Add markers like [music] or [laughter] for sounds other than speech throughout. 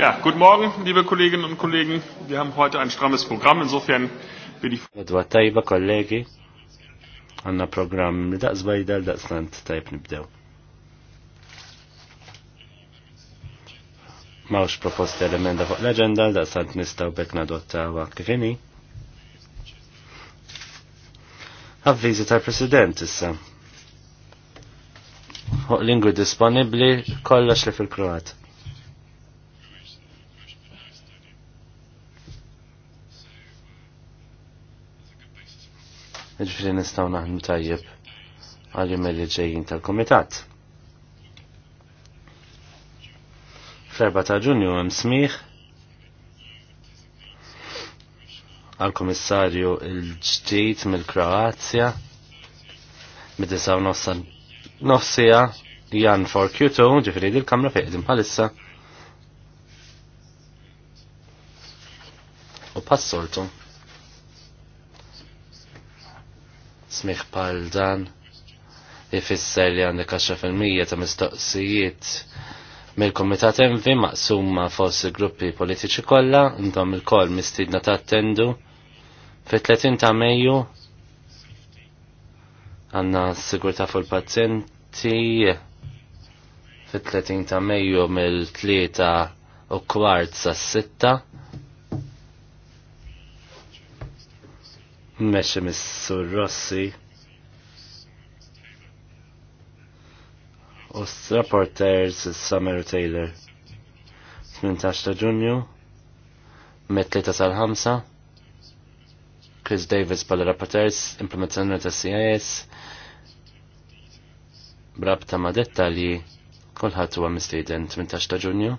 Ja, guten Morgen, liebe Kolleginnen und Kollegen. Wir haben heute ein strammes Programm, insofern bin ich... Edwa tajba, kollegi. Għanna program daqs bajda l-daqslant tajb nibdew. Mawx proposti elementa fuq l-agenda l-daqslant nistaw bekna dottawa kifini. Avvizi tal-President issa. Hoq lingwi disponibli kollox li fil-Kroat. ġifri nistaw naħnu tajjeb għal-jum ġejjin tal-komitat. Ferba ta' ġunju hemm smiħ għal-komissarju il-ġdid mill-Kroazja mid-disa nofsija Jan for Q2, ġifri l kamra fejqdim bħalissa u passortu. smiħ pal dan ifisser li għandek 10% ta' mistoqsijiet mill-Komitat Envi maqsuma fost gruppi politiċi kollha intom il-koll mistidna ta' attendu fi 30 ta' Mejju għandna sigurtà sigurta fuq il-pazzenti fit-30 ta' Mejju mill-3 u kwart sa' 6 Meċi Missur Rossi. U s-rapporters Summer Taylor. 18 ta' ġunju. Met-3 sal-5. Chris Davis pala rapporters implementazzjoni ta' CIS. Brabta ma' dettali kolħat huwa mistieden 18 ta' ġunju.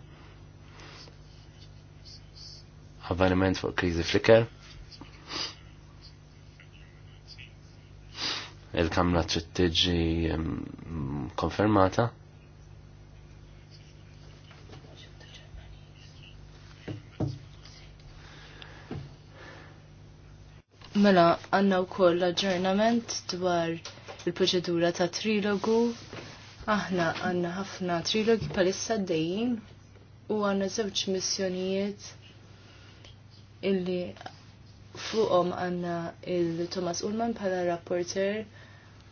Avveniment fuq kriżi flicker. il-kamra trid tiġi konfermata. Mela, għanna u koll aġġornament dwar il-proċedura ta' trilogu. Aħna għanna ħafna trilogi palissa d-dejjin u għanna zewċ missjonijiet illi fuqom għanna il-Thomas Ullman pala rapporter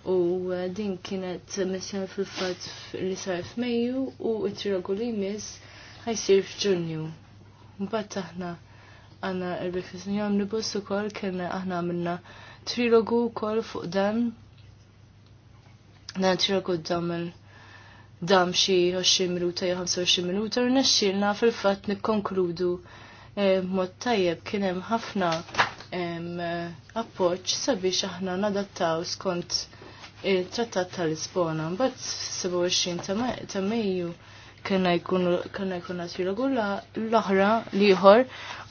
u uh, din kienet missjoni fil-fat li sar f'Mejju u it tiragu li jmiss ħajsir f'Ġunju. Mbagħad aħna għandna il-Breakfast New Omnibus ukoll kien aħna għamilna trilogu wkoll fuq dan. Dan trilogu damel dam xi 20 minuta jew 25 minuta u nexxielna fil-fatt nikkonkludu eh, mod tajjeb kien hemm ħafna appoġġ sabiex aħna nadattaw skont il-trattat tal-Lisbona. Mbagħad 27 ta' Mejju kena jkun asilogu l-oħra liħor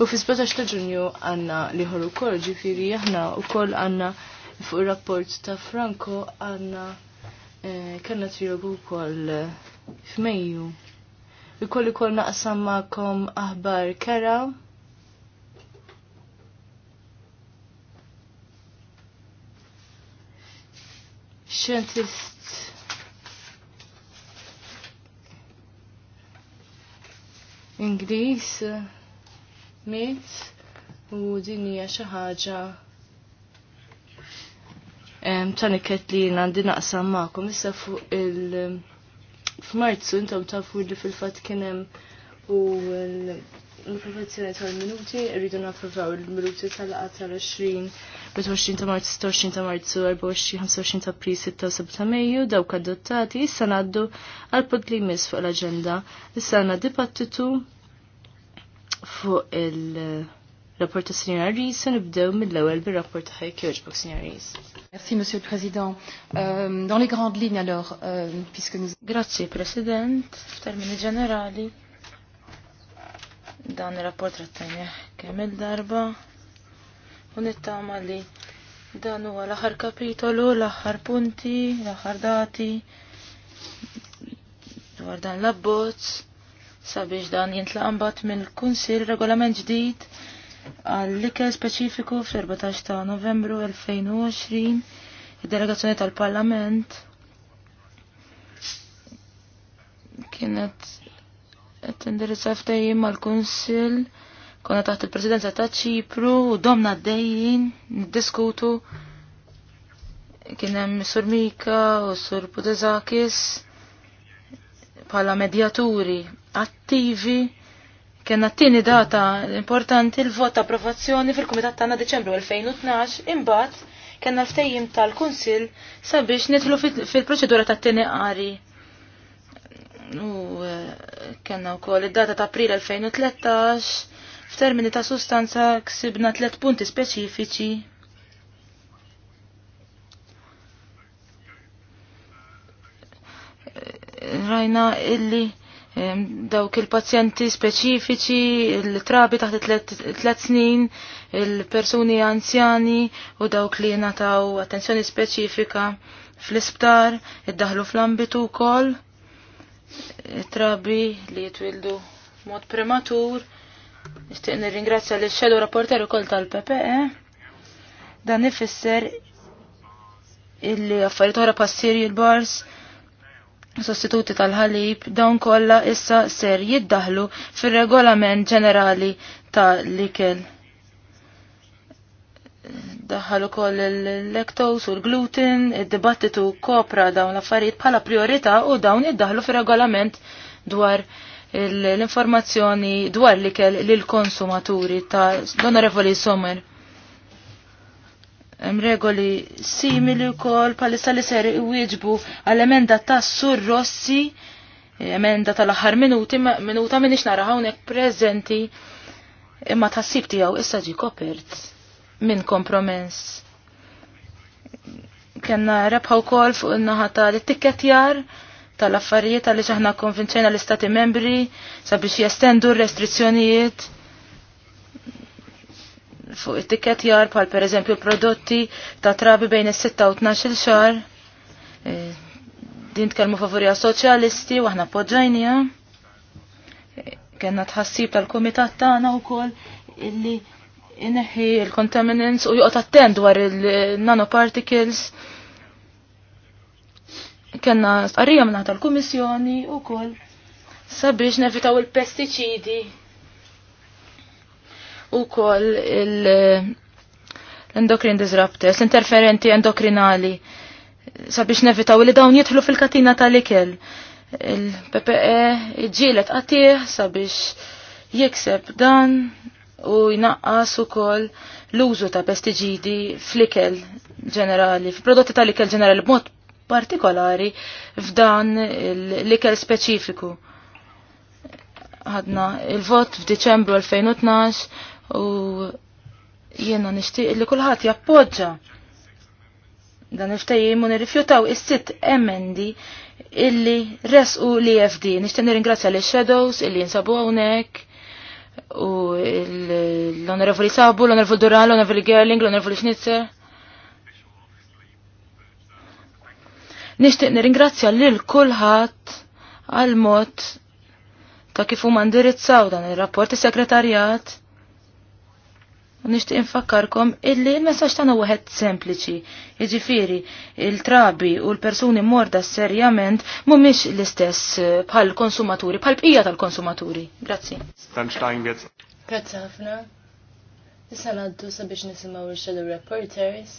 u fi 17 ta' ġunju għanna liħor u kol ġifiri jahna u kol għanna fuq rapport ta' Franco għanna eh, kena l-għu kol f'Mejju. U kol naqsam ma'kom aħbar kera. Scientist Ingliż mit u din hija xi ħaġa taniket li għandi naqsam magħkom issa fuq il f'Marzu intom tafu li fil-fatt kien hemm u l-approvazzjoni tal-minuti, rridu napprovaw il-minuti tal-laqa tal-20, 20 ta' marzu, 26 ta' marzu, 24, 25 ta' pri, 6 ta' meju, daw kadottati, issa naddu għal-pod li jmiss fuq l-agenda. Issa għandna dibattitu fuq il-rapport ta' Sinjora Rees, nibdew mill-ewwel bir-rapport ta' Hajkjoġbok Sinjora Rees. Merci Monsieur le Président. Euh, dans les grandes lignes alors, euh, puisque nous Grazie President, f'termini ġenerali dan il-rapport rattajnja kemm il-darba u nittama li dan huwa l-aħħar kapitolu, l-aħħar punti, l-aħħar dati dwar dan l-abbozz sabiex dan jintlaq mbagħad mill-Kunsill regolament ġdid għall-ikel speċifiku fl-14 ta' Novembru 2020 id-delegazzjoni tal-Parlament kienet qed indirizza mal-Kunsill konna taħt il-Presidenza ta' Ċipru u domna d-dejjin niddiskutu kien hemm Sur Mika u Sur Pudezakis bħala medjaturi attivi kienna t-tieni data importanti l-vot ta' approvazzjoni fil-Kumitat tagħna Deċembru 2012 imbagħad kellna l-ftejjim tal-Kunsill sabiex nitlu fil-proċedura tat-tieni qari U eh, kena u koll id-data ta' april 2013 f'termini ta' sustanza ksibna tlet punti speċifiċi rajna illi dawk il-pazjenti speċifiċi, il-trabi taħt tlet snin, il-persuni anzjani u dawk li nataw attenzjoni speċifika fl-isptar, id-daħlu fl-ambitu kol trabi li jitwildu mod prematur. Nishtiq nirringrazzja li xedu rapporteru kol tal-PPE. Dan ifisser illi affarijiet oħra passiri l-bars sostituti tal-ħalib dawn kollha issa ser jiddaħlu fir-regolament ġenerali tal Likel daħal ukoll il-lektos u l-gluten, id-dibattitu kopra dawn l-affarijiet bħala priorità u dawn iddaħlu fir-regolament dwar l-informazzjoni dwar li kell l-konsumaturi ta' l-onorevoli Sommer. Hemm regoli simili wkoll palissa li ser iwieġbu għall-emenda tas Sur Rossi, emenda tal-aħħar minuti, minuta minix nara hawnhekk preżenti imma tassib tiegħu issa ġi kopert minn kompromess. Kenna rebħa wkoll fuq in-naħa tal tikketjar tal-affarijiet tal aħna konvinċena l-istati membri sabiex jestendu r-restrizzjonijiet fuq it-tikketjar bħal pereżempju prodotti ta' trabi bejn is-6 u 12 xahar. E, din tkellmu favorija soċjalisti u aħna poġġajnija. E, kenna tħassib tal-kumitat tagħna wkoll illi ineħi il-contaminants u juqot attend dwar il-nanoparticles. Kenna stqarrija minn tal-Kummissjoni wkoll sabiex nevitaw il-pestiċidi u koll l-endocrine disruptors, l-interferenti endokrinali sabiex nevitaw li dawn jitħlu fil-katina tal-ikel. Il-PPE iġġielet għatieħ sabiex jikseb dan u jnaqqas ukoll l-użu ta' pestiġidi fl-ikel ġenerali, f'prodotti tal-ikel ġenerali b'mod partikolari f'dan l-ikel speċifiku. Għadna il-vot f'Diċembru 2012 u jiena nixtieq li kulħadd jappoġġa dan il-ftajim u nirrifjutaw is-sitt emendi illi resqu li FD. Nixtieq nirringrazzja li shadows illi jinsabu hawnhekk u l-onorevoli Sabu, l-onorevoli Duran, l-onorevoli Gerling, l-onorevoli Schnitzer. Nishtiq nirringrazzja lil kulħadd għal mod ta' kif huma ndirizzaw dan ir-rapport is nishtiq infakkarkom illi il-messaġġ tagħna wieħed sempliċi. Jiġifieri, il-trabi u l-persuni morda serjament mhumiex l-istess eh, bħal konsumaturi, bħal bqija tal-konsumaturi. Grazzi. Grazzi ħafna. Issa ngħaddu sabiex nisimgħu il-shadow reporters.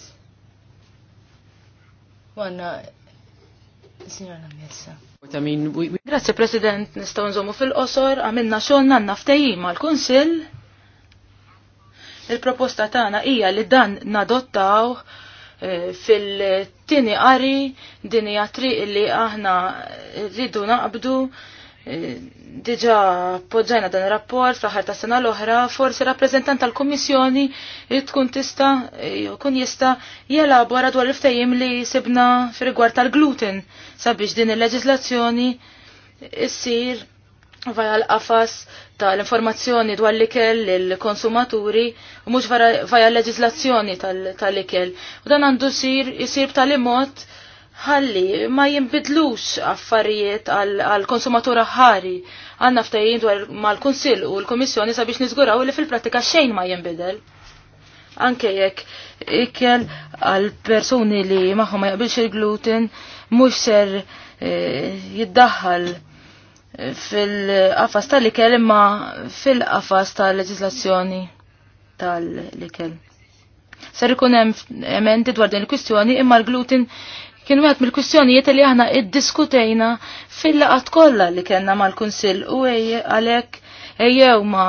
Wanna Signora Miessa. Grazie President, nistaw nżomu fil-qosor, għamilna xogħol għandna ftehim mal-Kunsill Il-proposta tagħna hija li dan nadottaw eh, fil-tini qari din hija triq li aħna rridu naqbdu eh, diġa poġġajna dan rapport fl-aħħar ta' sena l-oħra, forsi rappreżentant tal-Kummissjoni tkun tista' eh, jkun jista' jelabora dwar il-ftehim li sibna fir-rigward tal-gluten sabiex din il-leġiżlazzjoni issir vaja l-qafas tal-informazzjoni dwar l-ikel l-konsumaturi u mux vaja l-leġizlazzjoni tal-ikel. U dan għandu sir jisir tal mod ħalli ma jimbidlux affarijiet għal-konsumatura ħari għanna ftajin dwar mal-Kunsil u l-Komissjoni sabiex nizguraw li fil-pratika xejn ma jimbidel. Anke jekk ikel għal-personi li maħħom ma jaqbilx il-gluten mux ser eh, jiddaħħal fil-qafas tal-ikel imma fil-qafas tal-leġislazzjoni tal-ikel. Ser ikun hemm emendi dwar din il-kwistjoni imma l-gluten kien wieħed mill-kwistjonijiet li aħna iddiskutejna fil-laqat kollha li kellna mal-Kunsill u għalhekk ejjew ma'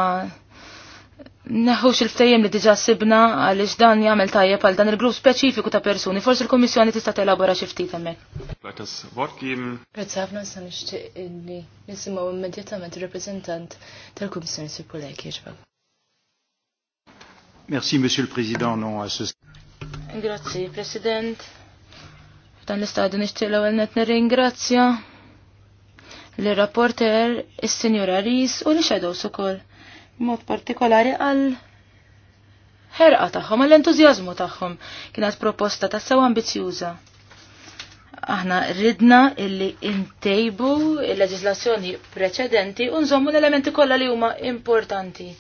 Naħux il-ftajjem li diġa sibna għaliex dan jagħmel tajjeb għal dan il-grupp speċifiku ta' persuni. Forsi l-Kummissjoni tista' telabora xi ftit hemmhekk. Grazzi ħafna sa nixtieq illi nisimgħu immedjatament ir-rappreżentant tal-Kummissjoni Sipulek jiġba. Merci, Monsieur le Président. Non, Grazzi, President. Dan l istadu nixtieq l-ewwel net nirringrazzja l-rapporter, is-Sinjura Ris u l-Shadows ukoll mod partikolari għal ħerqa tagħhom, għall entużjażmu tagħhom. Kienet proposta ta' sew ambizjuża. Aħna ridna illi intejbu il-leġislazzjoni preċedenti u nżommu l-elementi kollha li huma importanti.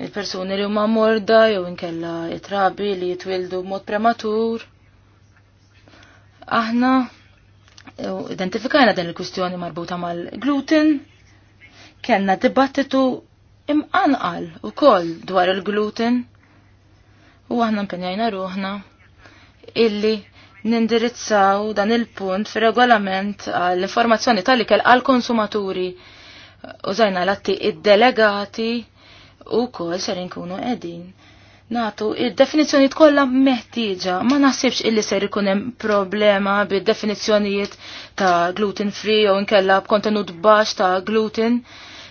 Il-persuni li huma morda jew inkella it-trabi li jitwildu b'mod prematur. Aħna identifikajna din il-kwistjoni marbuta mal-gluten, Kellna dibattitu imqanqal u koll dwar il-gluten u aħna mpenjajna ruħna illi nindirizzaw dan il-punt fir regolament għall-informazzjoni tal-ikel għal-konsumaturi u zajna l-atti id-delegati u kol ser inkunu edin. Natu, id-definizjoni kollha meħtieġa, ma naħsibx illi ser ikun hemm problema bid-definizzjonijiet ta' gluten free u inkella b'kontenut baxx ta' gluten.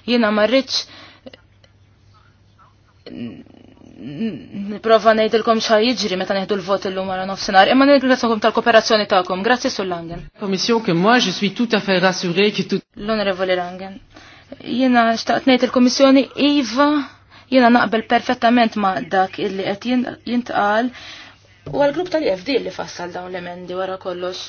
Jiena ma rridx niprofa ngħidilkom xa jiġri meta neħdu l-vot illum wara nofsinhar, imma nirringrazzjakom tal-kooperazzjoni tagħkom. Grazzi Sul Langen. Commission que moi je suis tout à fait rassuré que tout L'onorevole Langen. Jiena xtaqt ngħid il-Kummissjoni iva jiena naqbel perfettament ma' dak illi qed jintqal u għall-grupp tal ifd li fassal dawn l-emendi wara kollox.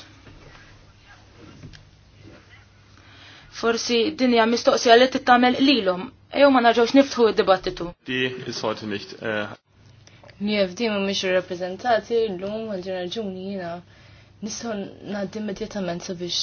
Forsi dinja mistoqsija li tittamel lilhom. ejo ma naġawx niftħu id-dibattitu. Di is di nicht. Eh. miex mhumiex l llum għal raġuni jina Nistgħu ngħaddi immedjatament sabiex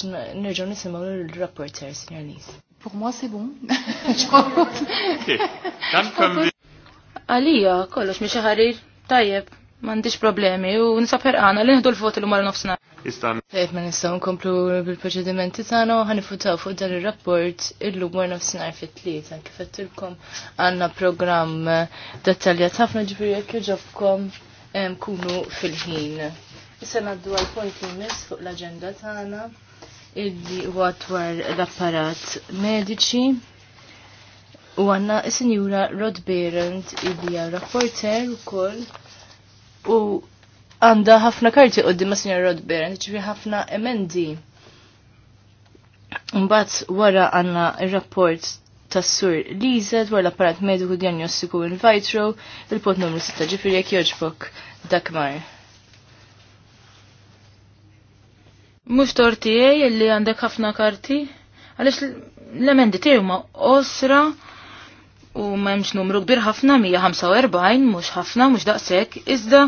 nerġgħu nisimgħu l-rapporter, Sinjor Nis. Pour moi c'est bon. [laughs] Għalija, kollox miex ħarir, tajjeb. Mandiċ problemi u nisabħer għana, li nħdu l-voti l-umar nofsna. Istan. Fejf ma nistaw nkomplu bil-proċedimenti tagħna u ħanifutaw fuq dan ir-rapport illum lumar nofsinhar fit-tlieta kif qedtilkom għandna programm dettaljat ħafna ġifieri jekk jogħġobkom kunu fil-ħin. Issa ngħaddu għal punt mis fuq l agenda tagħna illi huwa dwar l-apparat mediċi. U għanna is-sinjura Rod Berend illi hija rapporter ukoll u għanda ħafna karti qoddim ma' Sinjor Rodber, ċifri ħafna emendi. Mbatt wara għandna il rapport tas-sur Lizet wara l-apparat mediku diagnostiku in vitro il-pot numru 6 ġifri jekk joġbok dakmar. Mux torti li għandek ħafna karti, għalix l-emendi tiegħu ma osra u memx numru kbir ħafna 145, mux ħafna, mux daqsek, iżda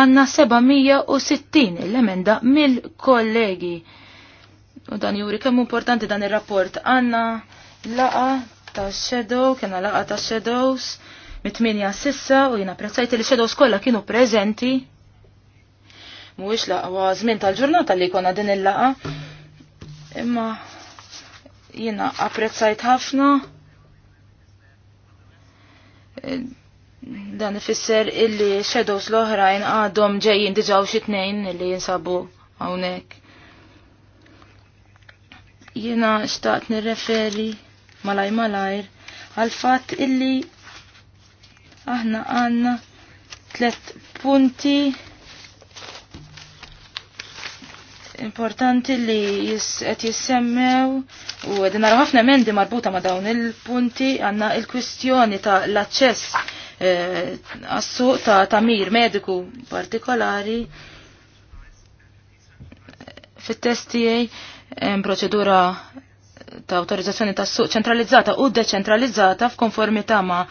għanna 760 il emenda mill-kollegi. U dan juri kemm importanti dan ir-rapport għanna laqa ta' shadow, kena laqa ta' shadows, mit-8 sissa u jina prezzajt li shadows kollha kienu prezenti. Mhuwiex laqa żmien tal-ġurnata li kona din il-laqa. Imma jina apprezzajt ħafna Dan ifisser illi shadows l-oħrajn għadhom ġejjin diġaw xi tnejn illi jinsabu hawnhekk. Jiena xtaqt nirreferi malaj malajr għal fatt illi aħna għandna tlet punti importanti li qed jissemmew u din naraw ħafna emendi marbuta ma' dawn il-punti għandna il-kwistjoni ta' l-aċċess eh, għas-suq ta' tamir mediku partikolari fit-test hemm proċedura ta' autorizzazzjoni tas suq ċentralizzata u deċentralizzata f'konformità ma'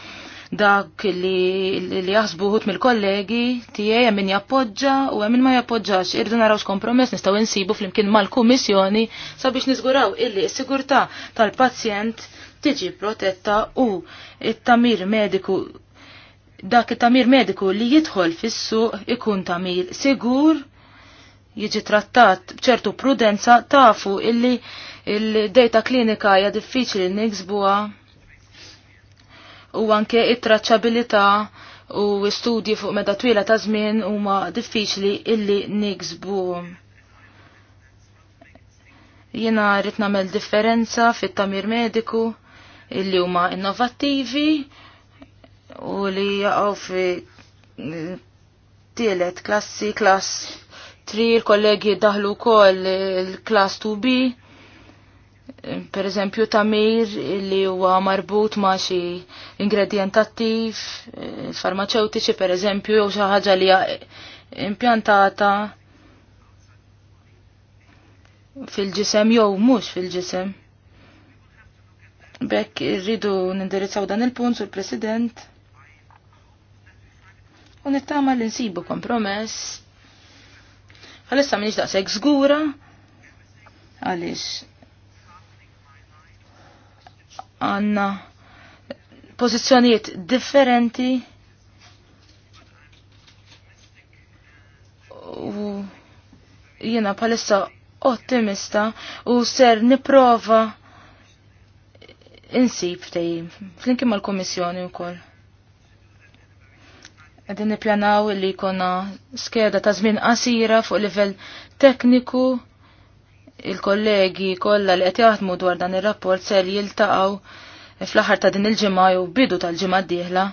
dak li li jaħsbuħut mill-kollegi tiegħi hemm min jappoġġa u hemm min ma jappoġġax. Irdu narawx kompromess nistgħu insibu flimkien mal-Kummissjoni sabiex niżguraw illi s-sigurtà tal-pazjent tiġi protetta u it-tamir mediku dak it-tamir mediku li jidħol fis-suq ikun tamir sigur jiġi trattat bċertu prudenza tafu illi il-data klinika hija diffiċli niksbuha u anke it-traċċabilità u studji fuq meta twila ta' żmien huma diffiċli illi niksbu. Jiena rrid nagħmel differenza fit-tamir mediku illi huma innovattivi u li jaqgħu fi eh, tielet klassi klass tri il kollegi daħlu wkoll il-klass 2B per eżempju tamir li huwa marbut ma' xi ingredient attiv, eh, farmaceutiċi per eżempju jew xi ħaġa li hija impjantata fil-ġisem jew mhux fil-ġisem. Bekk irridu nindirizzaw dan il-punt sul president u nittama li nsibu kompromess. Għalissa minix daqseg żgura għaliex għanna pozizjonijiet differenti u jiena palissa ottimista u ser niprofa insib tejjim flinkim mal-komissjoni u koll. Għedin nipjanaw li konna skeda ta' żmien qasira fuq livell tekniku il-kollegi kollha li qed jaħdmu dwar dan ir-rapport ser jiltaqgħu fl-aħħar ta' din il-ġimgħa jew bidu tal-ġimgħa d-dieħla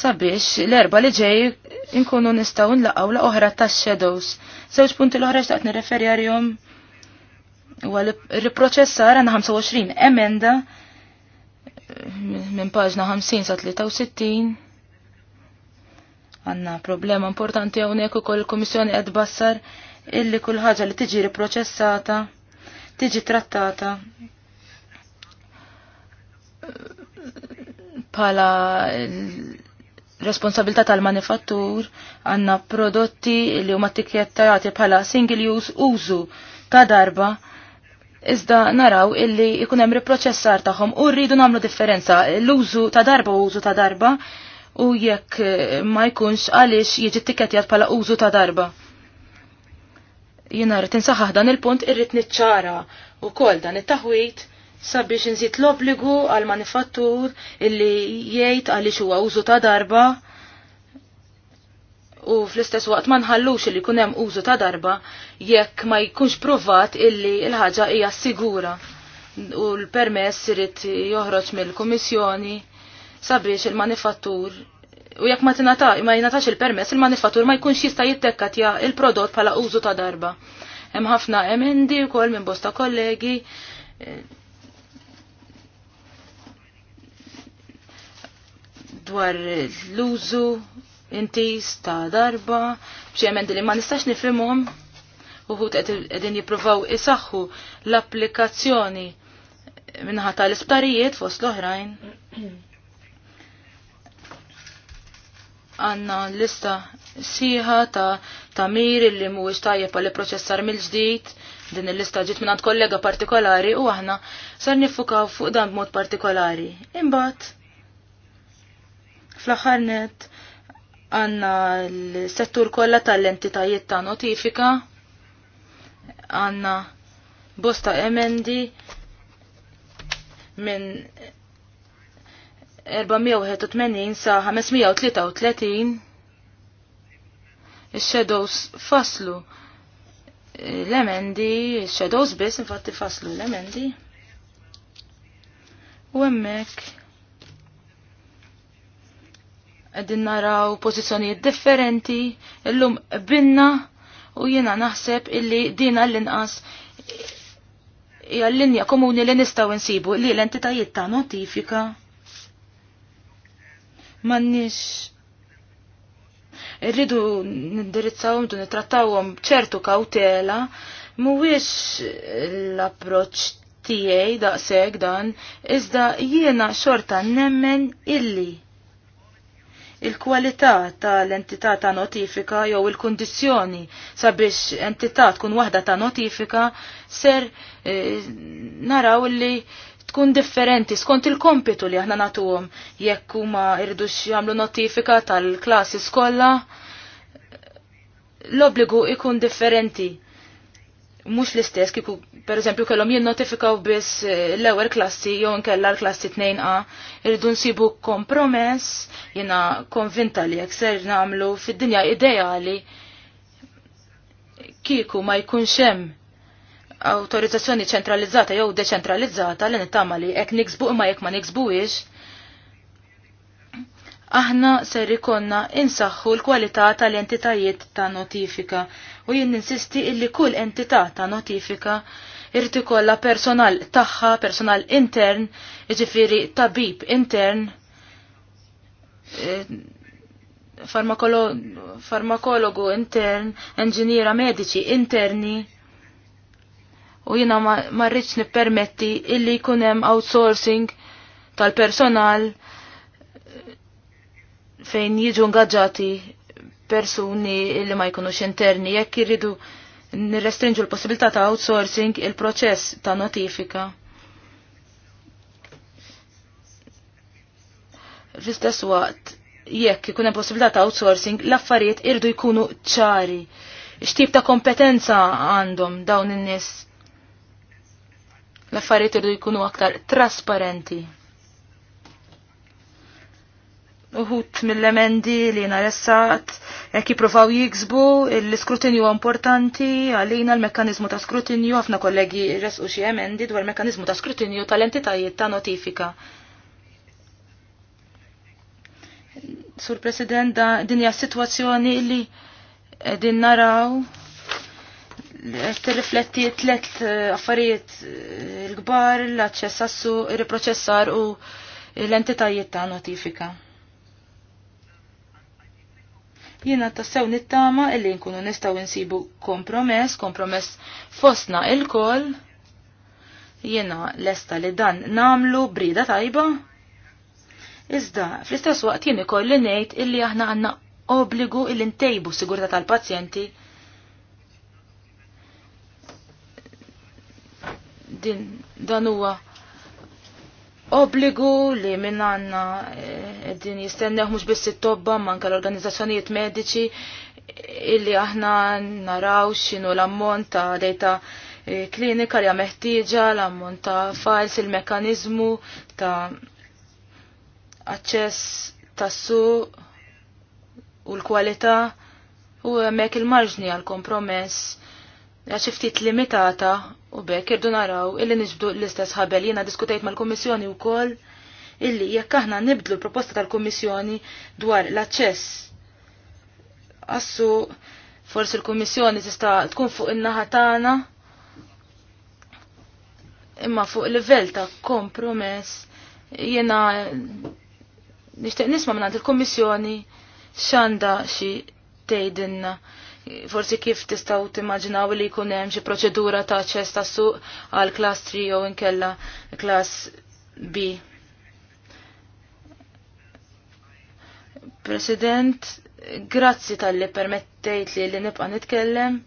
sabiex l-erba li ġej inkunu nistgħu nlaqgħu la oħra tax-shadows. Żewġ punti l-oħra xtaqt nirreferi għarjom huwa riproċessar għandna 25 emenda minn paġna 50 sa 63 għanna problema importanti hawnhekk u koll il-Komissjoni qed bassar illi kull ħaġa li tiġi riproċessata, tiġi trattata pala responsabilità tal-manifattur għanna prodotti li huma tikjettajati bħala single use użu ta' darba iżda naraw illi ikun hemm riproċessar tagħhom u rridu nagħmlu differenza l-użu ta' darba u użu ta' darba u jekk ma jkunx għaliex jiġi tikketjat bħala użu ta' darba. Jina rrit nsaħħaħ dan il-punt irrit niċċara u kol dan it-taħwit sabiex nżid l-obligu għal manifattur illi jgħid għaliex huwa użu ta' darba u fl-istess waqt ma nħallux illi kunem hemm użu ta' darba jekk ma jkunx provat illi l-ħaġa hija sigura u l-permess irid joħroġ mill-Kummissjoni sabiex il-manifattur u jekk ma tinata ma jingħatax il-permess il-manifattur ma jkunx jista' jittekkatja il-prodott bħala użu ta' darba. Hemm ħafna emendi wkoll minn bosta kollegi dwar l-użu intis ta' darba, b'xi emendi li ma nistax nifhimhom uħut qegħdin jippruvaw isaħħu l-applikazzjoni minħata tal-isptarijiet fost l-oħrajn għanna lista siħa ta' tamir li mhuwiex tajjeb li proċessar mill-ġdid din il-lista ġiet minn kollega partikolari u aħna ser nifukaw fuq dan b'mod partikolari. Imbagħad fl-aħħar net għandna l-settur kollha tal-entitajiet ta' notifika għanna bosta emendi minn 481 sa 533 il-shadows faslu l-emendi, il-shadows bis infatti faslu l-emendi u emmek għedin naraw pozizjonijiet differenti illum binna u jena naħseb illi dina l-inqas hija l-linja komuni li nistgħu nsibu li l-entitajiet ta' notifika Mannix irridu nindirizzawhom tu nittrattawhom ċertu kawtela mhuwiex l-approċċ tiegħi daqshekk dan iżda jiena xorta nemmen illi il-kwalità tal-entità ta' notifika jew il-kundizzjoni sabiex entità tkun waħda ta' notifika ser eh, naraw li tkun differenti skont il-kompitu li aħna natuhom jekk huma jridux jagħmlu notifika tal-klassi skolla l-obbligu ikun differenti. Mhux l-istess kieku pereżempju kellhom jinnotifikaw biss eh, l-ewwel klassi jew nkella l-klassi 2A irridu nsibu kompromess jiena konvinta li jekk ser nagħmlu fid-dinja ideali kieku ma jkunx hemm autorizzazzjoni ċentralizzata jew deċentralizzata li nittama li jekk niksbu imma jekk ma niksbuwiex aħna ser ikonna insaħħu l-kwalità tal-entitajiet ta' notifika u jien ninsisti illi kull entità ta' notifika irti kollha personal tagħha, personal intern, jiġifieri tabib intern, e, farmakologu intern, enġiniera mediċi interni, u jina ma rridx nippermetti illi jkun hemm outsourcing tal-personal fejn jiġu ngaġġati persuni illi ma jkunux interni jekk irridu nirrestrinġu l-possibilità ta' outsourcing il-proċess ta' notifika. Fl-istess waqt, jekk ikun hemm possibilità ta' outsourcing, l-affarijiet irdu jkunu ċari. X'tip ta' kompetenza għandhom dawn in-nies L-affarijiet irdu jkunu aktar trasparenti. Uħut mill-emendi li naressat, jek jiprofaw jiksbu, l-iskrutinju importanti, għalina l-mekkanizmu ta' skrutinju, ħafna kollegi resqu xi emendi dwar l mekkanizmu ta' skrutinju tal-entitajiet ta' notifika. Sur President, din hija situazzjoni li din naraw t-let eh, affarijiet eh, l-kbar, l-aċċess il-proċessar u l-entitajiet ta' notifika. Jiena tassew nittama illi nkunu nistaw insibu kompromess, kompromess fosna il-kol. Jiena lesta li dan namlu brida tajba. Iżda, fl-istess waqt jien ikolli ngħid illi aħna għandna obbligu illi ntejbu sigurta tal-pazjenti din dan huwa obbligu li minn għanna eh, din jistenneħ mhux biss it-tobba manka l-organizzazzjonijiet mediċi illi aħna naraw x'inhu l-ammont ta' dejta eh, klinika li meħtieġa l-ammont ta' files il mekanizmu ta' aċċess tassu u l-kwalità u hemmhekk il-marġni għal kompromess għax ftit limitata U bekk irdu naraw illi nġbdu l-istess ħabel jiena diskutejt mal-Kummissjoni wkoll illi jekk aħna nibdlu l-proposta tal-Kummissjoni dwar l-aċċess assu forsi l-Kummissjoni tista' tkun fuq in-naħa tagħna imma fuq livell ta' kompromess jiena nixtieq nisma' minn il-Kummissjoni x'għandha xi tgħidilna forsi kif tistaw timmaġinaw li jkun hemm xi proċedura ta' aċċess ta' suq għal klas 3 jew inkella klass B. President, grazzi tal-li permettejt li li nibqa' nitkellem.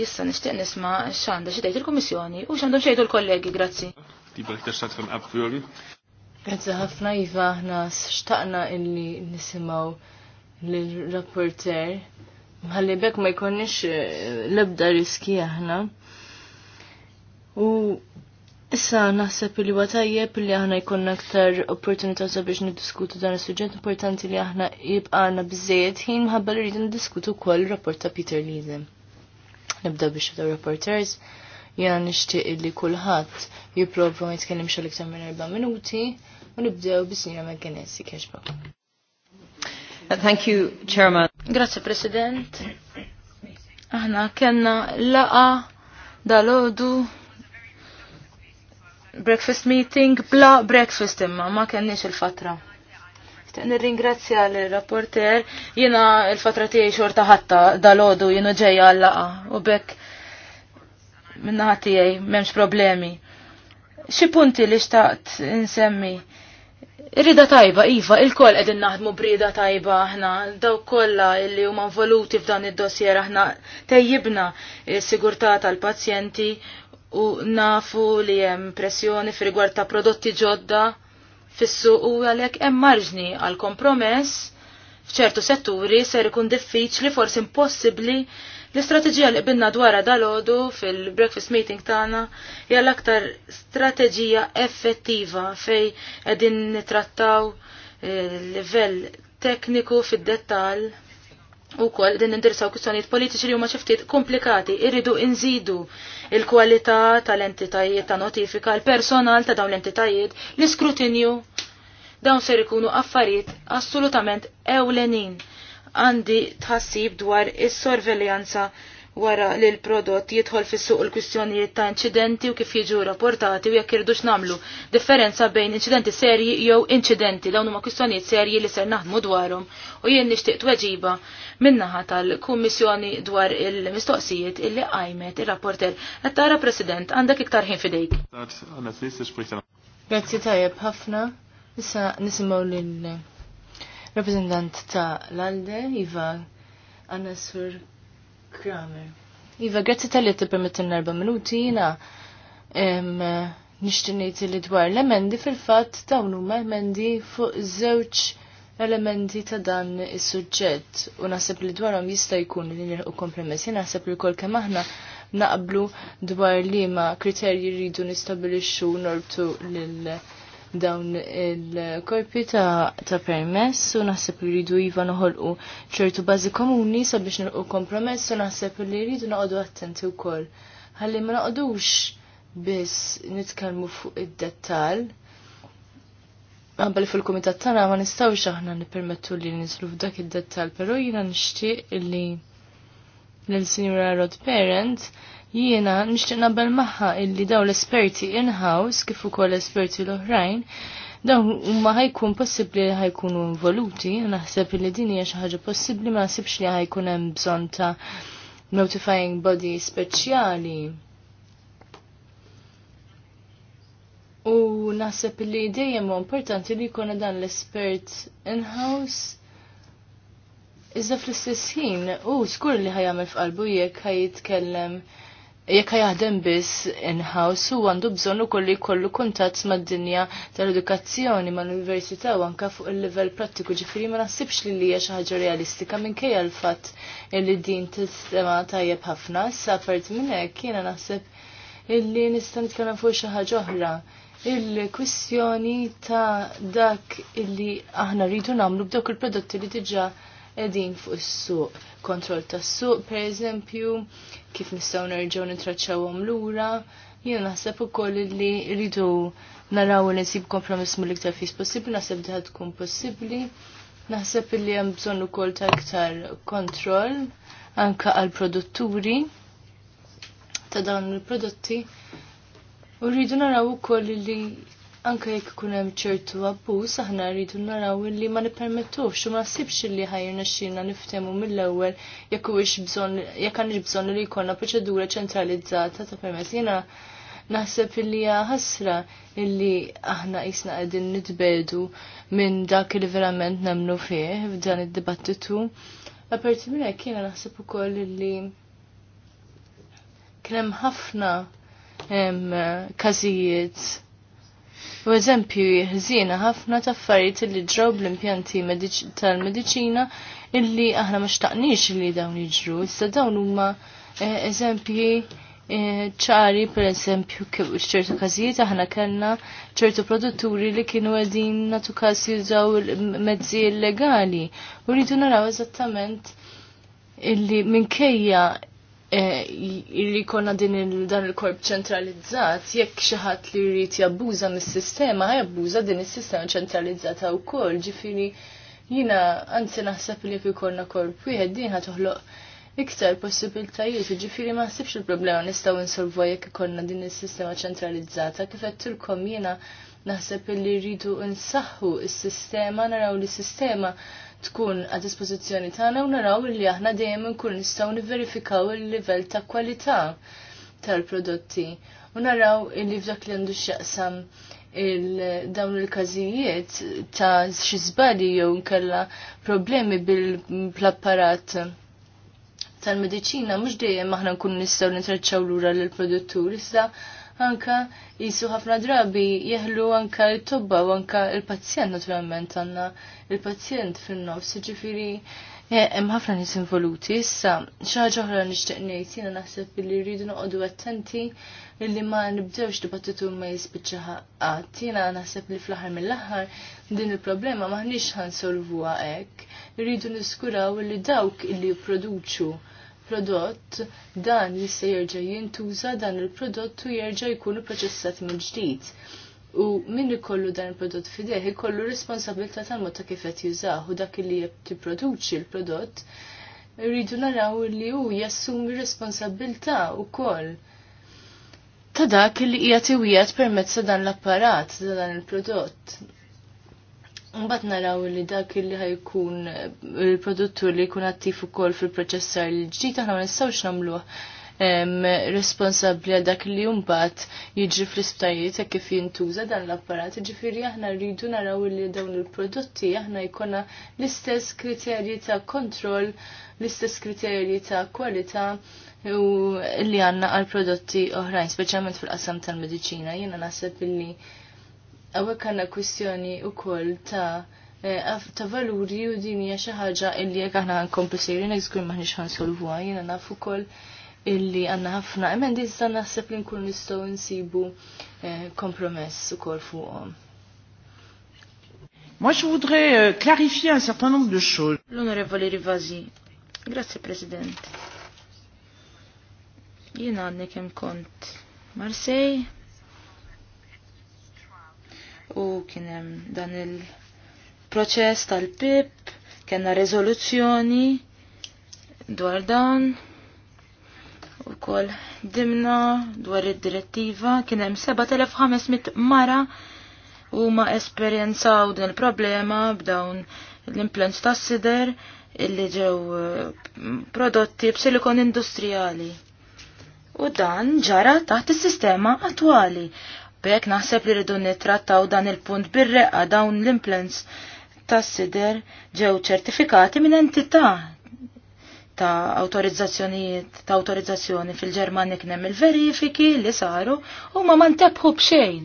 Issa nixtieq nisma' x'għandha xi il-Kummissjoni u x'għandhom xejtu l-kollegi, grazzi. Tibek tixtaq tkun Grazzi ħafna Iva aħna xtaqna illi nisimgħu l-rapporter. Għalli bekk ma jkonniex eh, lebda riski aħna. U issa naħseb li huwa tajjeb li aħna jkollna aktar opportunità sabiex niddiskutu dan is-suġġett importanti li aħna jibqana biżejjed ħin mħabba li rridu niddiskutu wkoll rapport ta' Peter Liden. Nibda biex ta' reporters jgħan nixtieq li kulħadd jiprofa ma jitkellem xogħol iktar minn erba' minuti u nibdew bis-sinjora McGinnis Thank you, Chairman. Grazie, President. Aħna kena laqa dal-ħodu breakfast meeting bla breakfast imma ma kenniex il-fatra. Nirringrazzja l-rapporter jina il-fatra tiegħi xorta ħatta dal-ħodu jienu ġejja għal laqa u bekk minna ħatijaj memx problemi. Xi punti li xtaqt insemmi Rida tajba, Iva, il-koll edin naħdmu brida tajba aħna, daw kolla illi huma involuti f'dan id-dossier aħna tejjibna sigurtà tal-pazjenti u nafu li hemm pressjoni f'rigward ta' prodotti ġodda fis-suq u għalhekk hemm marġni għal kompromess f'ċertu setturi ser ikun diffiċli forsi impossibbli L-istrateġija li qbilna dwarha dal ħodu fil-breakfast meeting tagħna hija l-aktar strateġija effettiva fej qegħdin nitrattaw eh, livell tekniku fid-dettall u kol din indirsaw kwistjonijiet politiċi li huma xi ftit komplikati, irridu inżidu il-kwalità tal-entitajiet ta' notifika, l personal ta' dawn l-entitajiet, l-iskrutinju. Dawn ser ikunu affarijiet assolutament ewlenin għandi tħassib dwar is-sorveljanza wara li l-prodott jidħol fis-suq il-kwistjonijiet ta' inċidenti u kif jiġu rapportati u jekk irdux nagħmlu differenza bejn incidenti serji jew incidenti. dawn huma kwistjonijiet serji li ser naħdmu dwarhom u jien nixtieq tweġiba min-naħa tal-Kummissjoni dwar il-mistoqsijiet illi qajmet ir-rapporter. Qed tara President għandek iktar ħin fidejk. Grazzi tajjeb ħafna. Issa nisimgħu lil rappresentant ta' l-Alde, Iva Anasur Kramer. Iva, grazzi tal-li t-permettin l-erba minuti, jina nishtinejt li dwar l-emendi fil-fat dawn huma emendi fuq żewġ elementi ta' dan is-suġġett u naħseb li dwarhom jista' jkun li nirħu kompromess. Jien naħseb li kol kemm aħna naqblu dwar li ma kriterji rridu nistabilixxu nortu lil dawn il-korpi ta', ta permess u naħseb li rridu iva noħolqu ċertu bażi komuni sabiex nilqu kompromess u naħseb li rridu noqogħdu attenti wkoll. Ħalli ma noqogħdux biss nitkellmu fuq id-dettall. Għabbel fil-komitat tagħna ma nistgħux aħna nippermettu li nislu f'dak id-dettall, però jiena nixtieq li l-Sinjura Rod Parent Jiena nixtieq nabel magħha illi daw l-esperti in-house kif ukoll esperti l-oħrajn dawn huma ħajkun possibbli li ħajkunu involuti, naħseb li din hija xi ħaġa possibbli ma naħsibx li ħajkun hemm bżonn ta' notifying body speċjali. U naħseb li dejjem importanti li jkun dan l-espert in-house. Iżda fl-istess ħin, u skur li ħajamil f'qalbu jekk ħajitkellem jekk jaħdem biss in-house u għandu bżonn ukoll jkollu kuntatt mad-dinja tal-edukazzjoni mal-università u anke fuq il-livell prattiku ġifieri ma naħsibx li hija xi ħaġa realistika minkejja l-fatt li din tis-sistema tajjeb ħafna, issa apart minn hekk jiena naħseb illi nista' nitkellem fuq xi ħaġa oħra. Il-kwistjoni ta' dak illi aħna rridu nagħmlu b'dawk il-prodotti li diġà qegħdin fuq is-suq kontroll tas-suq pereżempju, kif nistgħu nerġgħu nitraċċawhom lura. Jien naħseb ukoll li rridu naraw li nsib kompromiss mill-iktar fis possibbli, naħseb diħad tkun possibbli. Naħseb li hemm bżonn ukoll ta' iktar kontroll anka għal produtturi ta' dawn il-prodotti. U rridu naraw ukoll li anke jekk ikun hemm ċertu abbuż aħna rridu naraw li ma nippermettux u ma nsibx li ħajrna xina niftemu mill-ewwel jekk huwiex bżonn jekk għandix bżonn li jkollna proċedura ċentralizzata ta' permess. Jiena naħseb illi ħasra illi aħna qisna qegħdin nitbedu minn dak li verament nemnu fih f'dan id-dibattitu. Aperti minn hekk jiena naħseb ukoll illi kien hemm ħafna każijiet U eżempju jihżina ħafna ta' affarijiet li ġraw bl-impjanti tal-medicina illi aħna ma xtaqniex li dawn jiġru. Issa dawn huma eh, eżempji eh, ċari per eżempju ċertu każijiet aħna kellna ċertu produtturi li kienu qegħdin natu każ jużaw mezzi illegali. U rridu naraw eżattament illi minkejja Eh, Iri konna din dan il-korp ċentralizzat, jekk xi ħadd li jrid jabbuża mis-sistema, jabbuża din is-sistema ċentralizzata wkoll, ġifieri jiena anzi naħseb li jekk ikollna korp wieħed din ħatoħloq iktar possibiltajiet, ġifieri ma il-problema nistgħu insolvu jekk ikollna din is-sistema ċentralizzata, kif qed jina jiena naħseb li rridu nsaħħu s-sistema, naraw li s-sistema tkun għad dispożizzjoni tagħna u naraw li aħna dejjem inkunu nistgħu niverifikaw il-livell ta' kwalità tal-prodotti u naraw li f'dak li għandu x'jaqsam il-dawn il-każijiet ta' xi żbali jew nkella problemi bil-apparat tal-mediċina mhux dejjem aħna nkun nistgħu nitraċċaw lura lill-produttur issa anka jisu ħafna drabi jeħlu anka l-tobba u anka il-pazjent naturalment għanna il-pazjent fin-nofs, ġifiri eh, hemm ħafna nies involuti issa xi ħaġa oħra nixtieq ngħid jiena naħseb li rridu noqogħdu attenti illi ma nibdewx dibattitu ma jispiċċa ħaqqat. Jiena naħseb li fl-aħħar mill-aħħar din il-problema maħniex ħansolvuha hekk. Irridu niskuraw li dawk illi jipproduċu prodott dan jista' jerġa' jintuża dan il-prodott u jerġa' jkun proċessat mill-ġdid. U min ikollu dan il-prodott fideħ, ikollu responsabilta tal-mod ta' kif qed jużaw u dak li tipproduċi l-prodott rridu naraw li hu jassumi responsabilità wkoll ta' dak li qiegħed iwiegħed permezz ta' dan l-apparat, ta' dan il-prodott. Mbagħad naraw li dak li ħajkun il-produttur li jkun attiv ukoll fil-proċessar li ġdid aħna ma nistgħux nagħmluh responsabbli għal dak li jumbat jiġri fl-isptajiet hekk kif jintuża dan l-apparat. Ġifieri aħna rridu naraw li dawn il-prodotti aħna jkollna l-istess kriterji ta' kontroll, l-istess kriterji ta' kwalità u li għanna għal prodotti oħrajn, speċjalment fil-qasam tal-medicina. Jiena naħseb illi għawek għanna kwistjoni u koll ta' eh, ta' valuri u din hija xi ħaġa illi jekk aħna nkomplu sejrin żgur maħniex ħansolvuha jiena naf ukoll illi għandna ħafna emendi issa naħseb li nkun nistgħu nsibu eh, kompromess ukoll fuqhom. Moi, je voudrais euh, clarifier un certain nombre de choses. L'onorevole Rivasi. Grazie, President. Jien għadni kem kont Marseille u kienem dan il-proċess tal-PIP, kena rezoluzzjoni dwar dan u kol dimna dwar id-direttiva kienem 7500 mara u ma esperienzaw din il-problema b'dawn l-implants tas sider illi ġew eh, prodotti b'silikon industrijali. U dan ġara taħt is-sistema attwali Bek naħseb li rridu nittrattaw dan il-punt bir-reqqa dawn l-implants tas-sider ġew ċertifikati minn entità ta' autorizzazzjonijiet ta' autorizzazzjoni fil-Ġermanik nemm il-verifiki li saru u ma mantebħu bxejn.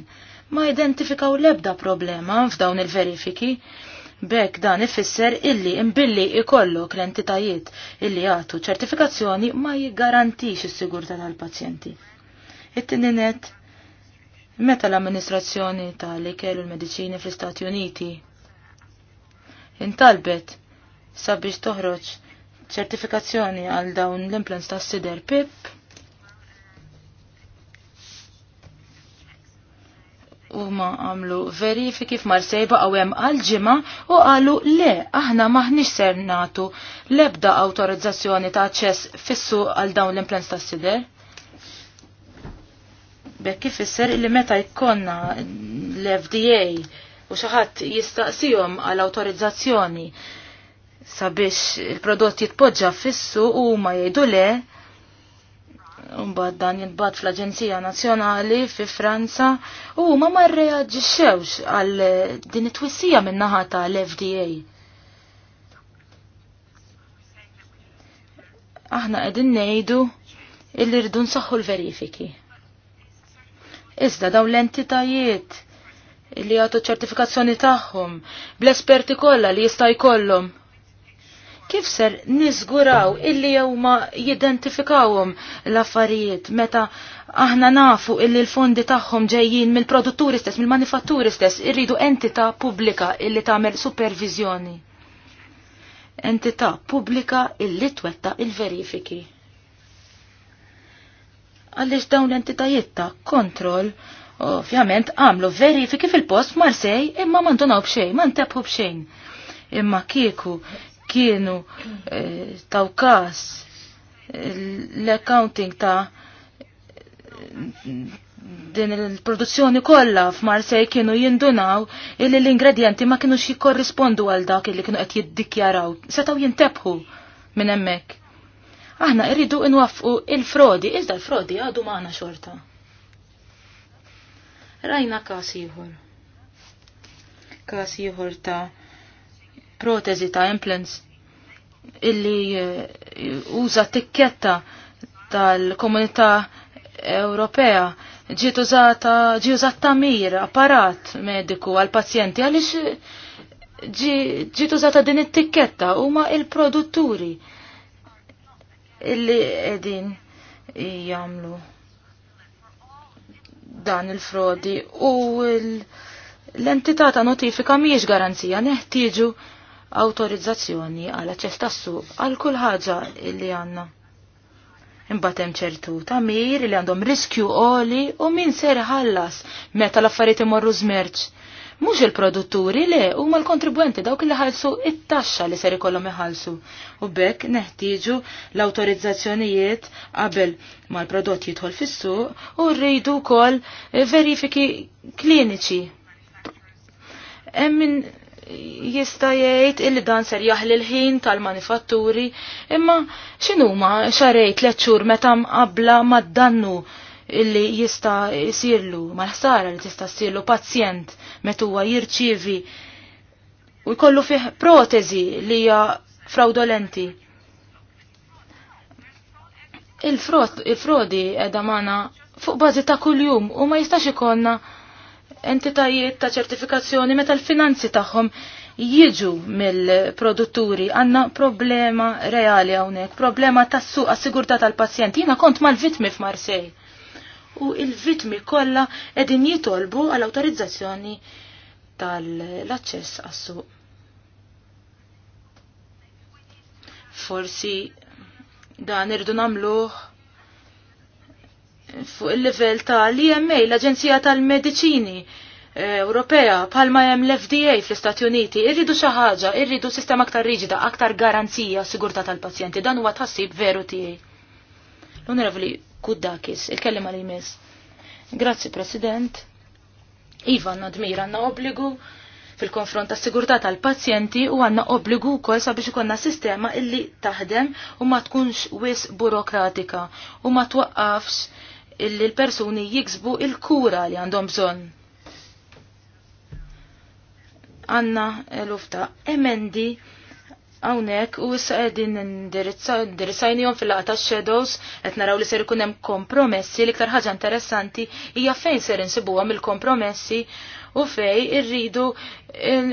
Ma identifikaw lebda problema f'dawn il-verifiki. Bek dan ifisser illi imbilli ikollok l-entitajiet illi jagħtu ċertifikazzjoni ma jiggarantix is-sigurtà tal-pazjenti. It-tininet Meta l-amministrazzjoni tal kellu l-medicini fl-Istati Uniti intalbet sabiex toħroġ ċertifikazzjoni għal dawn l-implants ta' sider PIP huma għamlu verifiki f'mar sejba għaw hemm għal-ġimgħa u qalu le aħna maħniex ser nagħtu l-ebda awtorizzazzjoni ta' aċċess fissu għal dawn l-implants ta' sider. Bekk kif isser li meta jkonna l-FDA u xi ħadd għal awtorizzazzjoni sabiex il-prodott jitpoġġa fissu u ma jgħidu le Mbagħad dan jitbad fl-Aġenzija Nazzjonali fi Franza u ma ma rreaġixxewx għal din it-twissija min-naħa tal-FDA. Aħna qegħdin ngħidu illi rridu nsaħħu l-verifiki. Iżda dawn l-entitajiet li għatu ċertifikazzjoni tagħhom bl-esperti kollha li jista' jkollhom. Kif ser niżguraw illi huma jidentifikawhom l-affarijiet meta aħna nafu illi l-fondi tagħhom ġejjin mill-produtturi stess, mill-manifatturi stess, irridu entità pubblika illi tagħmel supervizjoni. Entità pubblika illi twetta il-verifiki għaliex dawn l-entitajiet ta' kontroll ovvjament għamlu verifiki fil-post marsej imma mandunaw bxejn, ma ntebħu bxejn. Imma kieku kienu e, taw kas eh, l-accounting ta' din il-produzzjoni kollha f'Marsej kienu jindunaw illi l-ingredienti ma xie jikkorrispondu għal dak illi kienu qed jiddikjaraw. Setaw jintebħu minn hemmhekk. Aħna irridu inwaffqu il-frodi, iżda l-frodi għadu maħna xorta. Rajna kas ieħor. Kas ieħor ta' protezi ta' implants illi eh, uża tikketta tal-komunità Ewropea ġiet użata ġi użat tamir, apparat mediku għal pazjenti għaliex ġiet użata din it-tikketta huma il-produtturi. il produtturi illi qegħdin jagħmlu dan il-frodi u l-entità ta' notifika mhijiex garanzija neħtieġu autorizzazzjoni għal ċestassu tas-suq għal kull ħaġa illi għandna. Imbagħad hemm ċertu ta' mir li għandhom riskju qoli u min ser ħallas meta l-affarijiet imorru zmerċ mhux il-produtturi le huma l-kontribwenti dawk li ħalsu it-taxxa li ser ikollhom iħallsu. U bekk neħtieġu l-awtorizzazzjonijiet qabel ma l-prodott jidħol fis-suq u rridu wkoll eh, verifiki kliniċi. Hemm jista' jgħid illi dan ser jaħli l-ħin tal-manifatturi, imma x'inhuma xarej tliet xhur meta mqabbla mad-dannu illi jista jsirlu, mal-ħsara li tista' ssirlu pazjent meta jirċivi jirċievi u jkollu fih protezi li hija fraudolenti. Il-frodi il edha mana fuq bażi ta' kuljum u ma jistax ikonna entitajiet ta' ċertifikazzjoni meta l-finanzi tagħhom jiġu mill-produtturi għanna problema reali hawnhekk, problema tas suq għas sigurtà tal-pazjent. Jina kont mal-vitmi f'Marsej u il-vitmi kollha qegħdin jitolbu għal awtorizzazzjoni tal-aċċess għas-suq. Forsi dan irdu namluħ fuq il-level tal l l-Aġenzija tal-Mediċini eh, Ewropea, palma hemm l-FDA fl-Istati Uniti, irridu xi ħaġa, irridu sistema aktar riġida, aktar garanzija sigurta tal-pazjenti, dan huwa tħassib veru tiegħi. L-Onorevoli Kuddakis, il-kellima li jmiss. Grazzi, President. Iva, għanna dmir għanna obbligu fil-konfront ta' sigurtà tal-pazjenti u għanna obbligu wkoll sabiex ikonna sistema illi taħdem u ma tkunx wis burokratika u ma twaqqafx illi l-persuni jiksbu il-kura li għandhom bżonn. Għanna l-ufta emendi Hawnhekk u issa qegħdin indirizzajnihom fil laqta tax-shadows qed naraw li ser ikun hemm kompromessi l-iktar ħaġa interessanti hija fejn ser insibuhom il-kompromessi u fej irridu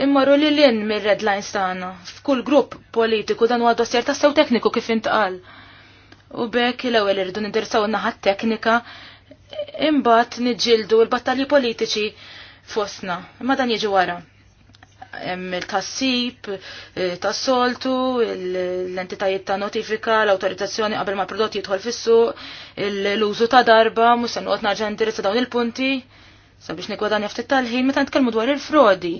immorru li l-in mir-red lines tagħna f'kull grupp politiku dan huwa dossier ta' sew tekniku kif intqal. U bekk l-ewwel irridu nindirsaw naħa teknika imbagħad niġġieldu l-battalji politiċi fosna. Imma dan jiġi wara hemm il-tassib, eh, tas-soltu, l-entitajiet ta' notifika, l-autorizzazzjoni qabel ma' prodotti jidħol fis-suq, l-użu ta' darba, mhux se noqgħod naġa indirizza dawn il-punti sabiex nikwadanja ftit tal-ħin meta nitkellmu dwar il-frodi.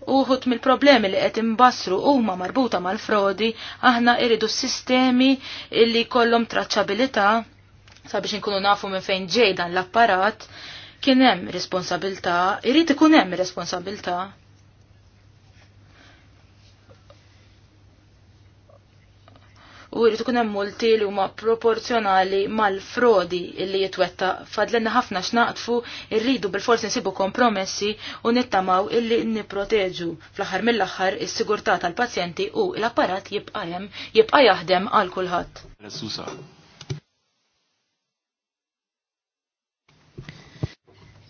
Uħut mill-problemi li qed imbassru huma marbuta mal-frodi, aħna iridu sistemi illi kollhom traċċabilità sabiex inkunu nafu minn fejn ġej dan l-apparat, kien hemm responsabilità, irid ikun hemm responsabilità u jrid ikun hemm multi li huma proporzjonali mal-frodi li jitwetta fadlenna ħafna x'naqtfu rridu bil-forsi nsibu kompromessi u nittamaw illi nipproteġu fl-aħħar mill-aħħar is-sigurtà tal-pazjenti u l-apparat jibqa' hemm jibqa' jaħdem għal kulħadd.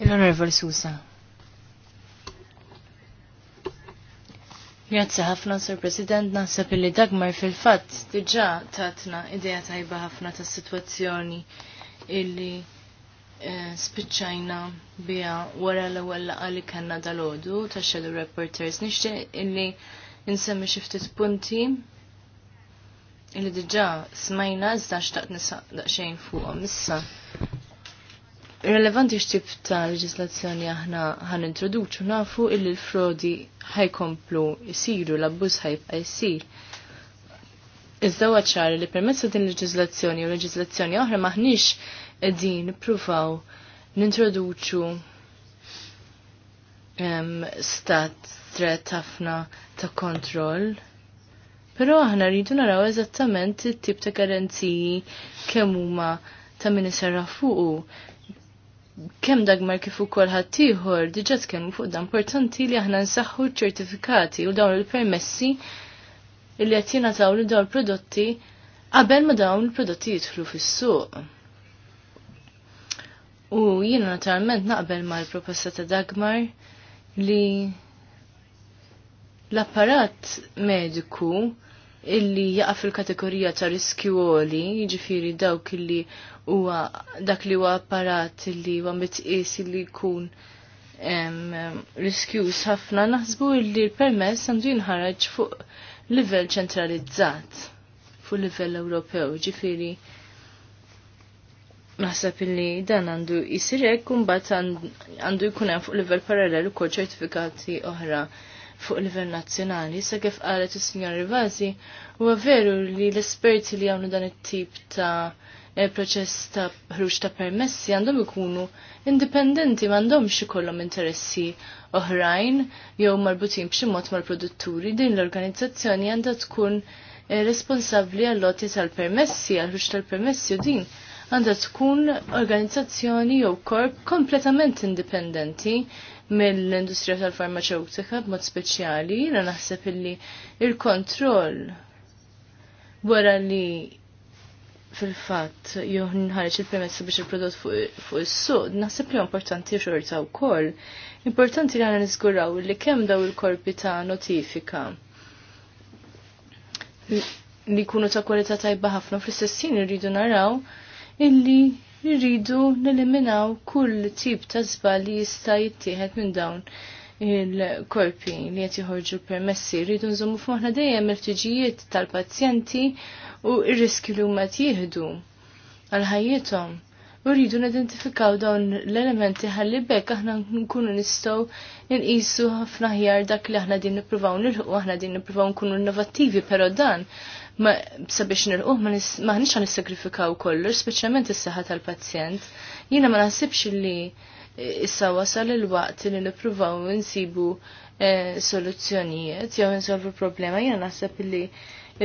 Il-Onorevole Susa. Grazzi ħafna, Sir President, naħseb li Dagmar fil-fatt diġà tatna idea tajba ħafna ta' situazzjoni illi eh, spiċċajna biha wara l-ewwel laqgħa li kellna dal-għodu ta' Shadow Reporters. Nixtieq illi insemmi xi ftit punti illi diġà smajna iżda xtaqt nisaq daqsxejn fuqhom issa. Relevanti x'tip ta' leġislazzjoni aħna ħan introduċu nafu illi l-frodi ħajkomplu jisiru l-abbuż ħajbqa' jsir. Iżda ċar li permezz din leġislazzjoni u leġislazzjoni oħra maħniex qegħdin pruvaw nintroduċu stat tret ħafna ta' kontroll Pero aħna rridu naraw eżattament it-tip ta' garanziji kemm huma ta' min fuqu kemm dagmar kif ukoll ħaddieħor diġà tkellmu fuq dan importanti li aħna nsaħħu ċ-ċertifikati u dawn il-permessi li qed jingħataw li dawn il-prodotti qabel ma dawn il-prodotti jidħlu fis-suq. U jiena naturalment naqbel ma l-proposta ta' Dagmar li l-apparat mediku illi jaqa fil-kategorija ta' riskju għoli, ġifiri dawk illi huwa dak li huwa apparat li huwa mitqies li jkun riskjuż ħafna naħsbu li l-permess għandu jinħarġ fuq livell ċentralizzat fuq livell Ewropew, ġifiri naħseb li dan għandu hekk u mbagħad għandu jkun hemm fuq livell parallel ukoll ċertifikati oħra fuq livell nazzjonali. Sa kif qalet is-Sinjor Rivasi, huwa veru li l-esperti li għamlu dan it-tip ta' il-proċess ta' ħruġ ta' permessi għandhom ikunu indipendenti m'għandhomx ikollhom interessi oħrajn jew marbutin b'xi mod mal-produtturi din l-organizzazzjoni għandha tkun eh, responsabbli għall loti tal-permessi, għal ħruġ tal-permessi u din għandha tkun organizzazzjoni jew korp kompletament indipendenti mill-industrija tal-farmaceutika b'mod speċjali, jiena naħseb illi il-kontroll wara li fil-fatt jew nħareġ il-premessi biex il-prodott fuq is-suq, naħseb li importanti xorta wkoll. Importanti li għana nizguraw li kemm daw il-korpi ta' notifika li jkunu ta' kwalità tajba ħafna fl-istessin irridu naraw illi irridu neliminaw kull tip ta' żball li jista' jittieħed minn dawn il-korpi li qed joħorġu permessi. Rridu nżommu f'moħħna dejjem il-ħtiġijiet tal-pazjenti u irriski riskju li huma tieħdu għal ħajjithom. U rridu nidentifikaw dawn l-elementi ħalli bekk aħna nkunu nistgħu nqisu ħafna ħjar dak li aħna din nippruvaw nilħu aħna din nippruvaw nkunu innovattivi, però dan ma sabiex nilqu ma ħniex għan nissakrifikaw kollox, speċjalment is-saħħa tal-pazjent. Jiena ma naħsibx li e, issa wasal il-waqt li nippruvaw nsibu e, soluzzjonijiet jew insolvu problema, jiena naħseb li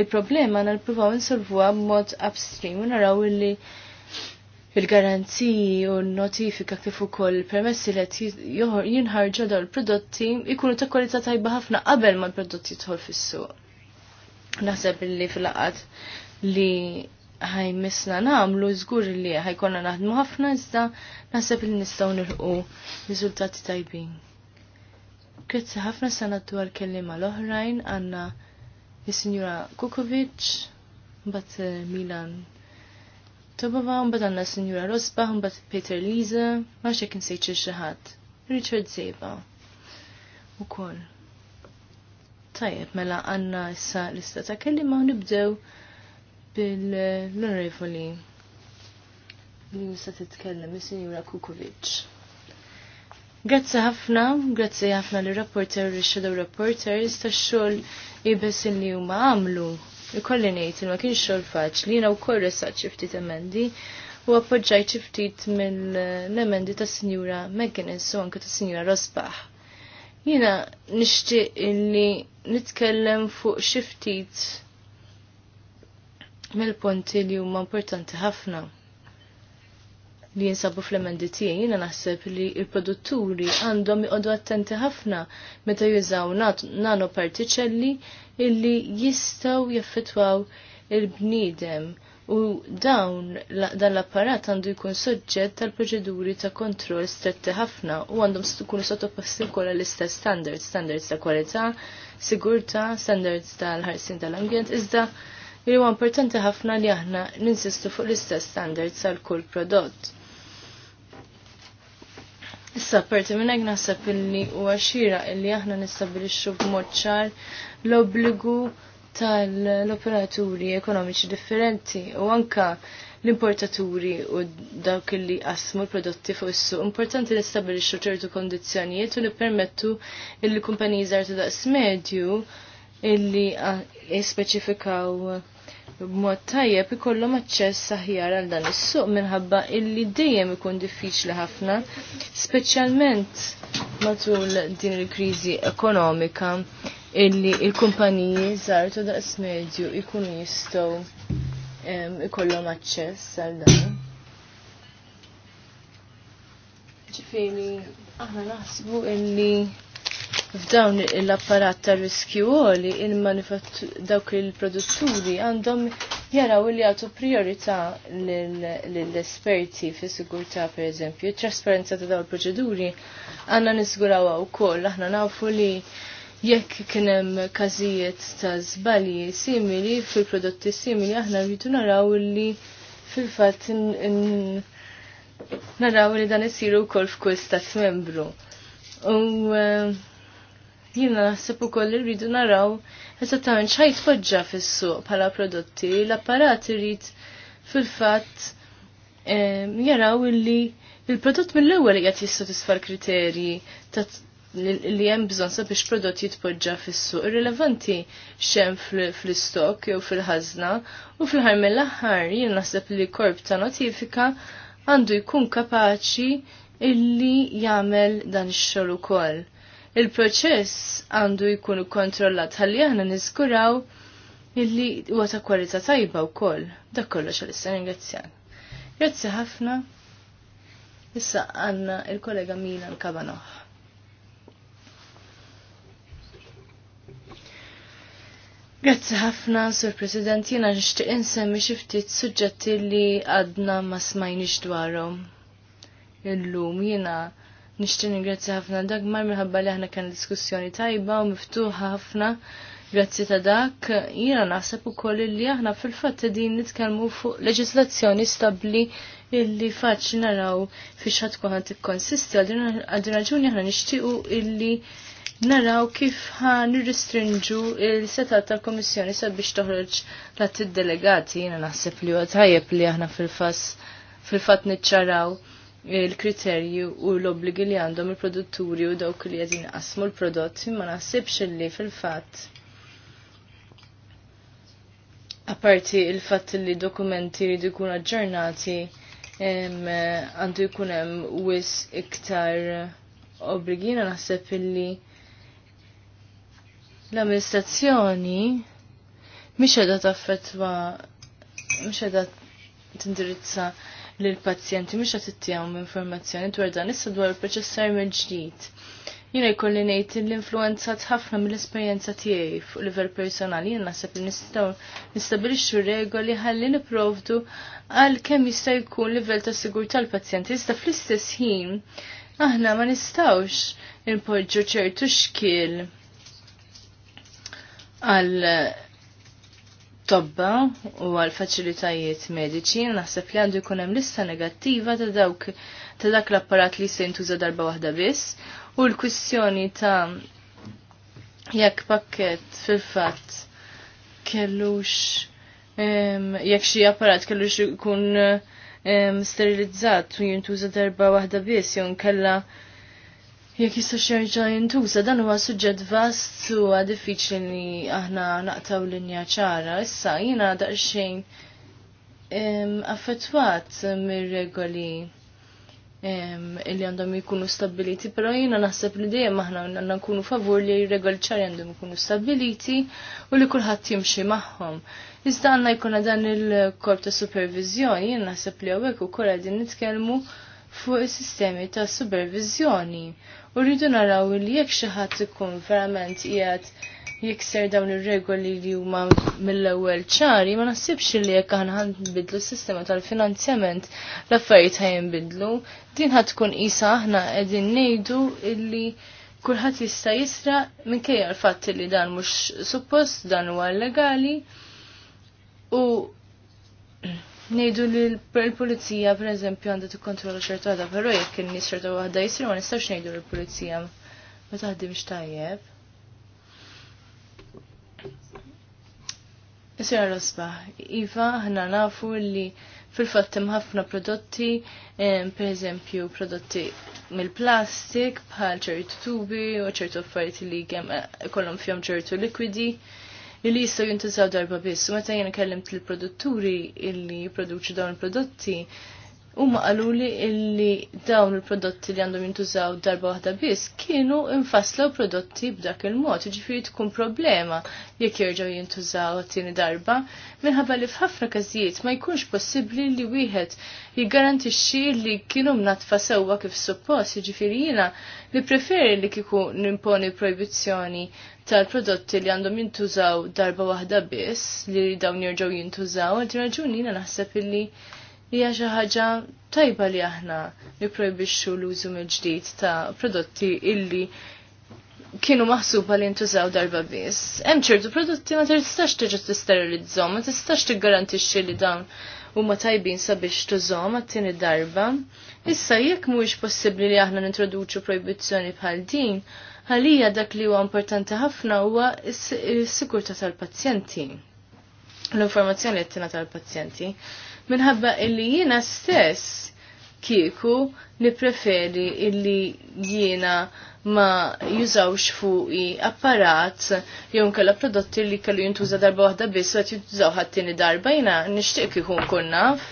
il-problema nal-provaw insolvuha b'mod upstream u naraw illi il-garanziji u n-notifika kif ukoll permessi li qed jinħarġu dawn il-prodotti jkunu ta' kwalità tajba ħafna qabel ma l-prodotti jidħol fis-suq. Naħseb illi fil-laqat li ħajmisna nagħmlu żgur li ħajkonna naħdmu ħafna iżda naħseb li nistgħu nirqu riżultati tajbin. Grazzi ħafna sanaddu għal-kellima l-oħrajn għandna il-Sinjura Kukovic, mbat eh, Milan Tobova, mbat għanna Signora Rosbach, mbat Peter Lise, maċċa kien sejċi xaħat, Richard Zeba, u kol. Tajjeb, mela għanna issa lista ta' kellima nibdew bil-onorevoli li jista titkellem, il-Sinjura Kukovic. Grazzi ħafna, grazzi ħafna li rapporter u shadow rapporters ta' xol ibes li huma għamlu. Ikolli ngħid il ma kienx xogħol faċli, jiena wkoll ressaq xi ftit emendi u appoġġajt xi ftit mill-emendi ta' Sinjura McGuinness u anke ta' Sinjura Rosbach. Jiena nixtieq illi nitkellem fuq xi ftit mill-punti li huma importanti ħafna li jinsabu fl-emendi tiegħi jiena naħseb li l-produtturi għandhom iqogħdu attenti ħafna meta jużaw nano partiċelli illi jistgħu jaffetwaw il-bniedem u dawn dan l-apparat għandu jkun soġġett tal proċeduri ta' kontroll stretti ħafna u għandhom jkunu sottoposti wkoll l-istess standards, standards ta' kwalità, sigurtà, standards tal-ħarsin tal-ambjent, iżda li huwa importanti ħafna li aħna ninsistu fuq l-istess standards għal kull prodott. Issa parti minn hekk naħseb illi huwa xira illi aħna nistabilixxu b'mod ċar l-obbligu tal-operaturi ekonomiċi differenti u anka l-importaturi u dawk li qasmu l-prodotti fuq is-suq. Importanti li stabilixxu ċertu kondizzjonijiet u li permettu il-kumpaniji żgħar ta' daqs medju illi ah, speċifikaw b'mod tajjeb ikollhom aċċess aħjar għal dan is-suq minħabba illi dejjem ikun diffiċli ħafna, speċjalment matul din il-kriżi ekonomika illi il-kumpaniji żgħar ta' daqs medju jkunu jistgħu ikollhom aċċess għal dan. Ġifieri aħna naħsbu illi f'dawn l-apparat ta' riskju għoli dawk il-produtturi għandhom jaraw li għatu priorità l-esperti fi sigurtà per eżempju, trasparenza ta' daw il-proċeduri għanna nisguraw għaw koll, aħna nafu li jekk kienem kazijiet ta' zbalji simili fil-prodotti simili aħna rridu naraw li fil-fat naraw li dan isiru kol f'kull stat membru. U eh, Jiena naħseb ukoll li rridu naraw eżattament x'ħajt foġġa fis-suq bħala prodotti, l-apparat irid fil-fatt jaraw illi il-prodott mill-ewwel qed jissodisfa l-kriterji li hemm bżonn sabiex prodott jitpoġġa fis-suq irrilevanti xem fl-istok jew fil-ħażna u fl-ħar mill-aħħar jien naħseb li korp ta' notifika għandu jkun kapaċi illi jagħmel dan ix-xogħol ukoll il-proċess għandu jkun kontrollat ħalli aħna niskuraw illi huwa ta' kwalità tajba wkoll. Dak kollox għalissa ringrazzjan. Grazzi ħafna. Issa għanna il-kollega Milan Kabanoħ. Grazzi ħafna, Sur President, jena nishtiq insemmi xiftit suġġetti li għadna ma smajnix dwarhom. Illum jena Nishtin ingrazzi ħafna Dagmar minħabba li ħna kan diskussjoni tajba u miftuħa ħafna. Grazzi ta' dak, jiena naħseb ukoll li aħna fil-fatt din nitkellmu fuq leġislazzjoni stabbli illi faċli naraw fi xatku ħan konsisti għadina raġuni ħana nixtiqu illi naraw kif ħan nirristrinġu il setat tal-Komissjoni sabiex toħroġ la t delegati jina naħseb li għatajab li aħna fil fil-fat nitċaraw il-kriterju u l-obbligi li għandhom il-produtturi u dawk li għedin asmu l-prodott ma naħsibx li fil-fatt Aparti il fat li dokumenti li jkunu aġġornati għandu jkun hemm wis iktar obbligi na naħseb li l-amministrazzjoni mhix qiegħda taffettwa mhix qiegħda tindirizza l-pazjenti mux għatittijam informazzjoni dwar dan issa dwar il-proċessar mill-ġdid. Jina jkolli ngħid l-influenza ħafna mill-esperjenza tiegħi fuq livell personali jien naħseb li nistgħu nistabilixxu regoli ħalli nipprovdu għal kemm jista' jkun livell ta' sigur tal-pazjenti iżda fl-istess ħin aħna ma nistawx impoġġu ċertu xkil għal tobba u għal faċilitajiet mediċi naħseb li għandu jkun hemm lista negattiva ta' dawk ta' dak l-apparat li se jintuża darba waħda biss u l-kwistjoni ta' jekk pakket fil-fatt kellux jekk xi apparat kellux ikun sterilizzat u jintuża darba waħda biss jew nkella Jek jista xerġa jintuża dan huwa suġġett vast u diffiċli li aħna naqtaw linja ċara. Issa jiena daqsxejn affettwat mir-regoli illi għandhom jkunu stabiliti, pero jina naħseb li dejjem aħna għandna nkunu favur li r-regoli ċari għandhom jkunu stabiliti u li kulħadd jimxi magħhom. Iżda għandna jkun dan il-korp ta' supervizjoni, jien naħseb li hawnhekk ukoll qegħdin nitkellmu fuq is-sistemi ta' supervizjoni U rridu naraw li jekk xi ħadd ikun verament qiegħed jikser dawn ir-regoli li huma mill-ewwel ċari, ma naħsibx li jekk aħna ħanbidlu s-sistema tal-finanzjament l-affarijiet ħajinbidlu. Din ħadd tkun qisha aħna qegħdin ngħidu illi kulħadd jista' jisra minkejja l-fatt li dan mhux suppost dan huwa legali u Nejdu li l-polizija, per eżempju, għandu t-kontrolla xerta għada, pero jek n-nis xerta għada jisir, ma nistax nejdu l-polizija, ma taħdim xtajjeb. Isir Rosba, Iva, ħna nafu li fil-fat ħafna prodotti, per eżempju, prodotti mill-plastik, bħal ċertu tubi, u ċertu affarijiet li kem eh, kollom fjom ċertu likwidi li jistgħu jintużaw darba biss. U meta jiena kellimt il-produtturi illi jipproduċu dawn il-prodotti, huma qaluli illi dawn il-prodotti li għandhom jintużaw darba waħda biss kienu infaslaw prodotti b'dak il-mod, ġifieri tkun problema jekk jerġgħu jintużaw tieni darba, minħabba li f'ħafna każijiet ma jkunx possibbli li wieħed jiggarantixxi li kienu mnatfa sewwa kif suppost, jiġifieri jiena li preferi li kieku nimponi proibizzjoni tal-prodotti li għandhom jintużaw darba waħda biss li dawn jerġgħu jintużaw, għal raġuni jiena naħseb illi hija xi ħaġa tajba li aħna nipprojbixxu l-użu mill-ġdid ta' prodotti illi kienu maħsuba li ntużaw darba biss. Hemm ċertu prodotti ma tistax tiġi tisterilizzhom, ma tistax tiggarantixxi li dawn huma tajbin sabiex tużhom għat-tieni darba. Issa jekk mhuwiex possibbli li aħna nintroduċu projbizzjoni bħal din, Għalija dak li huwa importanti ħafna huwa s-sigurtà tal-pazjenti. L-informazzjoni li tina tal-pazjenti. Minħabba illi jiena stess kieku nipreferi illi jiena ma jużawx fuqi apparat jew kella prodotti li kellu jintuża darba waħda biss u qed jintużaw ħadd darba jiena nixtieq ikun kun naf.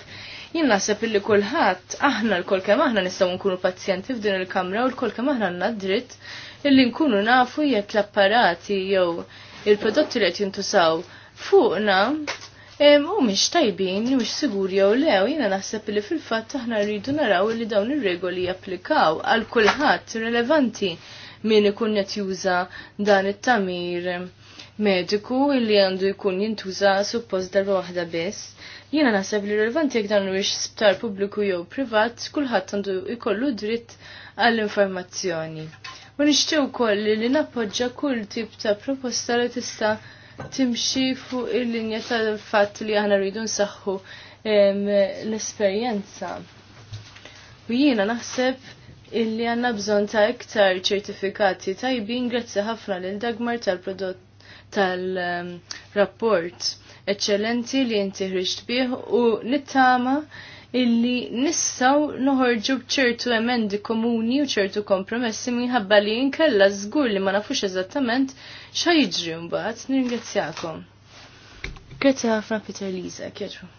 Jien naħseb illi kulħadd aħna l-kol kemm aħna nistgħu nkunu pazjenti f'din il-kamra u l-kol kemm aħna għandna dritt illi nkunu nafu jekk l-apparati jew il-prodotti li qed jintużaw fuqna u mhix tajbin, mhux siguri jew le, jiena naħseb li fil-fatt aħna rridu naraw li dawn ir-regoli japplikaw għal kulħadd relevanti min ikun qed juża dan it-tamir mediku illi għandu jkun jintuża suppost darba waħda biss. Jiena naħseb li relevanti jekk dan mhuwiex sptar pubbliku jew privat, kulħadd għandu jkollu dritt għall-informazzjoni. Ma nixtiew ukoll li nappoġġa kull tip ta' proposta li tista' timxi fuq il-linja tal-fatt li aħna rridu nsaħħu l-esperjenza. U jiena naħseb illi għanna bżon ta' iktar ċertifikati tajbin grazzi ħafna lil dagmar tal-prodott tal-rapport eccellenti li inti ħriġt bih u nittama illi nissaw noħorġu bċertu emendi komuni u ċertu kompromessi minħabba li inkella żgur li ma nafux eżattament xa jiġri mbagħad nirringrazzjakom. Grazzi ħafna Peter Lisa, kieċu.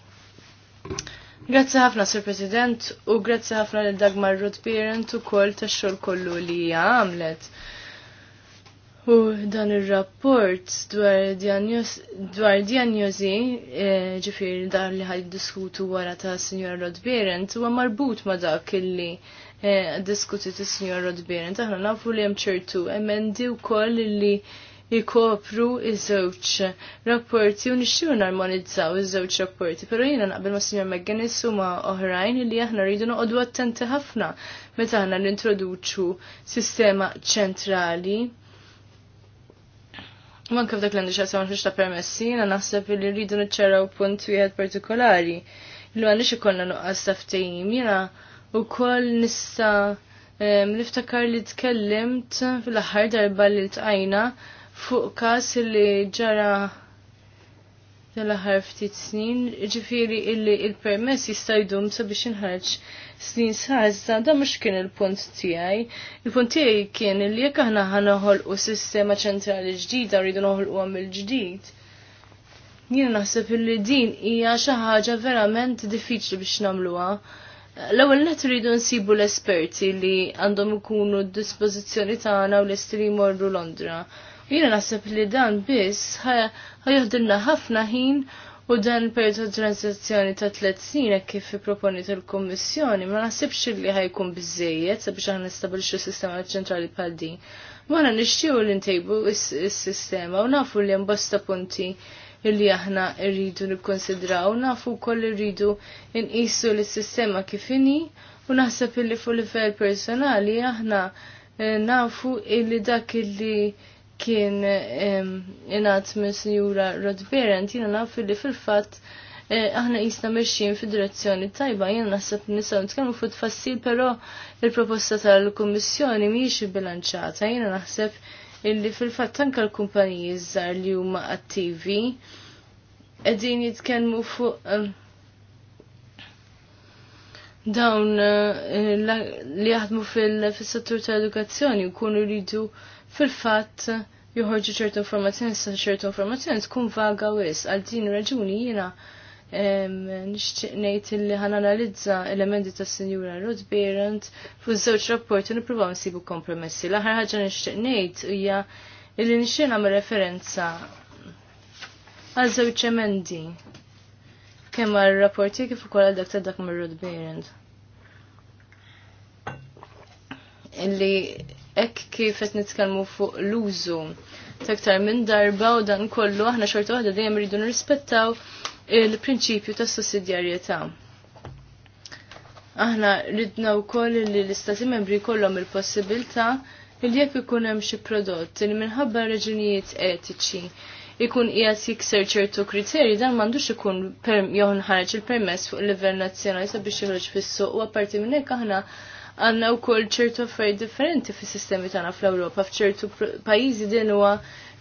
Grazzi ħafna Sir President u grazzi ħafna l Dagmar Rod Parent u kol ta' xol kollu li għamlet. Ja, U dan il-rapport dwar diagnosi, eh, ġifir dan li ħad diskutu wara ta' Rod Rodberent, huwa marbut ma' dak illi eh, diskuti ta' Rod Rodberent. Aħna nafu li hemm ċertu emendi wkoll illi jikopru iż-żewġ rapporti u nixtiju narmonizzaw iż-żewġ rapporti, pero jiena naqbel ma' Sr. McGinnis u ma' oħrajn li aħna rridu noqogħdu attenti ħafna meta aħna nintroduċu sistema ċentrali Man kif dak l-indiċazzja ma ta' permessi, na naħseb li rridu niċċaraw punt wieħed partikolari. Illu għaliex ikollna nuqqas ta' ftehim, u wkoll nista' niftakar li tkellimt fl-aħħar darba li tqajna fuq każ li ġara tal ħar ftit snin, ġifiri illi il-permess jista' jdum sabiex inħarġ snin sħazza, da mux kien il-punt tijaj. Il-punt tijaj kien li jek aħna ħanaħol u sistema ċentrali ġdida, rridu noħol u għamil ġdid. Jien naħseb illi din hija xi ħaġa verament diffiċli biex nagħmluha. L-ewwel net rridu nsibu l-esperti li għandhom ikunu d-dispożizzjoni tagħna u l estri jmorru Londra. Jina jiena naħseb li dan biss ħajħdilna ħafna ħin u dan periodu ta' ta' tliet snin kif proponiet il-Kummissjoni ma naħsibx li ħajkun biżejjed sabiex aħna nistabilixxu sistema ċentrali bħal din. Mara nixtiju li ntejbu s-sistema u nafu li jembosta punti illi aħna rridu nikkonsidraw, nafu koll rridu nqisu l-sistema kifini u naħseb illi fu livell personali aħna eh, nafu illi dak illi kien ingħat minn Sinjura Rodverent jiena naf li fil-fatt eh, aħna jisna mirxin fi direzzjoni tajba, jien naħseb nisaw nitkellmu fuq tfassil, però il-proposta tal-Kummissjoni mhijiex bilanċata, jiena naħseb illi fil-fatt anke l-kumpaniji żgħar li huma attivi qegħdin jitkellmu fuq dawn eh, li jaħdmu fil-settur tal-edukazzjoni jkunu rridu fil-fatt joħorġu ċertu informazzjoni sa ċertu informazzjoni tkun vaga wis għal din raġuni jiena nixtieq ngħid li ħananalizza elementi tas-Sinjura Ruth Berend fuq żewġ rapporti nippruvaw nsibu kompromessi. L-aħħar ħaġa nixtieq ngħid hija li nixtieq nagħmel referenza għal żewġ emendi kemm għal rapporti kif ukoll għal dak ta' dak mir Ruth Berend. Illi ekk kif qed nitkellmu fuq l-użu. Taktar minn darba u dan kollu aħna xorta waħda dejjem rridu nirrispettaw il-prinċipju ta' sussidjarjetà. Aħna ridna wkoll li l-istati membri kollhom il-possibilità li jekk ikun hemm xi prodott li minħabba raġunijiet etiċi ikun qiegħed jikser ċertu kriterji dan m'għandux ikun joħnħarġ il-permess fuq il-livell nazzjonali sabiex joħroġ fis-suq u apparti minn hekk aħna għanna u kol ċertu affarijiet differenti fis sistemi tagħna fl-Ewropa f'ċertu pajjiżi din huwa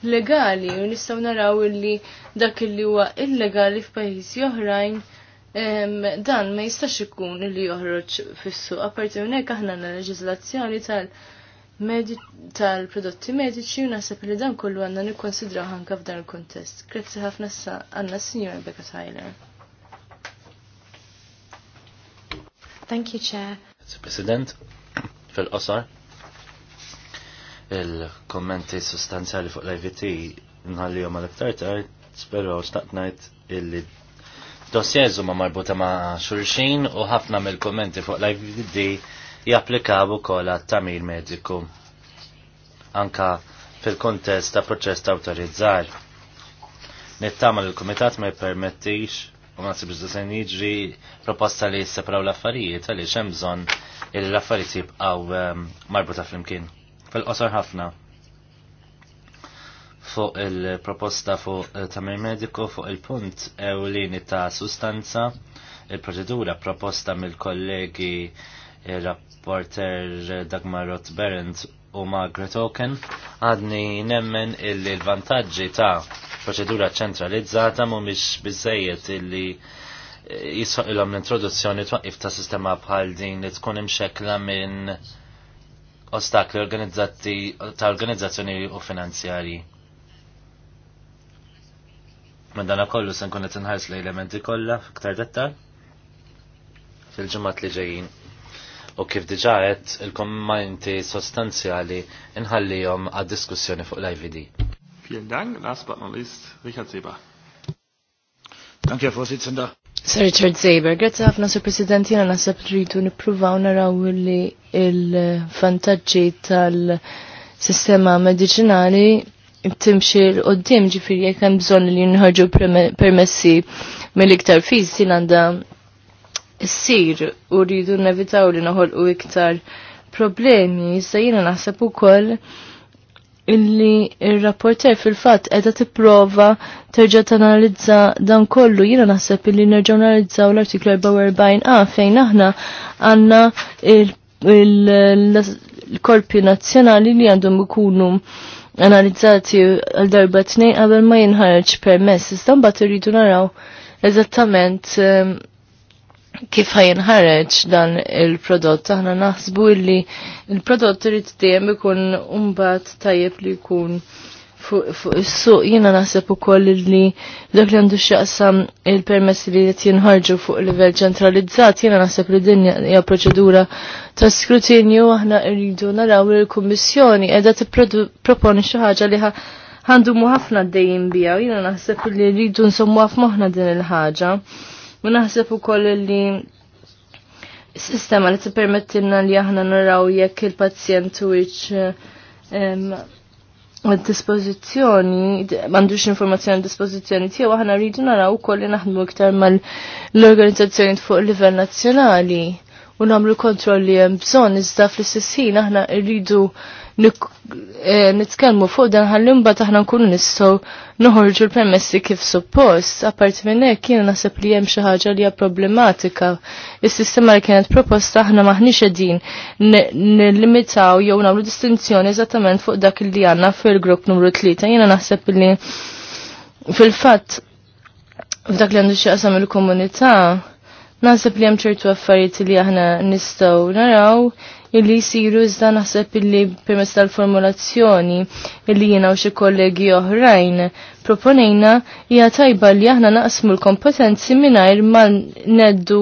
legali u nistgħu naraw illi dak illi huwa illegali f'pajjiżi oħrajn dan ma jistax ikun illi joħroġ fis-suq. Apparti minn aħna għandna leġizlazzjoni tal- tal-prodotti mediċi u nasab li dan kollu għanna nikonsidra ħanka f'dan il-kontest. Grazzi ħafna għanna s-Signora Becca Tyler. Thank you, Chair. President, fil-qosar, il-kommenti sostanzjali fuq l-IVT nħalli jom għal-iktar tard, spero xtaqt najt illi dossiers huma marbuta ma' xurxin u ħafna mill-kommenti fuq l-IVD japplikabu ukoll għat-tamir mediku anka fil-kontest ta' proċess ta' awtorizzar. Nittama l-Komitat ma jippermettix u nasib iżda se jiġri proposta li jissepraw l-affarijiet għaliex hemm bżonn li l-affarijiet jibqgħu ehm, marbuta flimkien. Fil-qosor ħafna fuq il-proposta fuq eh, tamir mediku fuq il-punt ewlieni ta' sustanza il-proċedura proposta mill-kollegi eh, rapporter Dagmar Rothberend u Margaret Oken għadni nemmen il-vantaġġi ta' proċedura ċentralizzata mhumiex bizzejiet illi eh, il ilhom l-introduzzjoni twaqif ta' sistema bħal din li tkun imxekla minn ostakli ta' organizzazzjoni u finanzjarji. Minn kollu se nkun qed inħares l-elementi kollha f'iktar dettal fil-ġimgħat li ġejjin u kif diġaħet il-kommenti sostanzjali inħallihom għad-diskussjoni fuq l-IVD. Vielen Dank. Last but not least, Richard Seber. Danke, Herr Vorsitzender. Sir Richard Saber, grazie ħafna Sur President, jena nasab rridu nippruvaw naraw li il-vantagġi tal-sistema medicinali timxi l-qoddim ġifir jek hemm bżonn li nħarġu permessi mill-iktar fiż sin għandha ssir u rridu nevitaw li noħolqu iktar problemi, issa jiena naħseb ukoll illi il-rapporter fil-fat edha tipprova terġa tanalizza dan kollu jina naħseb illi nerġaw analizzaw l-artiklu 44a fejn aħna għanna il-korpi nazzjonali li għandhom ikunu analizzati għal darba t-nej qabel ma jinħarġ permess. Iżda mbagħad irridu naraw eżattament ehm, kif ħajnħareġ dan il-prodott. Aħna naħsbu illi il-prodott irid dejjem ikun umbat tajjeb li jkun fuq is-suq jiena naħseb ukoll li dak li għandu x'jaqsam il-permessi li qed jinħarġu fuq livell ċentralizzat jiena naħseb li din hija proċedura ta' skrutinju aħna rridu naraw li l-Kummissjoni qiegħda tipproponi xi ħaġa li għandu ħafna d biha bija jiena naħseb li rridu nsommu f'moħħna din il-ħaġa. U naħseb ukoll li sistema li tippermettilna li aħna naraw jekk il-pazjent wiċ dispożizzjoni, m'għandux informazzjoni dispożizzjoni tiegħu aħna rridu naraw ukoll li naħdmu iktar mal-organizzazzjoni fuq livell nazzjonali u nagħmlu kontrolli hemm bżonn iżda fl-istess ħin aħna rridu Eh, nitkellmu fuq dan ħallimba taħna nkunu nistgħu noħorġu l-permessi kif suppost. Apparti minn hekk jiena naħseb li hemm xi ħaġa li hija problematika. Is-sistema li kienet proposta aħna maħniex qegħdin nillimitaw jew nagħmlu distinzjoni eżattament fuq dak li għandna fil-grupp numru Tlieta Jiena naħseb li fil-fatt f'dak li għandu xi qasam il-komunità naħseb li hemm ċertu affarijiet li aħna nistgħu naraw illi jisiru iżda naħseb illi permezz tal-formulazzjoni illi jiena u xi kollegi oħrajn proponejna hija tajba li aħna naqsmu l-kompetenzi mingħajr ma neddu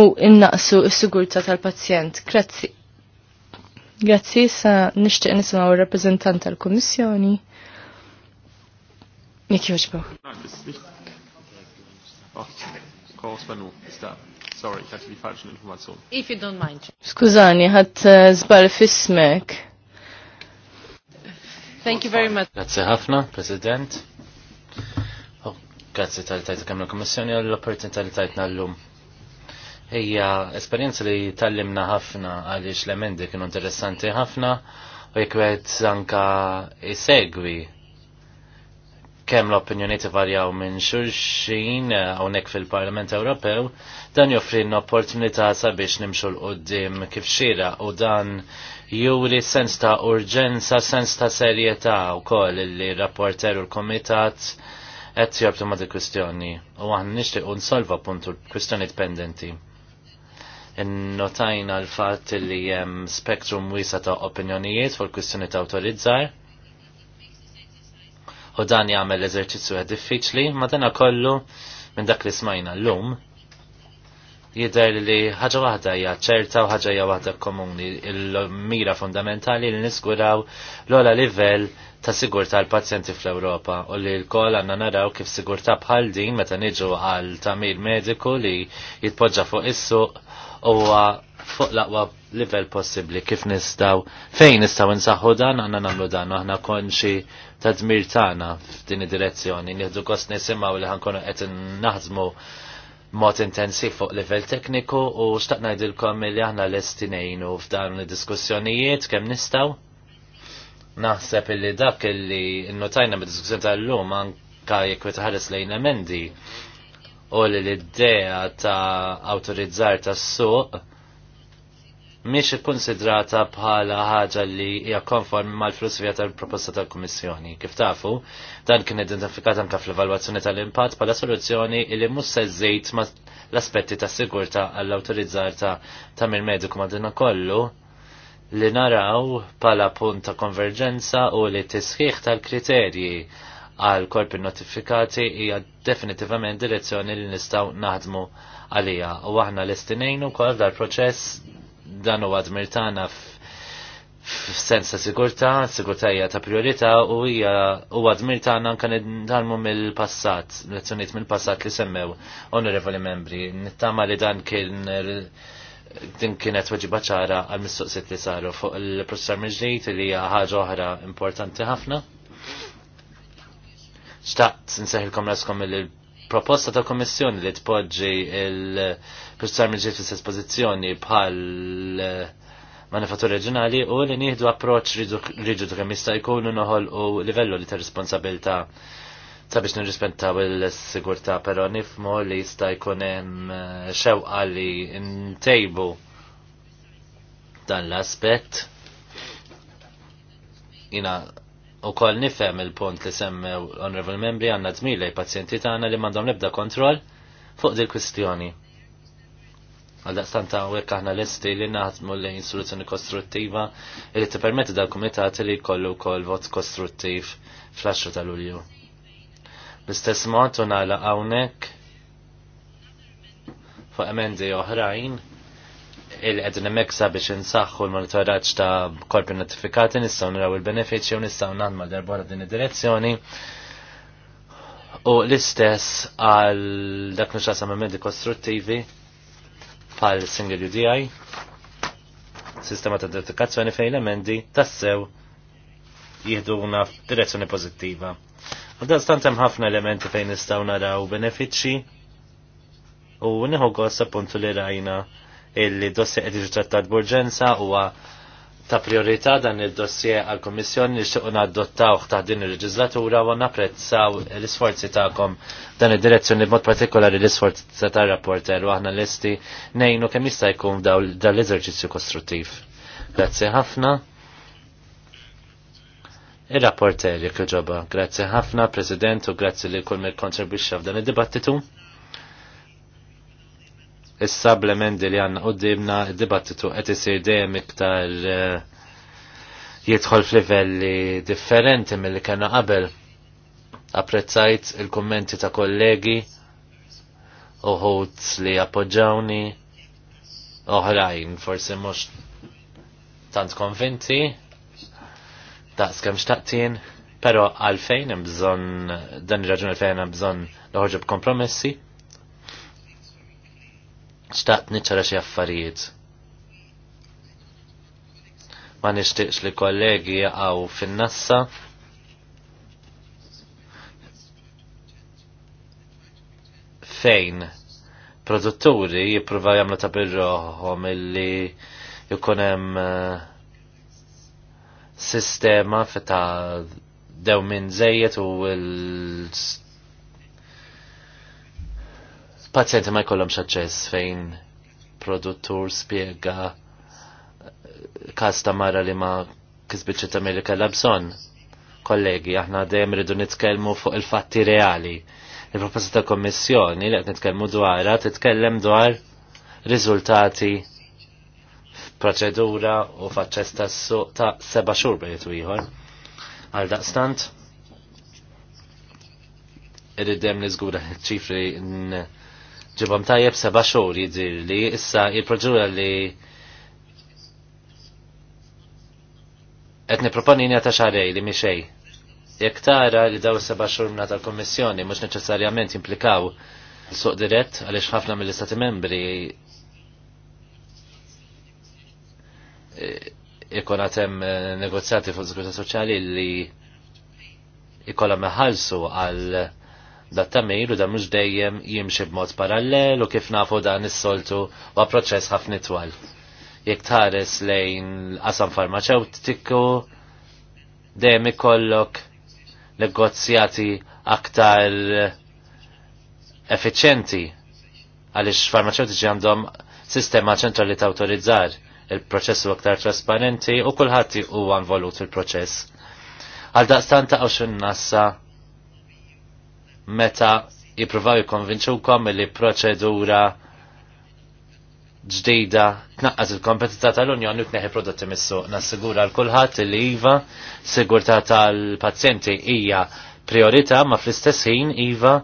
u innaqsu s-sigurtà tal-pazjent. Grazzi. Grazzi sa nixtieq nisimgħu r-rappreżentant tal-Kummissjoni. Jekk jogħġbu. Oh, Calls when we'll start. Sorry, ħat li faċ l-informazzjoni. If you don't mind. Skużani, ħat zbar eh, fismek. Thank you very much. Grazie ħafna, President. Oh, grazie tal-tajt kemm il-Kommissjoni għall-opportunità li tajtna l-lum. Hija esperjenza li tallimna ħafna għaliex l-emendi kienu interessanti ħafna u jekk zanka isegwi kemm l-opinjoni varjaw minn xulxin eh, hawnhekk fil-Parlament Ewropew, dan joffri n-opportunità sabiex nimxu l-qoddim kif xira u dan juri sens ta' urġenza, sens ta' serjetà wkoll li rapporter u l-komitat qed jobtu ma' dik kwistjoni u aħna nixtieq nsolva puntu l-kwistjoni dipendenti. Notajna l-fatt li hemm spektrum wiesa ta' opinjonijiet fuq kwistjoni ta' autorizzar, u dan jagħmel eżerċizzju diffiċli, ma dana kollu minn dak li smajna l-lum jidher li ħaġa waħda hija ċerta u ħaġa hija waħda komuni il-mira fundamentali li niskuraw l-ola livell ta' sigurta l pazjenti fl-Europa u li l-kol għanna naraw kif sigurta bħal din meta niġu għal tamir mediku li jitpoġġa fuq issu u fuq l-aqwa livell possibli kif nistaw fejn nistaw nsaħħu dan għanna namlu dan aħna konxi ta' dmir tagħna f'din id-direzzjoni. Nieħdu kost nisimgħu li ħankunu qed naħdmu mod intensiv fuq livell tekniku u xtaq ngħidilkom li aħna lesti ngħinu f'dawn id-diskussjonijiet kemm nistgħu. Naħseb illi dak illi notajna mid-diskussjoni tal-lum anka jekk ħares lejn emendi u li l-idea ta' awtorizzar tas-suq miex ikkonsidrata bħala ħaġa li hija konformi mal-filosofija tal-proposta tal-Kummissjoni. Kif tafu, dan kien identifikat anke fl-evalwazzjoni tal-impatt bħala soluzzjoni li mhux se żejt ma l-aspetti ta' sigurta għall autorizzar ta' ta' mill-mediku dinna kollu li naraw bħala punt ta' konverġenza u li tisħiħ tal-kriterji għal korpi notifikati hija definitivament direzzjoni li nistgħu naħdmu għalija u aħna l istinejnu kol dal-proċess dan huwa dmir tagħna sensa ta' sigurtà, hija ta' priorità u hija huwa dmir tagħna anke dalmu mill-passat, lezzjonijiet mill-passat li semmew onorevoli membri. Nittama li dan kien din kienet weġiba ċara għal mistoqsit li saru fuq il professor mill li hija ħaġa oħra importanti ħafna. Xtaqt nseħilkom raskom il-proposta ta' kommissjoni li tpoġġi il- Proċessar minn ġiet fis pożizzjoni bħal eh, manifattur reġjonali u li nieħdu approċċ riġu kemm jista' jkunu noħolqu livellu li ta' ta' sabiex nirrispettaw il sigurtà però nifmu li jista' jkun hemm eh, xewqa li ntejbu dan l-aspett. Jina u kol nifhem il-punt li semmew honorable membri għandna tmili pazjenti tagħna li m'għandhom l kontrol kontroll fuq dil kwistjoni Għal-daqstan ta' għek aħna l-esti li naħdmu lejn soluzzjoni kostruttiva li t-permetti dal-komitat li kollu kol vot kostruttiv fl-10 tal-Ulju. L-istess mod unala għawnek fuq emendi oħrajn il-għedin meksa biex insaħħu l-monitoraċ ta' korpi notifikati nistaw naraw il benefiċċji u nistaw naħdma darbora din id-direzzjoni. U l-istess għal dak nuċa emendi kostruttivi pal single UDI, sistema ta' dedikazzjoni fejn emendi tassew jihduna f'direzzjoni pozittiva. Għadda stantem ħafna elementi fejn nistaw naraw benefiċċji u nieħu gost appuntu li rajna illi dossi qed jiġi trattat b'urġenza huwa ta' priorità dan id-dossier għal komissjoni li xtuqna adottawh ta' din il reġizlatura u napprezzaw l-isforzi ta'kom dan id-direzzjoni b'mod partikolari l-isforzi ta' rapporter u aħna l-esti nejnu kemm jista' jkun dan l-eżerċizzju kostruttiv. Grazzi ħafna. Ir-rapporter jekk ġoba. Grazzi ħafna, President, u grazzi li kull mir kontribwixxa f'dan id-dibattitu is blemendi li għanna dibna dibattitu qed isir dejjem iktar eh, jidħol f'livelli differenti mill-li kena qabel. Apprezzajt il-kommenti ta' kollegi, uħut li appoġġawni, oħrajn forsi mhux tant konvinti, ta' skem xtaqtin, pero għalfejn hemm bżonn dan ir-raġun għalfejn hemm bżonn noħorġu b'kompromessi, Staqt nitra xi affarijiet. Ma nishtiqx li kollegi jaqgħu fin-nassa. Fejn produtturi jippruvaw jagħmlu ta' birroħhom illi jkun hemm eh, sistema ta' dew minn żejjed u l pazjenti ma jkollhomx aċċess fejn produttur spjega eh, każ ta' mara li ma kisbitx ta' li kellha bżonn. Kollegi, aħna dejjem ridu nitkellmu fuq il-fatti reali. Il-proposta ta' kommissjoni li qed nitkellmu dwarha titkellem dwar riżultati f'proċedura u f'aċċess tas-suq ta' seba' xhur bejt ieħor. Għal daqstant, irridem li żgura ċifri ġibam tajjeb seba xor jidir li issa il-proġura li qed niproponi ta' xarej li miexej. Jekk tara li daw seba xurna tal-Kommissjoni mhux neċessarjament implikaw suq dirett għaliex ħafna mill-Istati membri eh, ikon għatem eh, negozjati fuq żgurta soċjali li ikolla meħalsu għal dat tamir u da mhux dejjem jimxi b'mod parallel u kif nafu dan is-soltu wa proċess ħafna twal. Jekk tħares lejn qasam farmaceutiku dejjem ikollok negozjati aktar effiċenti għaliex farmaceutiċi għandhom sistema ċentrali ta' autorizzar il-proċess u aktar trasparenti u kulħadd huwa involut fil-proċess. Għal daqstan ta' xun nassa meta jipruvaw jikonvinċukom li proċedura ġdida tnaqqas il-kompetitta tal-Unjoni u tneħi prodotti missu. Nassigura l-kulħat li IVA, sigurta tal-pazjenti hija priorità ma fl-istess ħin IVA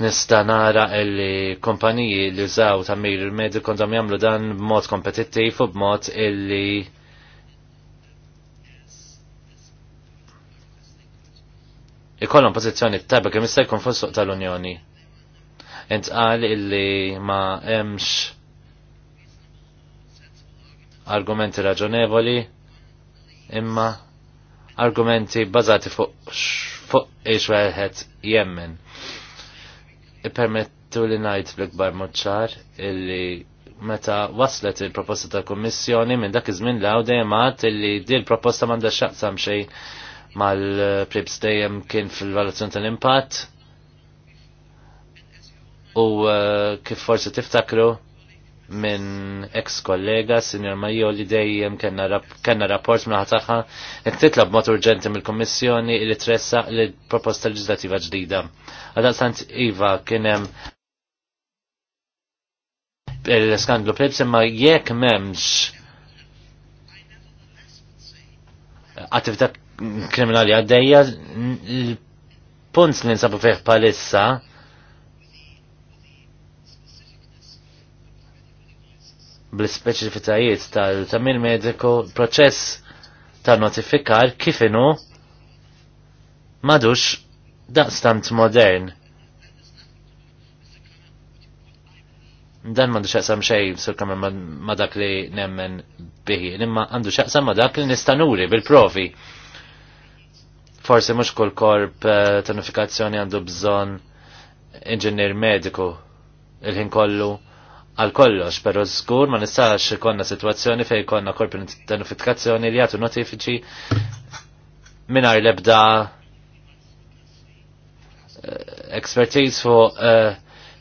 nista nara li kompaniji li użaw tamir il-medikon dam jagħmlu dan b'mod kompetittiv u b'mod illi ikollhom pożizzjoni tajba kemm jista' jkun fuq tal-Unjoni. Intqal illi ma hemmx argumenti raġonevoli imma argumenti bazati fuq iċweħet jemmen. Ipermettu li najt l ikbar moċċar illi meta waslet il-proposta ta' kommissjoni minn dak iż-żmien l dejjem għad illi di l-proposta m'għandha xaqsam xejn mal-prips dejjem kien fil-valutazzjoni tal-impatt u eh, kif forsi tiftakru minn ex kollega Sinjor Majo li dejjem kenna, rapport minn ħataħħa jekk titlab mod urġenti mill-Kummissjoni li tressa li proposta leġislativa ġdida. Għadal sant Iva kien hemm l-skandlu plebs imma jekk m'hemmx attività kriminali għaddejja, l punt li nsabu feħ palissa, bl-speċifitajiet tal-tamil mediku proċess ta' notifikar kifinu madux daqstant modern. Dan madux xaqsam xej sur kamen ma dak li nemmen bihi, imma għandu xaqsam ma dak li nistanuri bil-profi. Forse mux kull korp eh, tonifikazzjoni għandu bżon inġinier mediku il-ħin kollu għal kollox, pero zgur ma nistax konna situazzjoni fej konna korp tonifikazzjoni li għatu notifiċi minar lebda eh, expertise fuq uh, eh,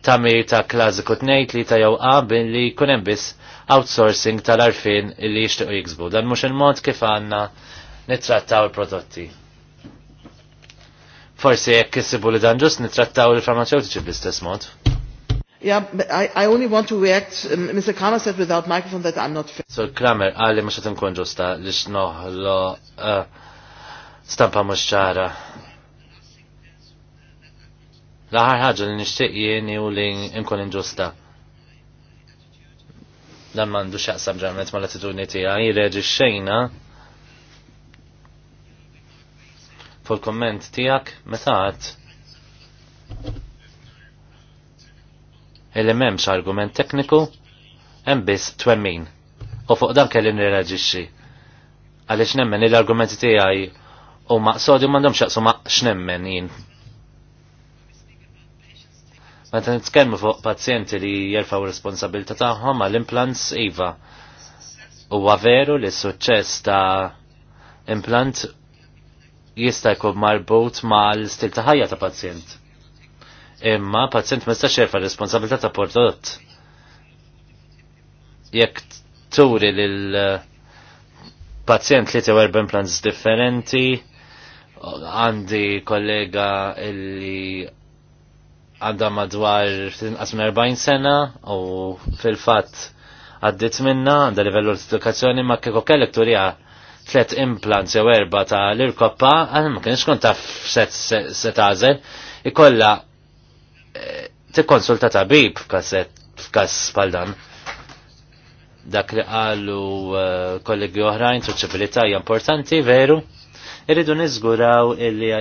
tammi ta' klasiku tnejt li ta' jew għabin li kunem biss outsourcing tal-arfin li jixtiqu jiksbu. Dan mhux il-mod kif għandna nittrattaw il-prodotti. Forsi jekk kissibu li dan ġust nitrattaw il-farmaceutiċi bl-istess mod. Yeah, I, I only want to react, Mr. Um, Kramer said without microphone that I'm not fair. So Kramer, għalli ma għatin kun ġusta li noħlo uh, stampa mux ċara. Laħar ħagġa li nishtiq jieni u li nkun inġusta. Dan mandu xaqsam ġarmet ma l-attitudni tija, jireġi xejna fuq komment tijak meta il illi memx argument tekniku hemm biss twemmin. U fuq dan kelli nirreġixxi. Għaliex nemmen l-argumenti tiegħi u maqsodi mandom xaqsu ma' x'nemmen jien. Meta nitkellmu fuq pazjenti li jerfgħu responsabilità tagħhom għall implants iva. Huwa veru li s-suċċess ta' implant jista' jkun marbut mal-stil ta' ħajja ta' pazjent. Imma pazjent ma jistax jerfa' responsabilità ta' prodott. Jekk turi lil eh, pazjent li tewer plans differenti, għandi kollega illi għandha madwar tinqas minn 40 sena u fil-fatt għaddit minna livellu livell edukazzjoni ma kieku kellek turija tlet implants jew erba ta' l-irkoppa, għan ma kienx kont set se għazel, ikolla eh, konsulta tabib bib f'kas bħal dan. Dak li qalu eh, kollegi oħrajn traċċabilità hija importanti, veru, irridu niżguraw illi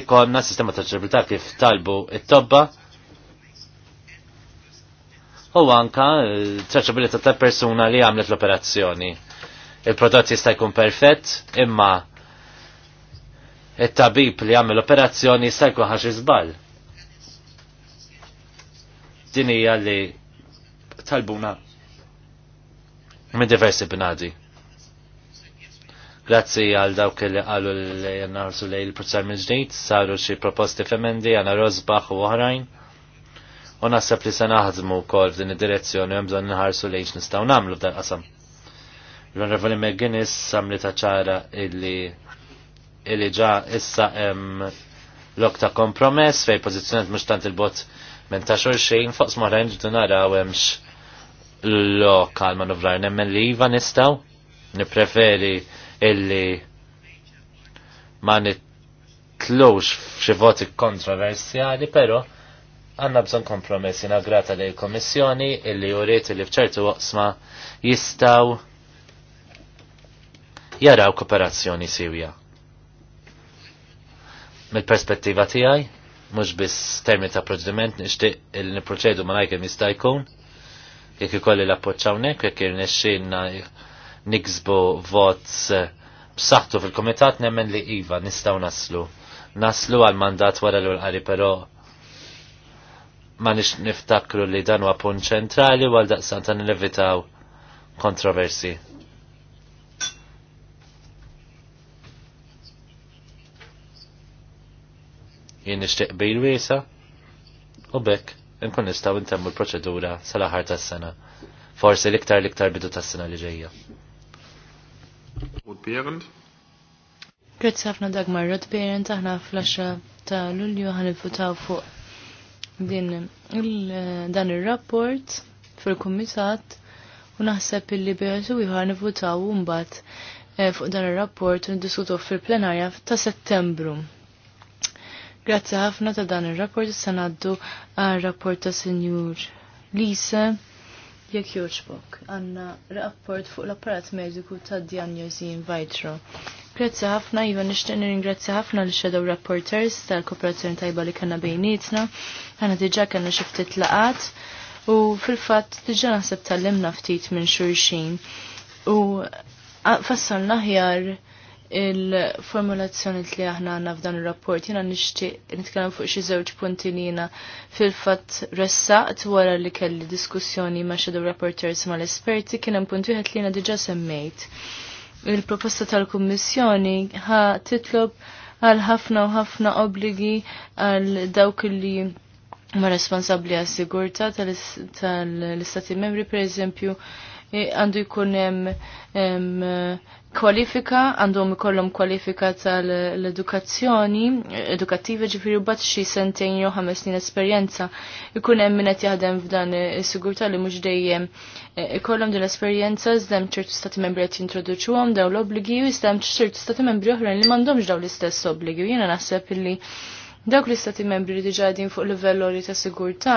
ikonna sistema ta' ċerbilità kif talbu it-tobba u anka eh, traċabilità ta' persuna li għamlet l-operazzjoni. Il-prodott jista' jkun perfett, imma it-tabib li għamil l-operazzjoni jista' jkun ħaxi żball. Din hija li talbuna minn diversi bnadi. Grazzi għal dawk li għallu li narsu li l-prozzar minn ġdijt, saru xie proposti femendi għana rozbaħ u oħrajn. U naħseb li se naħdmu wkoll f'din id-direzzjoni hemm bżonn li lejn nistgħu nagħmlu f'dan qasam. L-Onorevoli McGuinness samli ta' ċara illi illi ġa issa hemm lok ta' kompromess fej pożizzjoniet mhux tant il-bot minn ta' xorxejn fuq smarajn ġdu naraw hemmx lokal manuvrar nemmen li iva nistgħu nippreferi illi ma nitlux f'xi voti kontroversjali, però għanna bżon kompromessi nagrata li l-Komissjoni illi juriet li fċertu waqsma jistaw jaraw kooperazzjoni siwja. Mil-perspettiva tijaj, mux bis termi ta' proċediment nishti il niproċedu ma' najkem jista' jkun, jek ikolli l-appoċċawnek, jek irnexxinna niksbu vot eh, b'saħħtu fil-komitat nemmen li Iva nistaw naslu. Naslu għal mandat wara l-ulqari, pero ma nix niftakru li dan huwa punt ċentrali għal daqsan ta' nilevitaw kontroversi. Jien nixtieq bil wiesa u bekk nkun nistgħu intemmu l-proċedura sal-aħar tas-sena. Forsi l-iktar l-iktar bidu tas-sena li ġejja. Grazie ħafna Dagmar Rodberent aħna fl-10 ta' Lulju ħanifutaw fuq din dan ir-rapport fil-kumitat u naħseb illi beħsu ieħor nivutaw mbagħad eh, fuq dan ir-rapport u ndiskutu fil-plenarja ta' Settembru. Grazzi ħafna ta' dan ir-rapport issa ngħaddu għar-rapport ta' Sinjur Lise jekk joġbok. Għanna rapport fuq l-apparat mediku ta' Diagnosi in vitro. Grazzi ħafna, jiva nishtiq nirringrazzja ħafna li shadow rapporters tal-kooperazzjoni tajba li kanna bejnietna. Għana diġa kanna xiftit laqat u fil-fat diġa naħseb tal-limna ftit minn xurxin. U fassalna ħjar il-formulazzjoni li aħna għanna f'dan il-rapport, jena nishtiq nitkellem fuq xi żewġ punti li jena fil-fatt ressaqt wara li kelli diskussjoni ma' shadow rapporters ma' l-esperti kien hemm punt wieħed li jena diġà semmejt il-proposta tal-Kummissjoni ħa titlob għal ħafna u ħafna obligi għal dawk li ma responsabli għal sigurta tal-istati membri per eżempju e, għandu jkun hemm kwalifika, għandhom ikollhom kwalifika tal-edukazzjoni, edukattiva ġifiri u bat xi sentejn jew ħames snin esperjenza. Ikun hemm min qed jaħdem f'dan is-sigurtà li mhux dejjem eh, ikollhom din l-esperjenza iżda hemm ċertu stati membri qed jintroduċuhom dawn l-obbligi u iżda ċertu stati membri oħrajn li m'għandhomx dawn l-istess obbligi. Jiena naħseb illi Dawk li stati membri li diġa għadin fuq livell li ta' sigurtà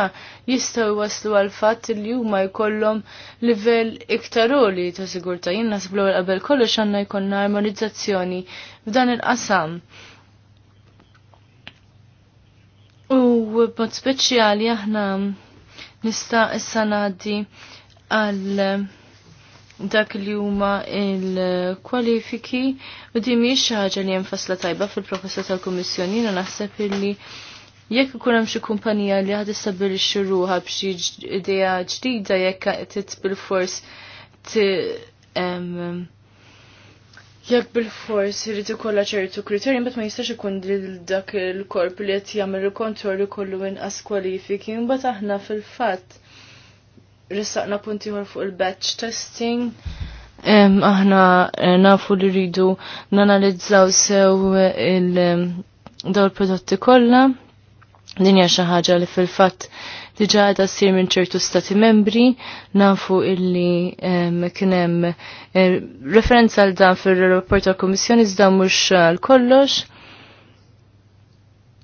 jistgħu waslu għal fatt li huma jkollhom livell iktar oli ta' sigurtà. Jien nasib l qabel kollox għandna jkollna armonizzazzjoni f'dan il-qasam. U b'mod speċjali aħna nista' issa ngħaddi għal dak li huma il-kwalifiki u din mi xi ħaġa li hemm fasla tajba fil-proposta tal-Kummissjoni na naħseb illi jekk ikun hemm xi kumpanija li ħad istabbilixxi ruha b'xi idea ġdida jekk qed bil-fors jekk bil-fors irid ikollha ċertu kriterji mbagħad ma jistax ikun dak il-korp li qed jagħmel il-kontor ikollu inqas kwalifiki mbagħad aħna fil-fatt rissaqna punti fuq il-batch testing. aħna eh, nafu li rridu nanalizzaw sew il dawl il-prodotti kollha. Din hija xi ħaġa li fil-fatt diġà għada sir minn ċertu stati membri, nafu illi kien kienem eh, referenza għal dan fil-rapport tal komissjoni iżda mux għal kollox.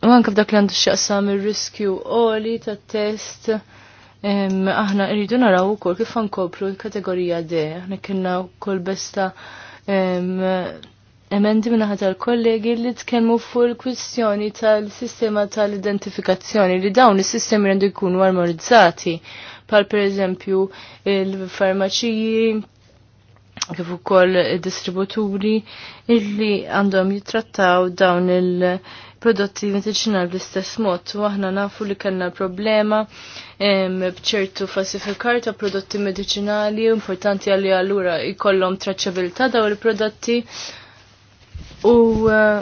U anke f'dak li għandu xaqsam il-riskju qoli ta' test aħna rridu naraw ukoll kif nkoplu l-kategorija D. Aħna kienna wkoll besta emendi minna ħatar kollegi li tkellmu fuq il-kwistjoni tal-sistema tal-identifikazzjoni li dawn is-sistemi rendu jkunu armonizzati pal per eżempju il-farmaċiji kif ukoll id-distributuri illi għandhom jitrattaw dawn il- prodotti medicinali bl-istess mod. U aħna nafu li kellna problema bċertu falsifikar ta' prodotti medicinali, importanti għalli għallura jkollhom traċċabilità daw il-prodotti. U eh,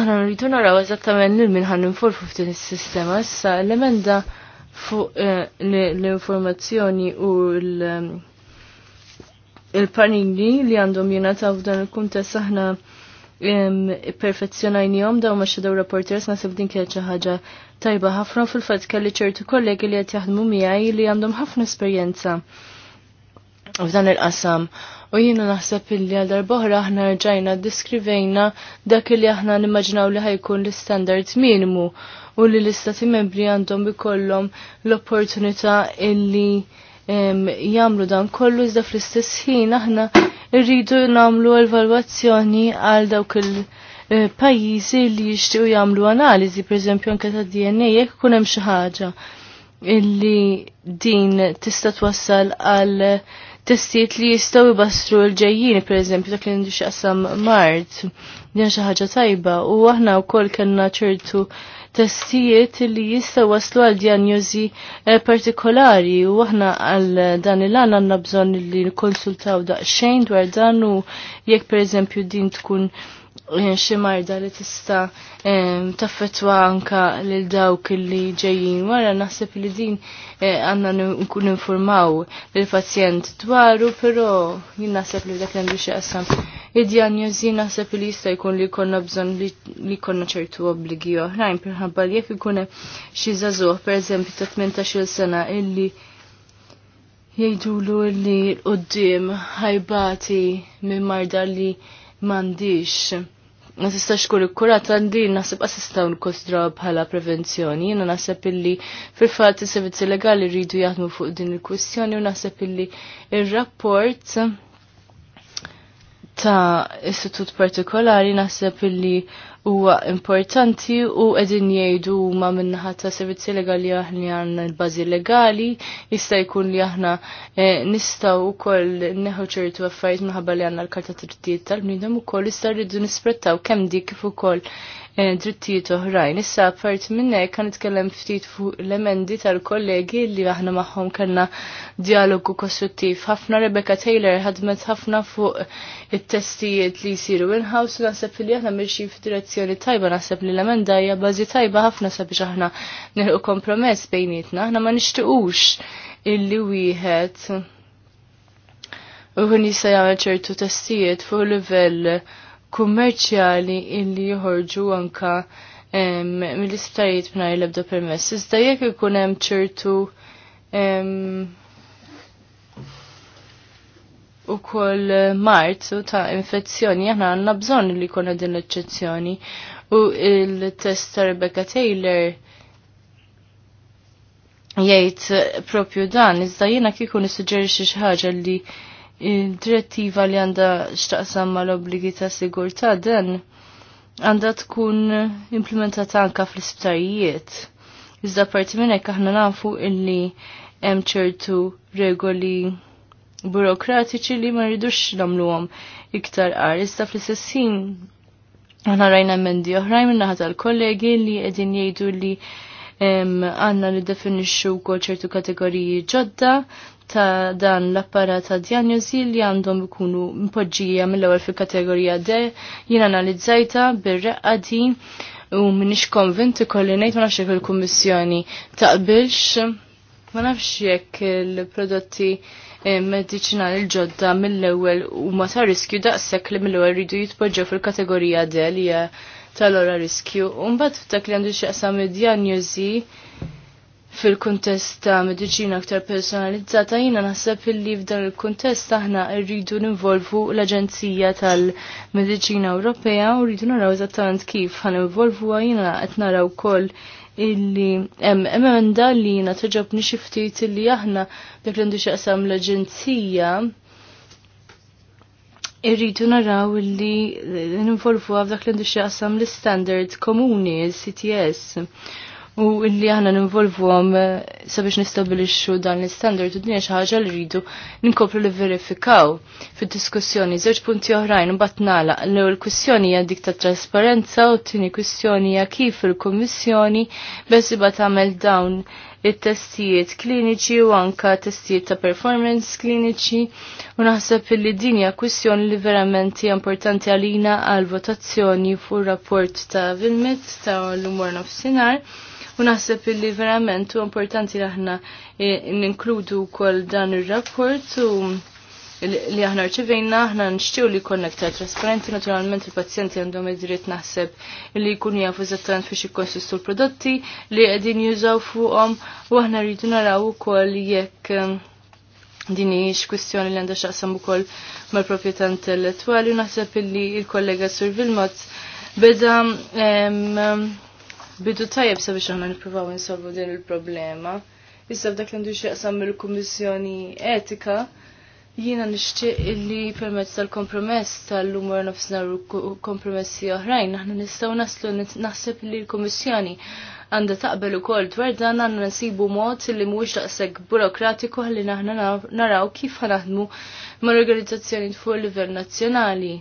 aħna rritu naraw eżattament lil min ħan forfu f'din is-sistema. Issa l-emenda fuq eh, l-informazzjoni u l- eh, il-panini li għandhom jenataw f'dan il-kuntess aħna jom daw maċċa daw rapporters nasib din kienet ħagġa ħaġa tajba ħafna fil-fatt kelli ċertu kollegi li qed jaħdmu miegħi li għandhom ħafna esperjenza f'dan il-qasam. U jiena naħseb illi għal darboħra aħna rġajna diskrivejna dak li aħna nimmaġinaw li ħajkun l-standard minimu u li l-istati membri għandhom ikollhom l-opportunità illi jagħmlu dan kollu iżda fl-istess ħin aħna irridu namlu evalwazzjoni għal dawk il-pajjiżi li jixtiequ jagħmlu analiżi, pereżempju anke ta' DNA jekk ikun hemm xi ħaġa illi din tista' twassal għal testijiet li jistgħu jbastru l-ġejjini, pereżempju dak li għandu mart, din xi ħaġa tajba u aħna wkoll kellna ċertu testijiet li jistaw waslu għal diagnosi eh, partikolari u aħna għal dan il-għan għanna bżon li konsultaw daqxejn dwar dan u jekk per eżempju din tkun eh, xi marda li tista' taffetwa anka lil dawk li ġejjin wara naħseb li din eh, għandna nkun informaw lill-pazjent dwaru, però jien naħseb li dak l-għandu xieqsam. Id-diagnosi naħseb li jista' jkun li jkollna bżonn li jkollna ċertu obbligi oħrajn perħabba li jekk ikun hemm xi żagħżugħ pereżempju ta' 18-il sena illi jgħidulu li l-qoddim ħajbati minn marda li mandiċ ma tistax tkun ikkurat għandi naħseb assistaw nkonsidra bħala prevenzjoni. Jiena naħseb illi fil-fatt is-servizzi legali rridu jaħdmu fuq din il-kwistjoni u naħseb illi il rapport ta' istitut partikolari naħseb illi huwa importanti u qegħdin jgħidu ma minnaħa ta' servizzi legali aħna għanna l-bażi legali jista' jkun li aħna eh, nistgħu wkoll neħu ċertu affarijiet minħabba li għandna l-karta trittijiet tal-bniedem ukoll jista' rridu nisprettaw kemm dik kif ukoll Eh, drittijiet oħrajn. Issa part minne kan nitkellem ftit fuq l-emendi tal-kollegi li aħna magħhom kellna dialogu kostruttiv. Ħafna Rebecca Taylor ħadmet ħafna fuq it-testijiet li jsiru in-house naħseb li aħna mirxin f'direzzjoni tajba naħseb li l-emenda hija bażi tajba ħafna sabiex aħna nilqu kompromess bejnietna. Aħna ma nixtiequx illi wieħed u kien jista' jagħmel ċertu testijiet fuq livell kummerċjali illi joħorġu anka mill istajiet minna l-ebda permess. Iżda jekk ikun hemm ċertu u koll mart u ta' infezzjoni aħna għanna bżon li kuna din l eċezzjoni u il-test ta' Rebecca Taylor jgħid propju dan iżda jiena kieku nissuġġerixxi xi ħaġa li il-direttiva li għanda xtaqsam ma l-obligi ta' sigurta den għanda tkun implementata anka fl-isptarijiet. Iżda parti minn hekk aħna nafu illi hemm ċertu regoli burokratiċi li ma rridux għom iktar qar. Iżda fl-istessin aħna rajna emendi oħrajn minn naħa l kollegi li qegħdin jgħidu li għanna li definixxu wkoll ċertu kategoriji ġodda ta' dan l-apparat ta' diagnosi li għandhom ikunu mpoġġija mill-ewwel fil-kategorija D, jien analizzajta bir-reqqa din u minix konvinti kolli ngħid ma nafx jekk il-Kummissjoni taqbilx ma nafx jekk il-prodotti eh, medicinali l-ġodda mill-ewwel huma ta' riskju daqshekk li mill-ewwel ridu jitpoġġew fil-kategorija D li hija tal-ora riskju. Mbagħad f'dak li għandu x'aqsam id-diagnosi fil-kuntest ta' medicina aktar personalizzata jina naħseb illi f'dan il-kuntest aħna rridu ninvolvu l-Aġenzija tal-Medicina Ewropea u rridu naraw eżattament kif ħan involvu għajna qed naraw koll illi hemm emenda li jina toġobni xi ftit illi aħna dak li għandu xaqsam l-Aġenzija irridu naraw li ninvolvu għavdak l-industri l-standard komuni, l-CTS u illi aħna għom eh, sabiex nistabilixxu dan l-istandard u dinja xi ħaġa li rridu ninkopru li verifikaw fid-diskussjoni żewġ punti oħrajn imbagħad nagħlaq l-ewwel kwistjoni hija dik ta' trasparenza u t-tieni kwistjoni hija kif il-Kummissjoni beżiba tagħmel dawn it-testijiet kliniċi u anka testijiet ta' performance kliniċi u naħseb li din hija kwistjoni li verament hija importanti għalina għal votazzjoni fuq rapport ta' Vilmet ta' l-umor nofsinhar u naħseb verament u importanti li aħna eh, ninkludu wkoll dan ir-rapport u li aħna rċivejna aħna nxtiju li jkun aktar trasparenti, naturalment il-pazjenti għandhom id-dritt naħseb li jkun jafu eżattament fiex ikkonsistu l-prodotti li qegħdin jużaw fuqhom u aħna rridu naraw ukoll jekk eh, din hiex kwistjoni li għandha x'aqsam ukoll mal-proprjetà intellettwali u naħseb illi il-kollega Sur Vilmot beda bidu tajjeb sabiex aħna nippruvaw insolvu din il-problema. Issa bdak li għandu jaqsam mill-Kummissjoni Etika, jiena nixtieq illi permezz tal-kompromess tal-lumor nofsinhar u kompromessi oħrajn aħna nistgħu naslu naħseb li l-Kummissjoni għandha taqbel ukoll dwar dan għandna nsibu mod li mhuwiex daqshekk burokratiku għalli naħna naraw kif għanaħdmu mal-organizzazzjoni fuq livell nazzjonali.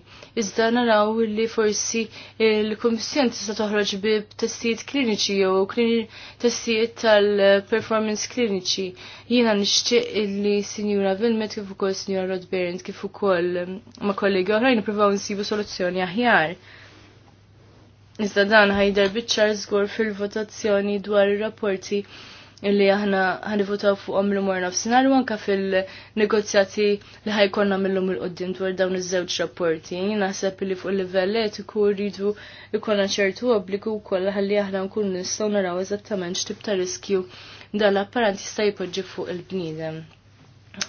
Iżda naraw li forsi il-Kummissjoni tista' toħroġ bi testijiet kliniċi jew testijiet tal-performance kliniċi. Jiena nixtieq li Sinjura Vilmet kif ukoll Sinjura Rodberent kif ukoll um, ma' kollegi oħrajn ippruvaw nsibu soluzzjoni aħjar. Iżda dan ħajder biċċar żgur fil-votazzjoni dwar ir-rapporti illi aħna ħanivutaw fuqhom l-umor nafsinhar u anke fil-negozjati li ħajkonna mill-lum il-qoddim dwar dawn iż-żewġ rapporti. Naħseb li fuq il-livell etiku rridu jkollna ċertu obbligu wkoll ħalli aħna nkunu nistgħu naraw eżattament x'tib ta' riskju dal-apparent jista' jpoġġi fuq il-bniedem.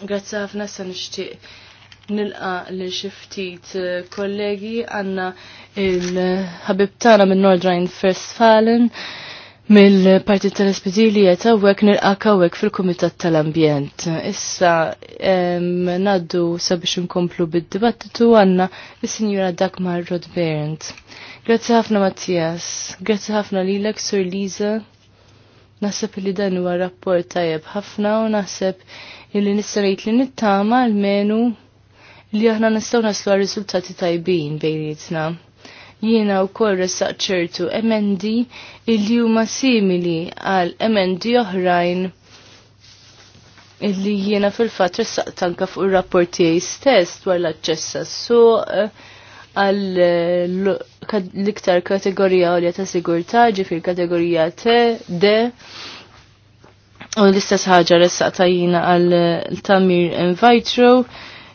Grazzi ħafna sa nixtieq nilqa li xiftit eh, kollegi għanna il-ħabib tagħna minn Nordrhein First Fallen mill-partit tal-SPD li jeta għek nil-aka wek fil-Komitat tal-Ambjent. Issa naddu sabiex nkomplu bid-dibattitu għanna il-Sinjura Dagmar Rodberent. Grazzi ħafna Mattias, grazie ħafna li l Sur Liza. Naħseb li dan huwa rapport tajjeb ħafna u naħseb nista ngħid li nittama għal-menu li aħna nistgħu naslu għal riżultati tajbin bejnietna jiena wkoll ressaq ċertu emendi illi huma simili għal emendi oħrajn illi jiena fil-fatt ressaq tanka fuq ir-rapport tiegħi stess dwar l-aċċess għas-suq għal eh, l-iktar kategorija għolja ta' sigurtà ġifir kategorija T, D. U l-istess ħaġa ressaq jina għal Tamir Envitro.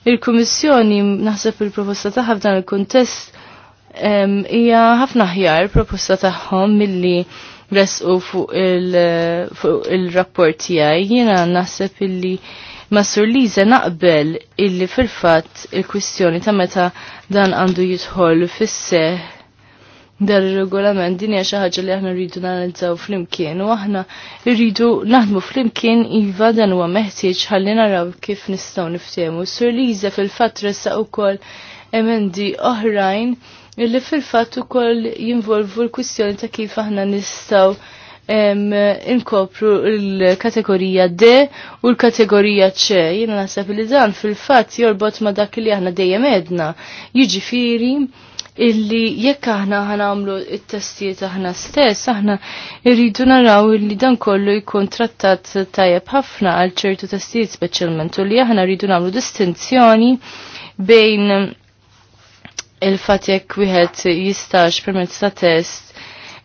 il komissjoni naħseb il-proposta taħħa f'dan il-kuntest hija ħafna ħjar proposta tagħhom milli resqu fuq il-rapport tiegħi jiena naħseb illi Massur Liza naqbel illi fil-fatt il-kwistjoni ta' meta dan għandu jidħol fis-seħ dar regolament din hija xi ħaġa li aħna rridu nanalizzaw flimkien u aħna rridu naħdmu flimkien iva dan huwa meħtieġ ħalli naraw kif nistgħu niftehmu. Sur Liza fil-fatt ressaq ukoll emendi oħrajn oh illi fil-fatt ukoll jinvolvu l-kwistjoni ta' kif aħna nistgħu inkopru l-kategorija D u l-kategorija C. Jiena naħseb li dan fil-fatt jorbot ma' dak li aħna dejjem edna. Jiġifieri illi jekk aħna għamlu il testijiet aħna stess, aħna irridu naraw illi dan kollu jkun trattat tajjeb ħafna għal ċertu testijiet speċjalment u li aħna rridu nagħmlu distinzjoni bejn il-fat jekk wieħed jistax permezz ta' test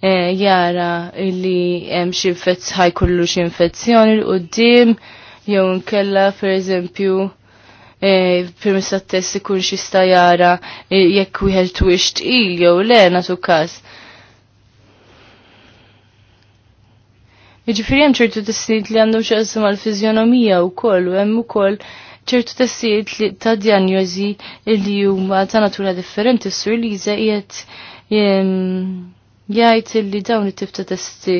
eh, jara li hemm xi ħajkollu xi infezzjoni l quddiem jew nkella pereżempju eh, permezz ta' test ikun xista jara eh, jekk wieħed twix il jew le nagħtu każ. Jiġifieri hemm ċertu testijiet li għandhom x'qasam għall-fiżjonomija wkoll u hemm ukoll ċertu tessijiet li ta' diagnosi li huma ta' natura differenti s-sur li jgħet jgħid li dawn it-tip ta' testi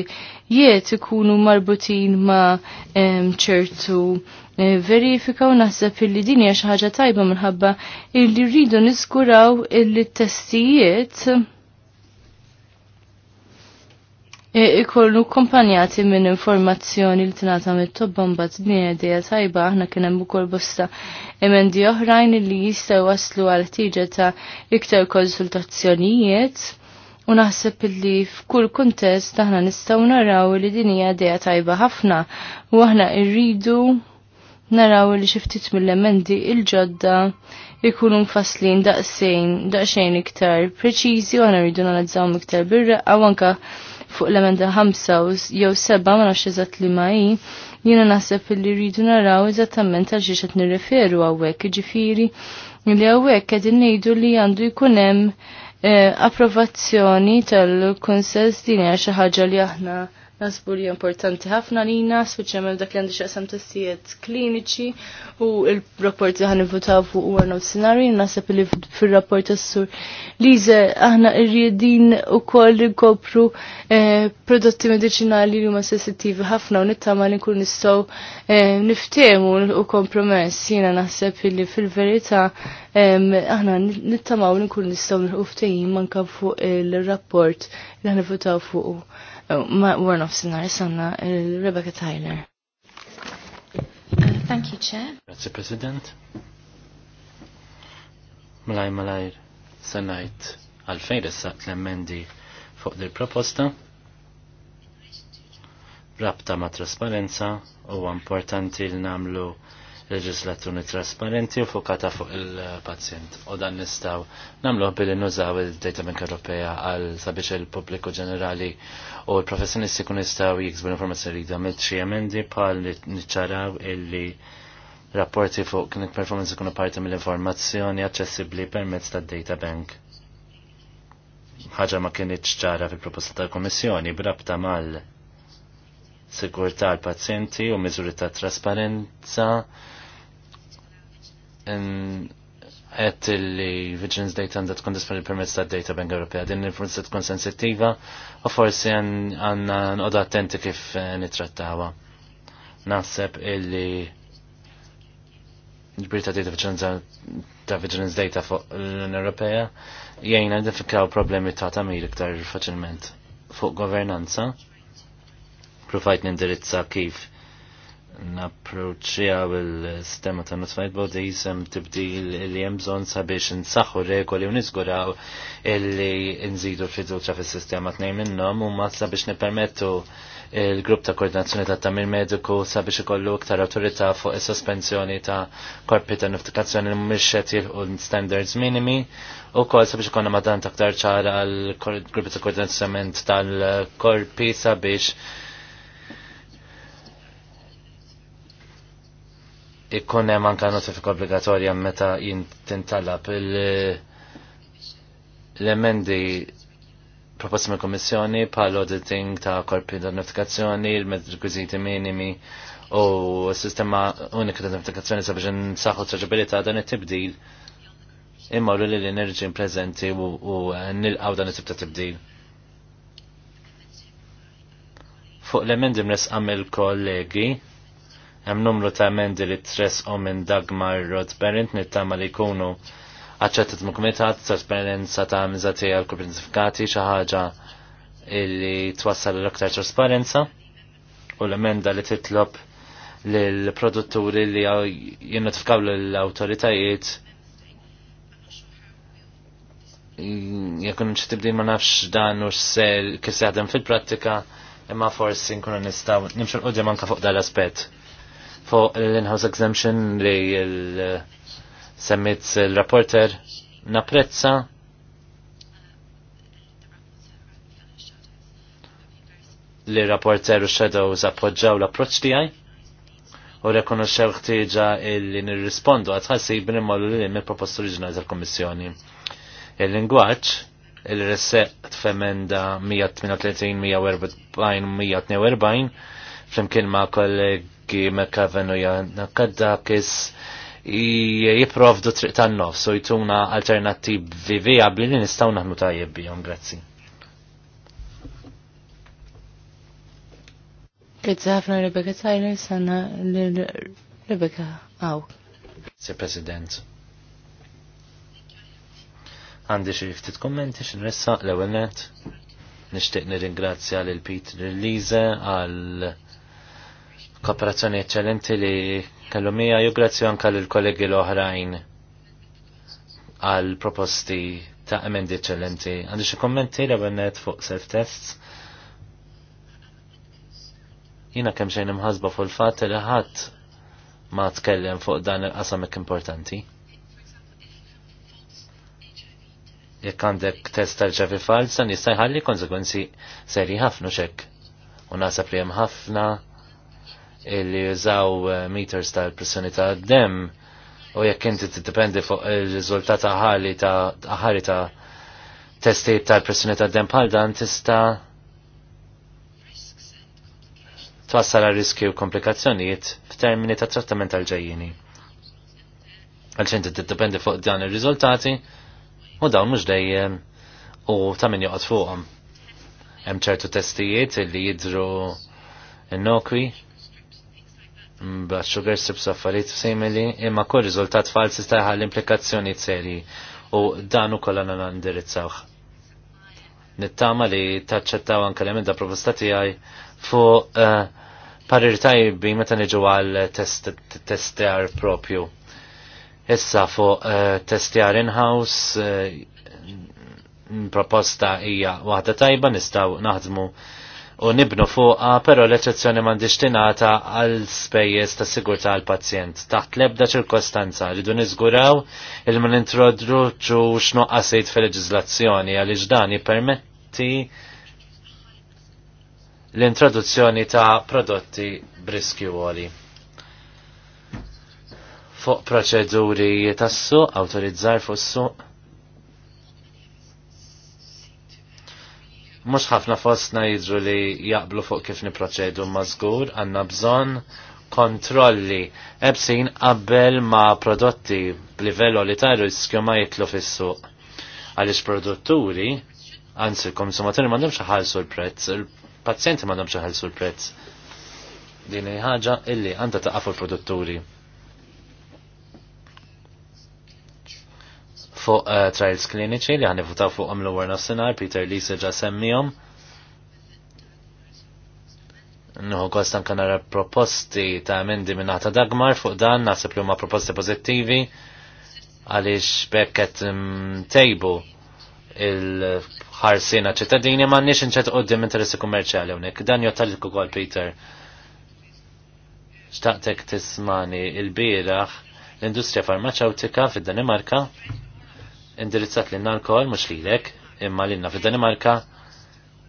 jiet ikunu marbutin ma' ċertu e, verifika u naħseb illi din hija xi ħaġa tajba minħabba illi rridu niskuraw illi t-testijiet E, ikollu kompanjati minn informazzjoni li tingħata mit-tobbomba tbnija idea tajba aħna kien hemm ukoll bosta emendi oħrajn li jistgħu waslu għal tiġa ta' iktar konsultazzjonijiet u naħseb li f'kull kuntest aħna nistgħu naraw li din hija idea tajba ħafna u aħna rridu naraw li xi ftit mill-emendi il-ġodda ikunu mfasslin daqsejn daqsxejn iktar preċiżi u aħna rridu analizzaw iktar birra anka fuq l-emenda 5 jew 7 ma nafx eżatt li ma hi, jiena naħseb li rridu naraw eżattament għal xi qed nirreferu hawnhekk, jiġifieri li hawnhekk qegħdin ngħidu li għandu jkun hemm eh, approvazzjoni tal-kunsens din hija xi ħaġa li aħna nasbu li importanti ħafna lina, speċjalment dak li għandi xaqsam testijiet kliniċi u il-rapport li ħan votaw fuq u għarnaw sinari, nasab li fil-rapport s-sur lize aħna irriedin u koll kopru eh, prodotti medicinali li huma sensittivi ħafna u nittama li kun nistgħu eh, niftemu u kompromess Jina naħseb li fil-verità aħna nittamaw li nkun nistgħu nilħu manka fuq il-rapport li ħan votaw fuq Oh, Warn of Sinar, sanna Rebecca Tyler. Uh, thank you, Chair. Grazie, President. Malaj, malaj, sanajt għalfejn ressaqt l-emmendi fuq dil proposta Rabta ma' trasparenza huwa importanti li namlu reġislazzjoni trasparenti u fokata fuq il-pazjent. U dan nistaw namluħ billi nużaw il-data Bank Ewropea għal sabiex il-pubbliku ġenerali u l-professjonisti kun nistaw jiksbu l-informazzjoni li dam il-ċi emendi pal niċċaraw illi rapporti fuq kienet performance ikunu parti mill-informazzjoni aċċessibbli permezz tad-data bank ħaġa ma kienieċ ċara fil-proposta tal-Komissjoni brabta mal sigurtà l-pazjenti u miżuri ta' trasparenza għet li Vigilance Data għandha tkun disponibli permezz ta' Data Bank Ewropea. Din l informazzjoni tkun sensittiva u forsi għanna nqoda attenti kif eh, nitrattawa. Naħseb illi l-bir ta' data ta' Vigilance Data fuq l-Unjoni Ewropea jgħin identifikaw problemi ta' tamir iktar faċilment fuq governanza. Provajt nindirizza kif napproċċjaw il-sistema ta' notified bodies jisem tibdil li hemm bżonn sabiex insaħħu regoli u niżguraw illi nżidu l-fiduċja fis-sistema tnejn minnhom huma sabiex nippermettu il-grupp ta' koordinazzjoni ta' tamil mediku sabiex ikollu iktar autorita fuq is-sospensjoni ta' korpi ta' notifikazzjoni li mhumiex qed l standards minimi u kol sabiex konna madan aktar ċara għal grupp ta' koordinazzjoni tal-korpi sabiex ikkun hemm anke notifika obbligatorja meta tintalab eh, l-emendi proposti mill kommissjoni pal auditing ta' korpi ta' notifikazzjoni, il medrikwiziti minimi u s-sistema unika ta' notifikazzjoni sabiex nsaħħu traġabilità dan it-tibdil imma li l-enerġi prezenti u nilqaw dan it-tib ta' tibdil. Fuq l-emendi mres għamil kollegi, Hemm numru ta' emendi li tres u minn Dagmar Rodberint nittama li jkunu aċċettat mukmitat trasparenza ta' miżatija għal kubrinzifikati xi ħaġa illi twassal l-aktar trasparenza u l-emenda li titlob l-produtturi li jinnotifikaw l-autoritajiet jekun ċitibdi ma nafx dan u s-sel kis fil-prattika imma forsi nkunu nistaw nimxu l-qudja manka fuq dal-aspet fuq l-in-house exemption li l-semmit l-rapporter naprezza li rapporter u shadows appoġġaw l-approċ tiegħi u rekonoxxew ħtieġa illi nirrispondu għad ħassib li mmollu li mill-proposta oriġinali tal kommissjoni Il-lingwaġġ il-reset f'emenda 138, 140, 142 flimkien ma' kolleg Mekki, Mekkavenu, Kaddakis, jiprovdu triq tan-nofs u jtuna alternattivi viabli li nistgħu naħnu tajjeb bihom, grazzi. Grazzi għafna Rebecca Tyler, sanna Rebecca Aw. Sir President. Għandi xi ftit kommenti x'inressaq l-ewwel net. Nixtieq nirringrazzja lil Peter Lise għal kooperazzjoni eccellenti li kellu mija ju grazzi anka l-kollegi l-oħrajn għal proposti ta' emendi eccellenti. Għandi xi kommenti li għabennet fuq self-tests. Jina kemm xejn imħasba fuq il-fatt li ħadd ma tkellem fuq dan il-qasam importanti. Jekk għandek test tal-ġavi falsa, nistajħalli jħalli konsekwenzi seri ħafna xek. U nasab li hemm ħafna li jużaw eh, meters tal-pressjoni ta' dem u jekk inti tiddependi fuq il-riżultat aħari ta' aħari ta' testijiet tal-pressjoni ta' dem bħal dan tista' twassal għal riskju u komplikazzjonijiet f'termini ta' trattament tal-ġejjini. Għal Għalxin tiddependi fuq dan ir-riżultati u dawn mhux dejjem u ta' min joqgħod fuqhom. Hemm ċertu testijiet li jidru innokwi Bat sugar sib saffariet simili imma kol riżultat falsi taħal l-implikazzjoni seri u dan ukoll għandna nindirizzawh. Nittama li taċċettaw anke l-emenda proposta tiegħi Fu eh, parir tajbi meta niġu għal testjar propju. Issa fuq eh, testjar in-house eh, proposta hija waħda tajba nistgħu naħdmu u nibnu fuqa, pero l-eċezzjoni mandiġ tingħata għal spejjeż ta' sigurtà għal pazjent. Taħt lebda ċirkostanza ridu niżguraw il ma nintroduċu x'noqqasit fil leġizlazzjoni għaliex dan jipermetti l-introduzzjoni ta' prodotti briskju għoli fuq proċeduri tassu, autorizzar fuq suq, Mux ħafna fostna jidru li jaqblu fuq kif niproċedu mażgur, għanna bżon kontrolli ebsin qabel ma prodotti b'livello li tajru jiskju ma jitlu fis-suq. Għaliex produtturi, anzi konsumaturi m'għandhomx ħalsu l-prezz, il-pazjenti m'għandhomx ħalsu l-prezz. Din ħaġa illi għandha taqaf l produtturi fuq eh, trials kliniċi li għan nifutaw fuq għamlu warna sinar, Peter Lisa ġa semmijom. Nuhu kostan kan nara proposti ta' emendi minna ta' Dagmar fuq dan, nasib li huma proposti pozittivi għalix bekket mm, tejbu il-ħarsina ċittadini ma' nix nċet qoddim interessi kummerċali unik. Dan jottalik u għal Peter. Xtaqtek tismani il-biraħ l-industrija farmaceutika fid-Danimarka indirizzat l-inna l-kol, mux lilek, imma l-inna fil-Danimarka,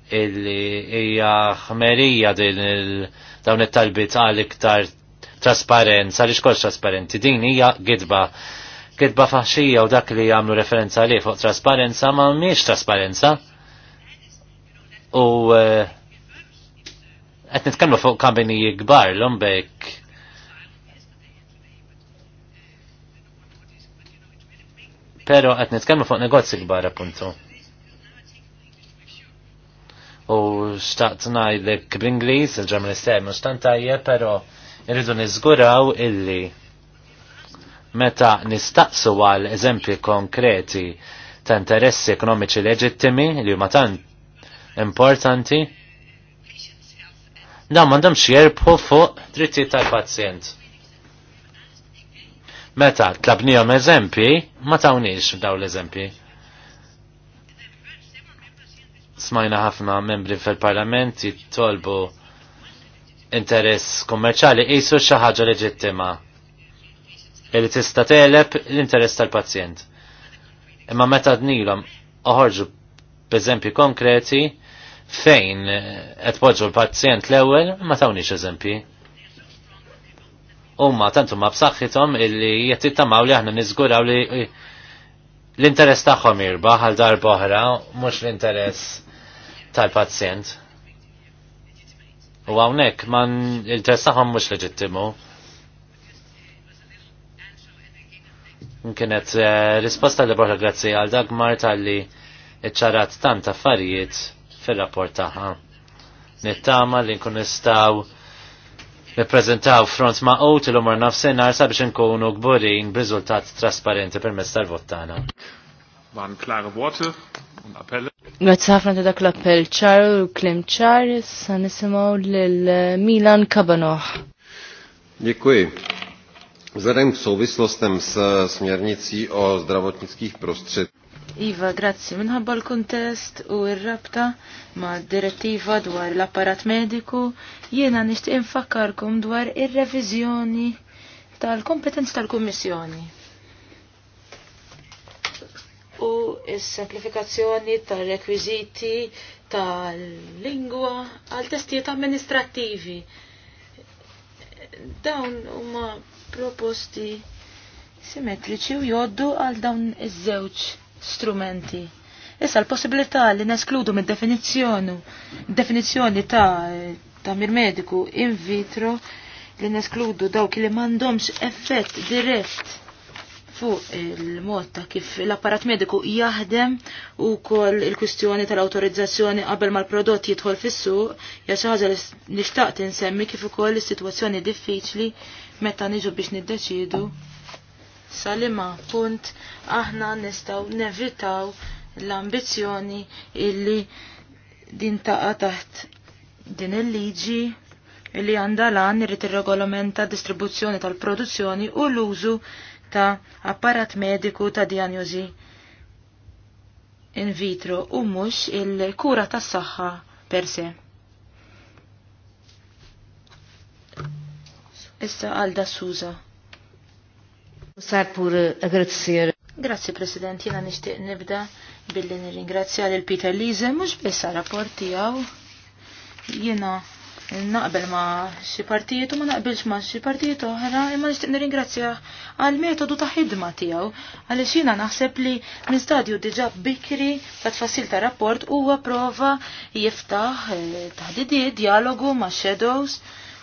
illi hija ħmerija din dawn it-talbit għal iktar trasparenza, li xkol trasparenti, din hija gidba. Gidba faxija u dak li jagħmlu referenza li fuq trasparenza ma miex trasparenza. U eh, qed nitkellmu fuq kambini kbar l umbek pero qed nitkellmu fuq negozji kbar appuntu. U xtaqt ngħidlek bl-Ingliż, il-ġemel istem mhux tant tajjeb, pero irridu niżguraw illi meta nistaqsu għal eżempji konkreti ta' interessi ekonomiċi leġittimi li huma tant importanti, Da m'għandhomx xjerbħu fuq dritti tal-pazjent Meta tlabnijom eżempi, ma tawnix daw l-eżempi. Smajna ħafna membri fil-parlament jittolbu interess kummerċali qisu xi ħaġa leġittima Illi tista' teleb l-interess tal-pazjent. Imma meta dnilhom oħorġu b'eżempji konkreti fejn qed l-pazjent l-ewwel ma tawniex eżempji umma tantu ma b'saħħithom illi qed jittamaw li aħna niżguraw li l-interess tagħhom irba għal darba oħra mhux l-interess tal-pazjent. U hawnhekk man l-interess tagħhom mhux leġittimu. kienet eh, risposta li boħra grazzi għal Dagmar Marta li iċċarat tant affarijiet fil-rapport taħħa. Nittama li nkun nistaw nippreżentaw front ma' qut il umar nafsinhar sabiex inkunu gburin b'riżultat trasparenti per mestar votana. tagħna. Waren klare Worte und Appelle. Grazie a ta' dak l-appell ċar u klem ċar, san nisimaw l-Milan Kabanoh. Dziękuję. Zarem w souvislostem z smiernicy o zdrowotnickich prostředcích. Iva, grazzi. Minħabba l-kontest u r-rabta ma direttiva dwar l-apparat mediku, jiena nishtiq infakkarkom dwar ir revizjoni tal-kompetenz tal-Kummissjoni. U s-semplifikazzjoni tal-rekwiziti tal-lingwa għal testijiet amministrattivi. Dawn huma proposti simmetriċi u joddu għal dawn iż-żewġ strumenti. Issa l-possibilità li neskludu mid definizzjoni definizzjoni ta' mir mediku in vitro li neskludu dawk li mandomx effett dirett fuq il-mod ta' kif l-apparat mediku jaħdem u kol il-kwistjoni tal-autorizzazzjoni qabel ma l-prodott jidħol fis-suq ja xi ħaġa li nishtaqt insemmi kif ukoll is-sitwazzjoni diffiċli meta niġu biex niddeċidu salima punt aħna nistaw nevitaw l-ambizjoni illi din taqa taħt din il-liġi illi għandalan irrit il regolamenta distribuzzjoni tal-produzzjoni u l-użu ta' apparat mediku ta' diagnosi in vitro u mhux il-kura tas-saħħa per se. Issa għalda s Suza. Eh, Grazzi President, jina nishtiq nibda billi nirringrazzja lil Peter Lise mhux biss rapport tiegħu. Jiena naqbel ma' xi partijiet u ma naqbilx ma' xi partijiet oħra imma nixtieq nirringrazzja għal metodu ta' ħidma tiegħu għaliex jiena naħseb li minn stadju diġà bikri ta' tfassil ta' rapport huwa prova jiftaħ eh, taħdidiet dialogu ma' shadows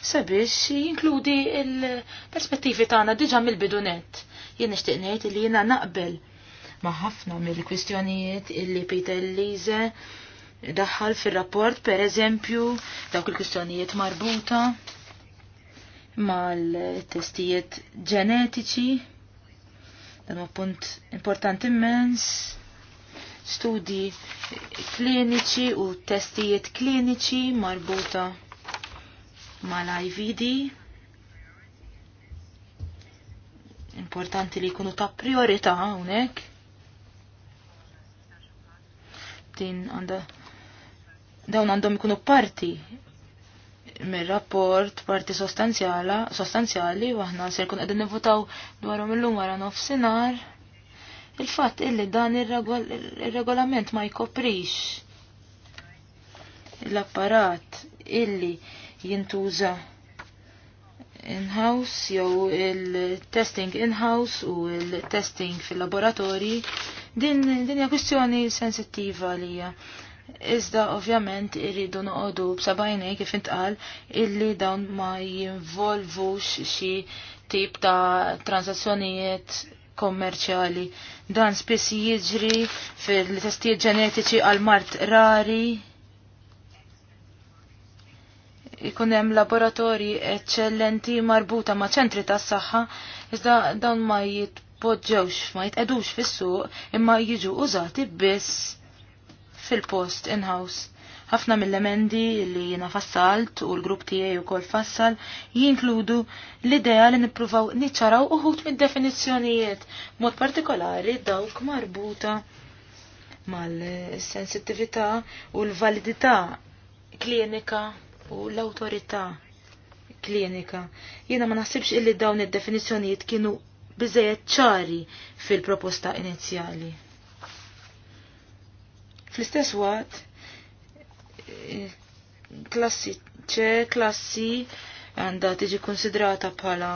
sabiex jinkludi il-perspettivi tagħna diġà mill-bidunet. Jien nixtieq ngħid li jiena naqbel ma' ħafna mill-kwistjonijiet illi Peter Lise daħħal fir-rapport pereżempju dawk il-kwistjonijiet marbuta mal-testijiet ġenetiċi dan huwa punt importanti immens studji kliniċi u testijiet kliniċi marbuta mal-IVD. Importanti li jkunu ta' priorità hawnhekk. Din għandha dawn għandhom ikunu parti mir-rapport parti sostanzjala, sostanzjali u aħna ser kun qegħdin nivutaw dwarhom illum wara nofsinhar. Il-fatt illi dan ir-regolament ma jkoprix l-apparat illi jintuża in-house jew il-testing in-house u il-testing fil-laboratori din din hija kwistjoni sensittiva għalija. Iżda ovvjament irridu noqogħdu b'sabajnej kif intqal illi dawn ma jinvolvux xi tip ta' transazzjonijiet kommerċjali. Dan spiss jiġri fil-testijiet ġenetiċi għal mart rari ikun hemm laboratorji eċċellenti marbuta ma' ċentri tas-saħħa iżda dawn ma jitpoġġewx ma jitqedux fis-suq imma jiġu użati biss fil-post in-house. Ħafna mill-emendi li jiena fassalt u l-grupp tiegħi wkoll fassal jinkludu l-idea li nippruvaw niċċaraw uħud mid-definizzjonijiet mod partikolari dawk marbuta mal-sensittività u l-validità klinika u l-autorità klinika. Jiena ma naħsibx illi dawn id-definizzjonijiet kienu biżejjed ċari fil-proposta inizjali. Fl-istess waqt, klassi ċe, klassi għandha tiġi konsidrata bħala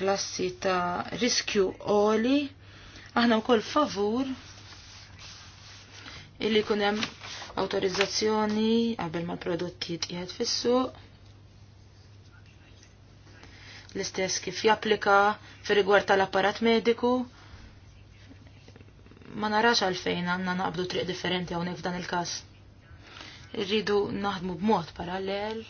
klassi ta' riskju oli, aħna wkoll favur illi kunem autorizzazzjoni qabel ma l-prodotti jitqiegħed fis-suq. L-istess kif japplika fir rigward tal-apparat mediku. Ma narax għalfejn għandna naqbdu triq differenti hawnhekk f'dan il-każ. Irridu naħdmu b'mod parallel.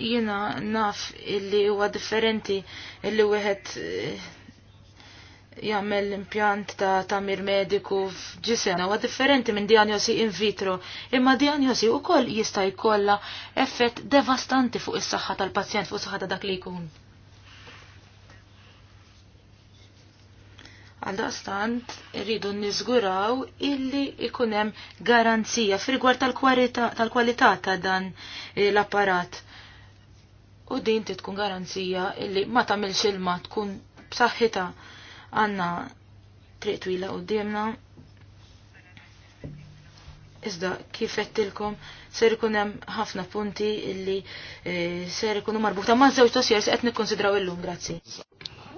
Jiena naf illi huwa differenti illi wieħed jagħmel l-impjant ta' tamir mediku f'ġisena huwa differenti minn diagnosi in vitro, imma diagnosi wkoll jista' jkollha effett devastanti fuq is-saħħa tal-pazjent fuq saħħa ta' dak li jkun. Għaldaqstant irridu niżguraw illi ikun hemm garanzija f'rigward tal-kwalità ta' dan eh, l-apparat. U din tkun garanzija illi ma tagħmilx ilma tkun b'saħħitha Għanna triq twila u d qudiemna. Iżda kif qedtilkom ser ikunem ħafna punti illi eh, ser ikunu marbuta ma' zewġ dosjers qed nikkonsidraw illum, grazzi.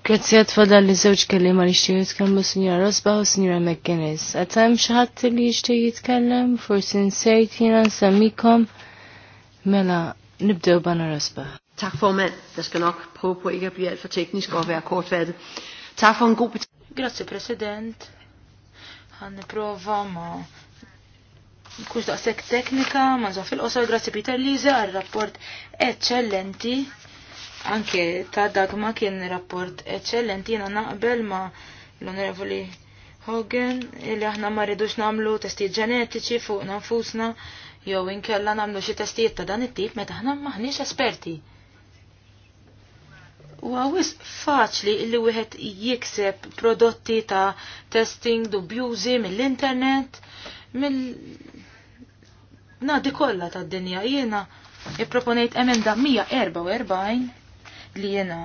Grazzi għad fadal li zewġ żewġ kelliema li xtiju jitkellmu Sinjora Rosba u s Sinjora McGuinness. Għatajm xaħat xi ħadd li jixtieq jitkellem, forsi jina n-semmikom, Mela, nibdew bana Rosba. Tak for mand, der skal nok prøve på ikke at blive alt for teknisk og være kortfattet. Taf Grazzi, President. Għan prova ma. Kux daqsek teknika, ma nżof il-qosor, grazie Peter Liza, għal-rapport eccellenti. Anke ta' dagma kien rapport eccellenti, jena naqbel ma l-onorevoli Hogan, illi aħna ma rridux namlu testi ġenetiċi fuq nafusna, jew inkella namlu xi testijiet ta' dan it-tip meta aħna maħniex esperti. U għawis faċli li wieħed jikseb prodotti ta' testing dubjużi mill-internet, mill nadi kollha tad-dinja jiena jipproponejt emenda 144 li jiena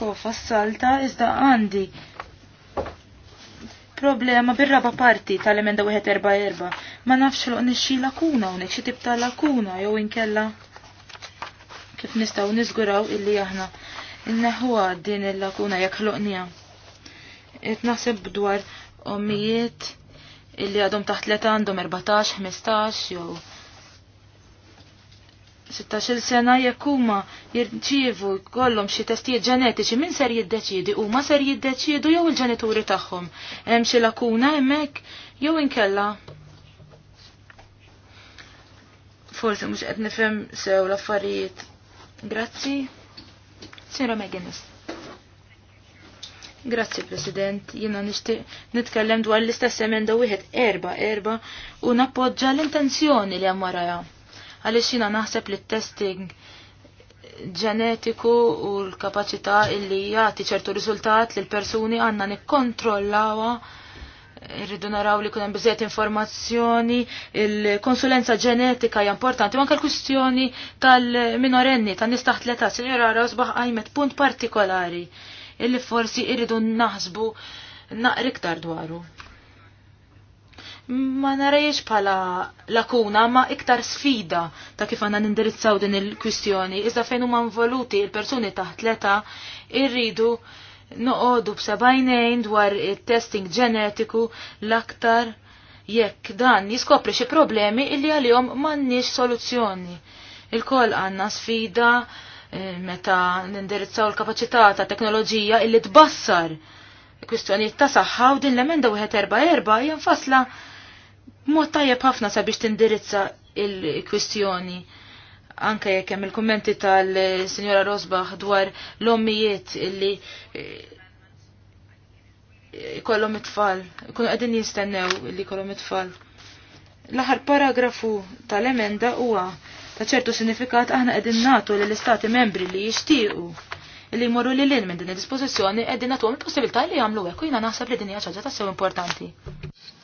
ko salta iżda għandi problema bir-raba parti tal-emenda 144 ma nafx loq nixxi lakuna unek xi tip ta' lakuna jew inkella kif nistaw nizguraw illi aħna inneħuwa din il-lakuna jekk ħloqnija. Qed naħseb dwar ommijiet illi għadhom taħt leta għandhom 14, 15 jew 16 sena jekk huma jirċievu jkollhom xi testijiet ġenetiċi min ser jiddeċiedi huma ser jiddeċiedu jew il-ġenituri tagħhom. Hemm xi lakuna hemmhekk jew inkella forsi mhux qed nifhem sew l-affarijiet Grazzi. Sira McGuinness. Grazzi, President. Jina nishtiq nitkellem dwar l-istess emenda wieħed erba erba u nappoġġa l-intenzjoni li hemm waraja. Għaliex jina naħseb li testing ġenetiku u l-kapaċità illi jagħti ċertu riżultat li l-persuni għandna nikkontrollawha irridu naraw li kunem bizzet informazzjoni, il-konsulenza ġenetika hija importanti, manka l-kwistjoni tal-minorenni, tan nies taħt l-età, sinjora Rosbach għajmet punt partikolari illi forsi irridu naħsbu naqriktar dwaru. Ma narajiex pala lakuna, ma iktar sfida ta' kif għanna nindirizzaw din il-kwistjoni, iżda fejn huma involuti il-persuni taħt l-età irridu il noqogħdu b'sebajnejn dwar it-testing ġenetiku l-aktar jekk dan jiskopri xi problemi illi għalihom m'għandniex soluzzjoni. Il-koll għandna sfida eh, meta nindirizzaw l-kapaċità ta' teknoloġija illi tbassar kwistjonijiet ta' saħħa u din l-emenda wieħed erba' erba' jenfasla mod tajjeb ħafna sabiex tindirizza il-kwistjoni anke jekk hemm il-kummenti tal-Sinjora Rosbach dwar l-ommijiet li eh, kollhom it-tfal, ikunu qegħdin jistennew li kollhom it-tfal. L-aħħar paragrafu tal-emenda huwa ta' ċertu sinifikat aħna qegħdin nagħtu lill istati membri li jixtiequ li jmorru li lin minn din id dispożizzjoni qegħdin nagħtuhom il-possibilità li jagħmlu hekk u jiena naħseb li din hija ċaġa tassew importanti.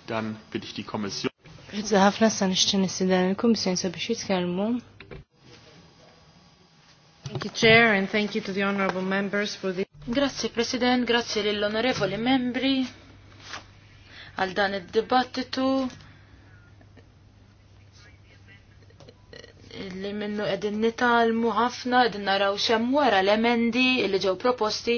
Dan bidix kommissjoni. Rizza ħafna sa nixtieq nisidel il-Kummissjoni sabiex jitkellmu Grazie, President, grazie lill-onorevoli membri għal dan id-dibattitu li minnu edin nitalmu ħafna, edin naraw xem wara l-emendi li ġew proposti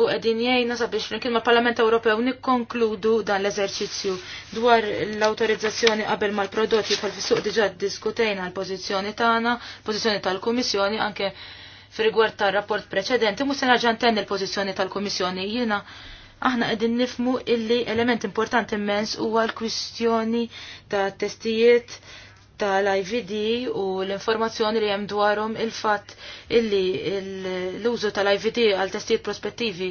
u edin jgħajna sabiex flimkien ma' Parlament Ewropew nikkonkludu dan l-eżerċizzju dwar l-autorizzazzjoni qabel mal-prodotti pal fisuq diġà diskutejna l-pożizzjoni tagħna, pożizzjoni tal-Kummissjoni anke Fir-rigward tar-rapport preċedenti mhux se nerġa' ntenni l-pożizzjoni tal-Kummissjoni jiena aħna qegħdin nifmu illi element importanti immens huwa l-kwistjoni ta' testijiet tal-IVD u l-informazzjoni li hemm dwarhom il-fatt illi l-użu tal-IVD għal testijiet prospettivi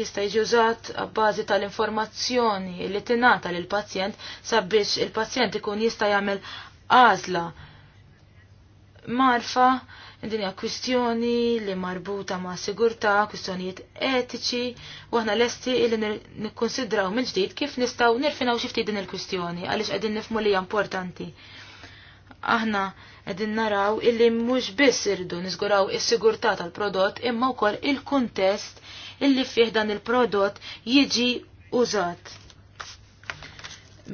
jista' jiġi użat għabbażi tal-informazzjoni li tingħata lil pazjent sabiex il-pazjent ikun jista' jagħmel għażla marfa Din dinja kwistjoni li marbuta ma' sigurtà, kwistjonijiet etiċi, u aħna lesti li nikkonsidraw minn ġdid kif nistgħu nirfinaw xi ftit din il-kwistjoni għaliex qegħdin nifmu li hija importanti. Aħna qegħdin naraw illi mhux biss irdu niżguraw is-sigurtà tal-prodott imma wkoll il-kuntest illi fih dan il-prodott jiġi użat.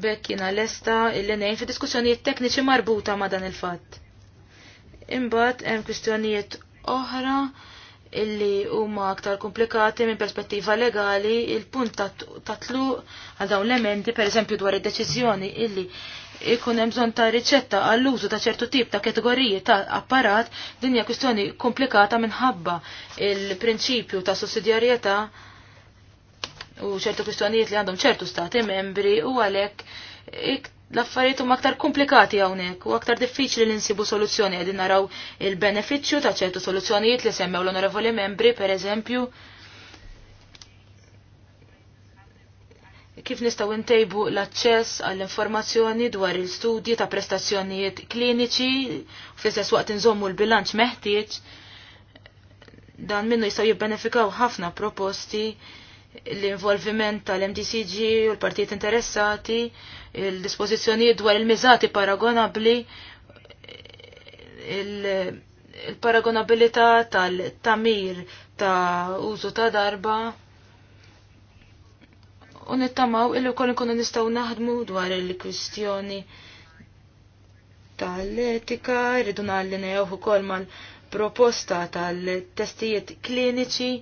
Bekkina jiena lesta illi ngħid fi diskussjonijiet tekniċi marbuta ma' dan il-fatt Imbagħad hemm kwistjonijiet oħra illi huma aktar komplikati minn perspettiva legali il-punt tatlu għal dawn l-emendi per eżempju dwar id-deċiżjoni illi ikun hemm bżonn ta' riċetta għall-użu ta' ċertu tip ta' kategoriji ta' apparat din hija kwistjoni komplikata minħabba il-prinċipju ta' sussidjarjetà u ċertu kwistjonijiet li għandhom ċertu stati membri u għalhekk l-affarijiet huma aktar komplikati hawnhekk u aktar diffiċli li nsibu soluzzjoni qegħdin naraw il-benefiċċju ta' ċertu soluzzjonijiet li semmew l-onorevoli membri pereżempju. Kif nistgħu ntejbu l-aċċess għall-informazzjoni dwar il-studji ta' prestazzjonijiet kliniċi u fl-istess waqt inżommu l-bilanċ meħtieġ dan minnu jistgħu jibbenefikaw ħafna proposti l-involviment tal-MDCG u l-partijiet interessati, il-dispozizjonijiet dwar il-miżati paragonabli, il-paragonabilità tal-tamir ta' użu ta' darba. U nittamaw illi wkoll nkunu nistgħu naħdmu dwar il-kwistjoni tal-etika, rridu nallinejgħu ukoll mal-proposta tal-testijiet kliniċi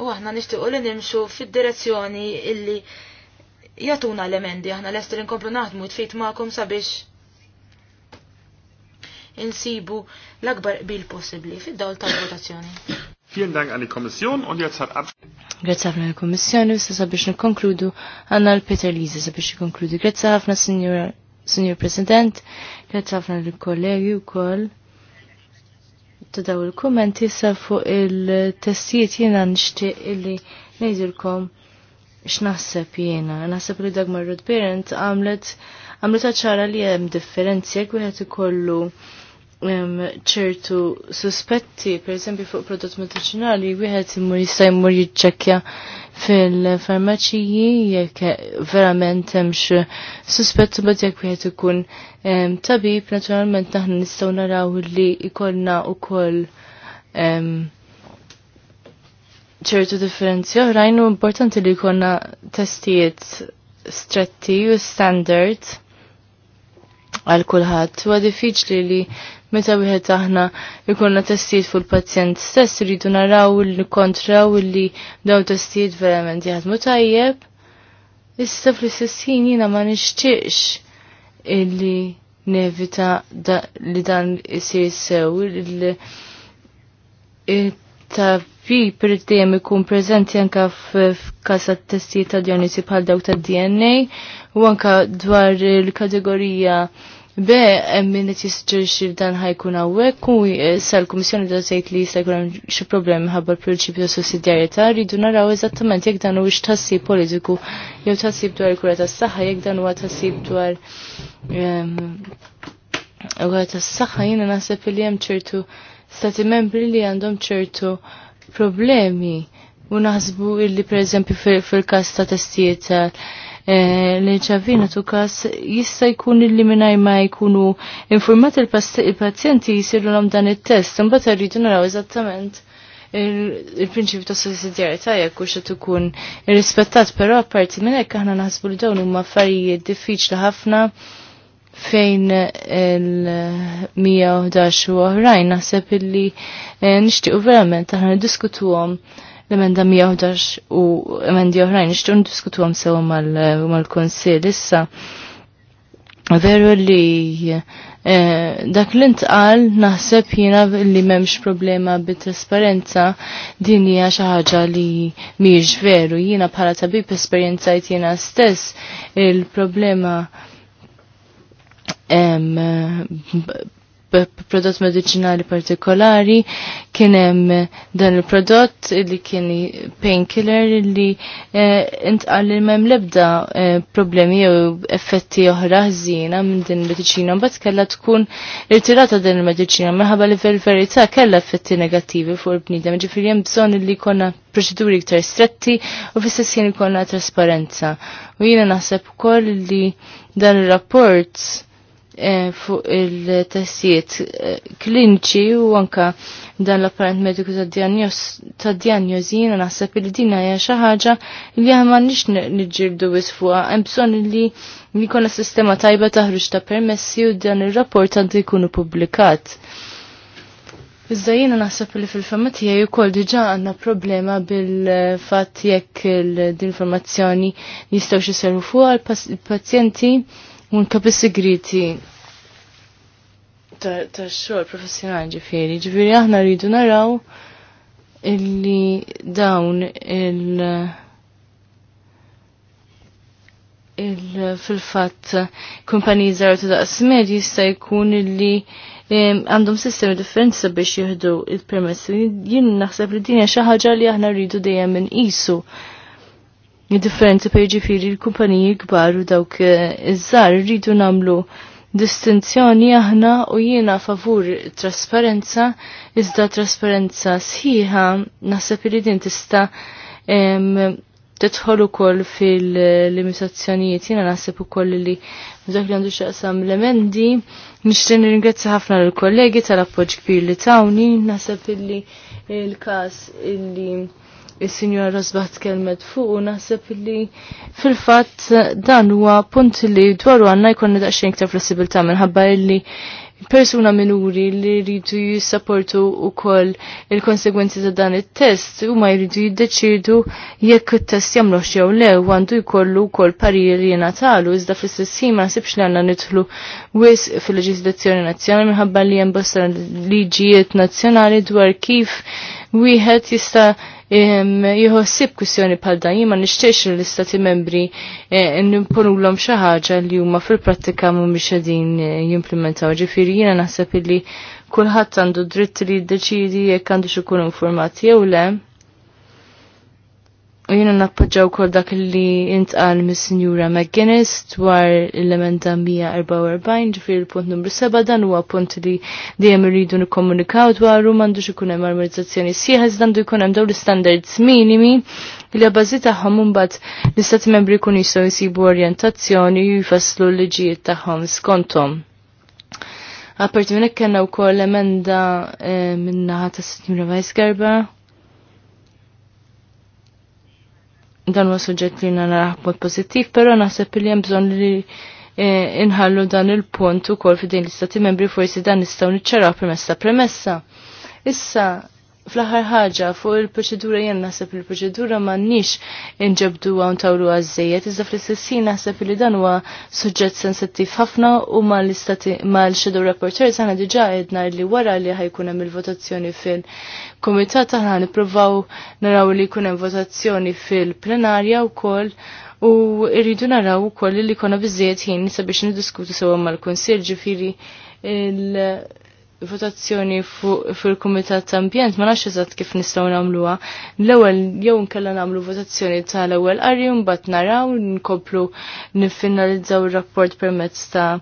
u aħna nixtiequ li nimxu fid-direzzjoni illi jatuna l-emendi aħna lest li nkomplu naħdmu tfit magħkom sabiex insibu l-akbar bil possibbli fid-dawl tal-votazzjoni. Vielen Dank an die Kommission und jetzt hat ab. Grazie ħafna l-Kommissjoni, issa sabiex nikkonkludu għandna l-Peter Lise sabiex nikkonkludu. Grazie ħafna, Signor President, grazie ħafna l-kollegi wkoll ta' daw il-kommenti sa' fuq il-testijiet jena nishtiq illi nejdilkom x'naħseb jiena. Naħseb li dagmar marrut parent għamlet għamlet ċara li hemm differenzi jekk wieħed ikollu ċertu suspetti, per esempio fuq prodott medicinali, wieħed imur jista' jmur jiċċekkja fil-farmaċiji jekk verament hemmx suspett bad jekk wieħed ikun tabib, naturalment aħna nistgħu naraw li jkollna wkoll ċertu differenzi oħrajn u importanti li jkollna testijiet stretti u standard għal kulħadd. Huwa diffiċli li meta wieħed aħna ikunna testijiet fuq il-pazjent stess rridu naraw il kontraw li daw testijiet verament jaħdmu tajjeb. Issa fl-istess ħin jiena ma nixtieqx illi nevita da, li dan isir sew il ta' fi irid dejjem ikun preżenti anke f'każ testi ta' djonisi bħal dawk ta' DNA u anke dwar il-kategorija B hemm min qed jisġirxi dan ħajkun hawnhekk u eh, sal-Kummissjoni da sejt li jista' jkun xi problemi ħabba l-prinċipju ta' sussidjarjetà rridu naraw eżattament jekk dan huwiex tassib politiku jew tassib dwar il-kura tas-saħħa jekk dan huwa tassib dwar ehm, u għet s-saxħa jina nasib li jem ċertu stati membri li għandhom ċertu problemi u naħsbu illi per eżempju fil-kas ta' testijiet eh, l ċavina tu kas jista jkun illi minnaj ma jkunu informat il-pazjenti jisiru l dan il-test, bata rridu naraw eżattament il-prinċipju ta' sussidjarjetà jekk hux qed ikun irrispettat, però apparti minn hekk aħna naħsbu li dawn huma affarijiet diffiċli ħafna fejn il-111 u oħrajn naħseb illi eh, nixtiequ verament aħna niddiskutuhom l-emenda 111 u emendi oħrajn nixtiequ għom sewa mal-Kunsill issa. Veru li eh, dak li ntqal naħseb jina li m'hemmx problema bit-trasparenza din hija xi ħaġa li mhijiex veru. Jiena bħala tabib esperjenzajt jina stess il-problema prodott medicinali partikolari kien hemm dan il-prodott li kien painkiller li eh, intqal li m'hemm lebda eh, problemi jew effetti oħra ħżiena minn din il-mediċina mbagħad kellha tkun irtirata din il-mediċina minħabba li fil-verità kellha effetti negattivi fuq il-bniedem, ġifieri hemm bżonn li jkollna proċeduri iktar stretti u fl-istess jkollna trasparenza. U jiena naħseb ukoll li dan ir-rapport E, fuq il tessiet e, klinċi u anka dan l-apparent mediku ta' diagnosi jina naħseb li dina hija xi ħaġa li ma nix niġġieldu wis fuqha hemm bżonn li jkollna sistema tajba taħruġ ta' permessi u dan ir-rapport għandu jkunu pubblikat. Iżda jiena naħseb li fil-femma tiegħi wkoll diġà għandna problema bil-fatt jekk l-informazzjoni jistgħu xi fuq għal pazjenti unka bis ta' xor xogħol professjonali ġifieri. Ġifieri aħna rridu naraw illi dawn il- fil-fatt kumpaniji żgħar ta' daqs medji jista' jkun illi għandhom sistemi differenti sabiex jieħdu il-permess. Jien naħseb li din hija xi ħaġa li aħna rridu dejjem inqisu differenti per ġifiri l-kumpaniji kbar u dawk eh, iż-żar rridu namlu distinzjoni aħna u jiena favur trasparenza iżda trasparenza sħiħa naħseb li din tista' tidħol ukoll fil-limitazzjonijiet jiena naħseb ukoll li dak li għandu xaqsam l-emendi Nixtri nirringrazzja ħafna lill kollegi tal-appoġġ kbir li tawni naħseb illi l każ illi il-Sinjora Rosbat kelmet fuq u naħseb li fil-fatt dan huwa punt li dwaru għandna jkollna daqsxejn iktar flessibilità minħabba li persuna minuri li rridu jissapportu wkoll il-konsegwenzi ta' dan it-test huma jridu jiddeċidu jekk it-test jagħmlux jew le għandu jkollu wkoll parir li jena iżda izda fil-sessima ma nasibx li għandna nidħlu wisq fil leġizlazzjoni nazjonali minħabba li hemm bosta liġijiet nazzjonali dwar kif wieħed jista' Ehm, jħossib kwistjoni pal dan jien ma nixtiex l-istati membri eh, l xi ħaġa li huma fil-prattika mhumiex qegħdin eh, jimplementaw. Ġifieri jiena naħseb illi kulħadd għandu dritt li jiddeċidi jekk għandu xi jkun informat jew le. U jina nappoġġaw kol dak li intqal mis sinjura McGuinness dwar l-emenda 144 ġifir il-punt numru 7 dan huwa punt li dejjem irridu nikkomunikaw dwaru m'għandux ikun hemm armonizzazzjoni sieħa iżda għandu jkun hemm dawn l-istandards minimi li l-bażi tagħhom mbagħad l-istati membri jkun jistgħu jsibu orjentazzjoni u jfasslu l-liġijiet tagħhom skontom. Apparti minn hekk kellna wkoll emenda eh, minnaħa naħa sinjura Vice Garba dan huwa suġġett li naraħ mod pożittiv, però naħseb li hemm bżonn li e, inħallu dan il-punt ukoll f'din l-istati membri forsi dan nistgħu niċċaraw premessa premessa. Issa fl-aħħar ħaġa fuq il-proċedura jien naħseb il-proċedura m'għandniex inġebdu għawn tawlu għażejjed, iżda fl-istessin naħseb li dan huwa suġġett sensittiv ħafna u mal-istati mal-shadow rapporteurs aħna diġà għedna li wara li ħajkun hemm il-votazzjoni fil-kumitat aħna nippruvaw naraw li jkun hemm votazzjoni fil-plenarja wkoll u rridu naraw ukoll li jkollna biżejjed ħin sabiex niddiskutu sewwa mal-kunsill ġifieri il- votazzjoni fil-Kumitat ta' Ambjent ma nafx eżatt kif nistgħu nagħmluha. L-ewwel jew nkella nagħmlu votazzjoni tal-ewwel qari mbagħad naraw nkomplu niffinalizzaw ir-rapport permezz ta'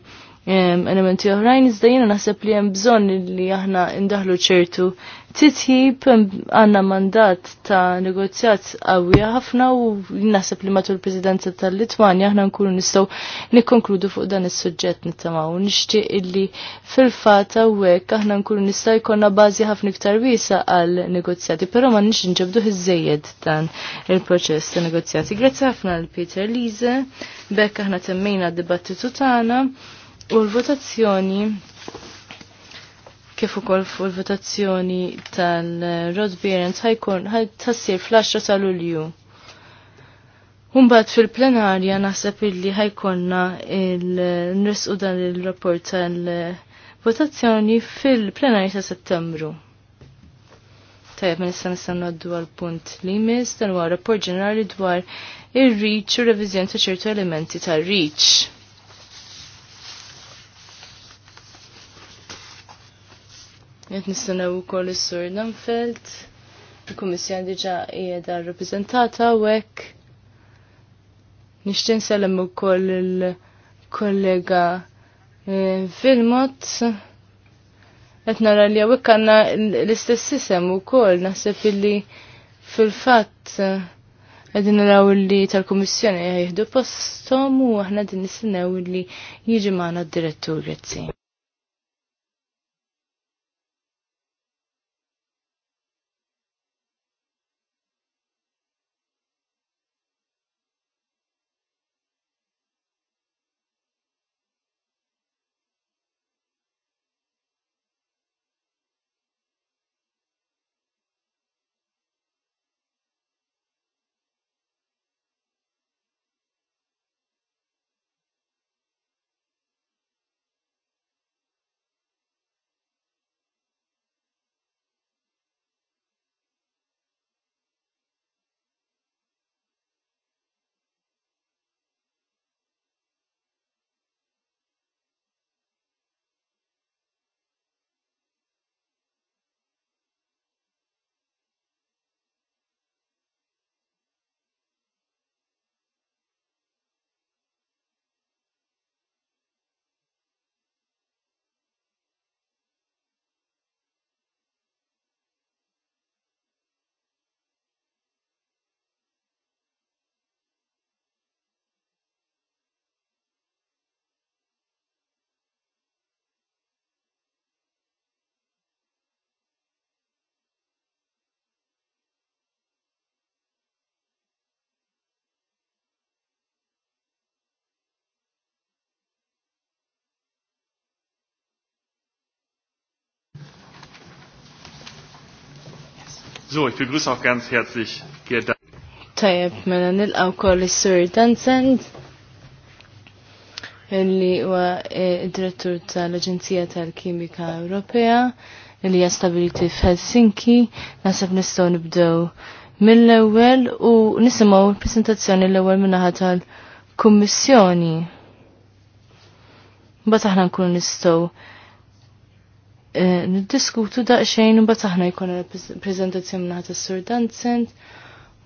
elementi oħrajn iżda jiena naħseb li hemm bżonn li aħna ndaħlu ċertu titjib għanna mandat ta' negozjat għawja ħafna u naħseb li matul presidenza tal litwania ħna nkunu nistaw nikkonkludu fuq dan is-suġġett nittamaw. Nixtieq illi fil-fata u hekk aħna nkunu nistaw jkollna bażi ħafna iktar wiesa għal negozjati, però ma nix nġabdu iżejjed dan il-proċess ta' negozjati. Grazzi ħafna għal Peter Lise, bekk aħna temmejna d-dibattitu tagħna u l-votazzjoni kif ukoll fuq il-votazzjoni tal-Rod Berens ħajkun tassir fl-10 ta' Lulju. Umbat fil-plenarja naħseb illi ħajkonna il nresqu dan il-rapport tal-votazzjoni fil-plenarja ta' Settembru. Tajab, ma nista' nista' għaddu għal-punt li jmiss dan huwa rapport ġenerali dwar ir-reach u revizjon ta' ċertu elementi tal-reach. Jett u ukoll is-Sur Namfeld, il-Kummissjon diġà u rrappreżentata hekk. Nixtieq u ukoll il-kollega eh, Vilmot. Qed nara li hawnhekk għandna l-istess isem ukoll naħseb illi fil-fatt eh, għedin naraw li tal-Komissjoni jihdu postom u għahna din u li jiġi maħna d-direttur, għetzi. So, ich begrüße auch ganz herzlich Gerda. Tajab, mela nilqaw koll is Sir Dansand illi huwa eh, id-direttur tal-Aġenzija tal-Kimika Ewropea li hija stabiliti f'Helsinki. naħseb nistgħu nibdew mill-ewwel u nisimgħu l-presentazzjoni l-ewwel min-naħa tal-Kummissjoni. Mbagħad aħna nkunu nistgħu Eh, niddiskutu daqsxejn imbagħad aħna jkun rappreżentazzjoni mingħata s-Sur Danzent,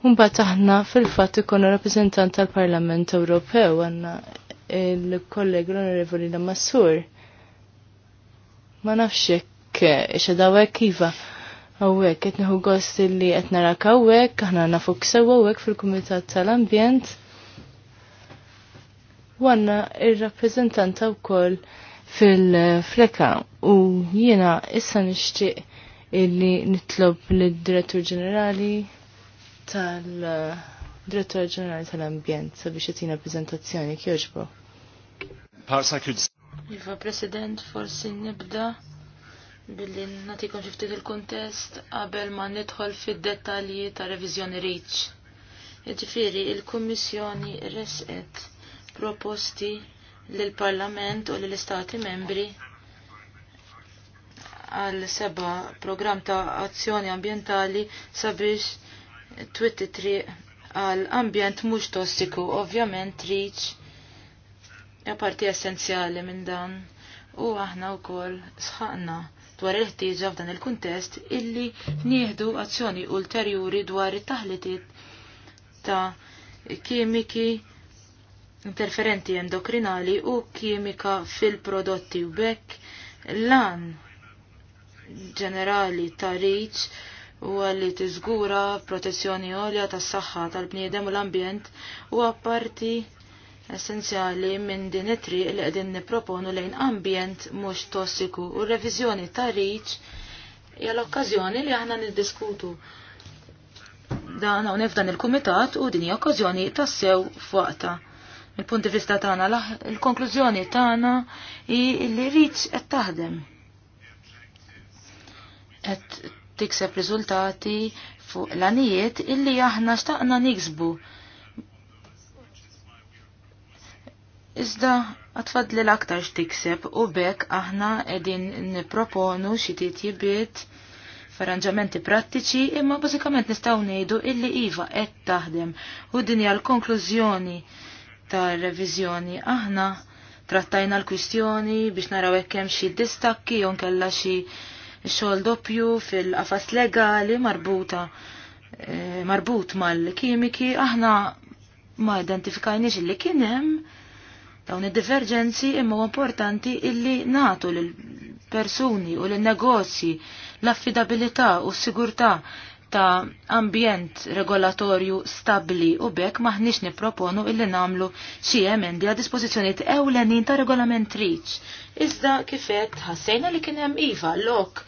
Un aħna fil-fatt ikun rappreżentant tal-Parlament Ewropew għandna il-kolleg l-Onorevoli Massur. Ma nafx hekk ix dawek iva. Għawek, qed nieħu gost li qed narak hawnhekk, aħna nafuk sewwa fil-Kumitat tal-Ambjent. U il ir-rappreżentanta wkoll fil-fleka u jiena issa nixtieq illi nitlob lid-Direttur Ġenerali tal-Direttur Ġenerali tal-Ambjent sabiex jagħtina preżentazzjoni kjoġbu. Iva President, forsi nibda billi natikom xiftit il-kontest qabel ma nidħol fid-dettalji ta' reviżjoni Reach. Ġifiri, il-Kummissjoni resqet proposti l-Parlament u l-Istati membri għal seba program ta' azzjoni ambientali sabiex twitti triq għal ambjent mhux tossiku, ovvjament riċ ja parti essenzjali minn dan u aħna wkoll sħaqna dwar il-ħtieġa f'dan il-kuntest illi nieħdu azzjoni ulterjuri dwar it-taħlitiet ta' kimiki interferenti endokrinali u kimika fil-prodotti u bekk lan ġenerali ta' riċ u għalli tiżgura protezzjoni għolja tas saħħa tal-bniedem u l-ambjent u apparti essenzjali minn din it-triq li qegħdin nipproponu lejn ambjent mhux tossiku u r-reviżjoni ta' riċ hija l-okkażjoni li aħna niddiskutu dan hawnhekk f'dan il-kumitat u din okkazjoni okkażjoni tassew fuqta il-punti vista tagħna, il-konklużjoni tagħna hi li rridx qed taħdem. Et tikseb rizultati fuq l-anijiet illi aħna xtaqna niksbu. Iżda għatfadli l-aktar x'tikseb u bekk aħna qegħdin nipproponu xi jibiet f'arranġamenti prattiċi imma bażikament nistgħu ngħidu illi iva qed taħdem u dinja l-konklużjoni ta' revizjoni. Aħna trattajna l-kwistjoni biex naraw kemm xi distakki jew kella xi xogħol doppju fil-qafas legali marbuta e, marbut mal-kimiki aħna ma identifikajniex illi kien hemm dawn id divergenzi imma importanti illi natu lil persuni u lin negozji l-affidabilità u s-sigurtà ta' ambjent regolatorju stabli u bekk maħniex niproponu illi namlu xi emendi għad dispożizzjonijiet ewlenin ta' regolament riċ. Iżda kifet ħassejna li kien hemm iva lok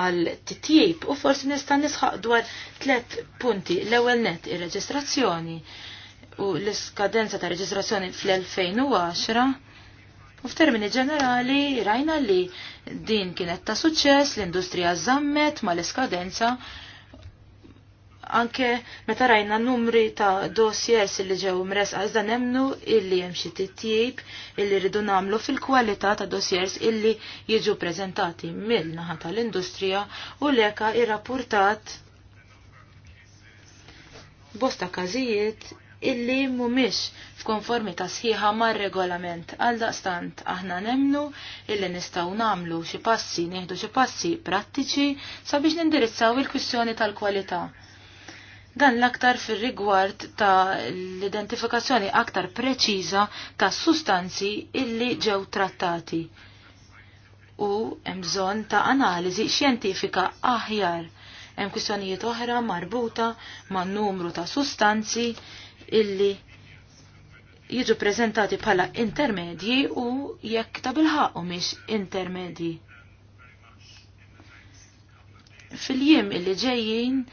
għal titjib u forsi nista' nisħaq dwar tlet punti l-ewwel net ir-reġistrazzjoni u l-iskadenza ta' reġistrazzjoni fl-2010 u f'termini ġenerali rajna li din kienet ta' suċċess l-industrija żammet ma' l-iskadenza anke meta rajna numri ta' dossiers li ġew mresqa iżda nemnu illi hemm xi titjib illi rridu nagħmlu fil-kwalità ta' dossiers illi jiġu preżentati mill-naħa tal-industrija u leka irrapportat bosta każijiet illi mhumiex ta' sħiħa mar-regolament għal daqstant aħna nemnu illi nistgħu nagħmlu xi passi nieħdu xi passi prattiċi sabiex nindirizzaw il-kwistjoni tal-kwalità. Dan l-aktar fil-rigward ta' l-identifikazzjoni aktar preċiża ta' sustanzi illi ġew trattati u hemm bżonn ta' analiżi xjentifika aħjar. Hemm kwistjonijiet oħra marbuta ma' numru ta' sustanzi illi jiġu prezentati bħala intermedji u jekk ta' bilħaqu miex intermedji. Fil-jiem illi ġejjin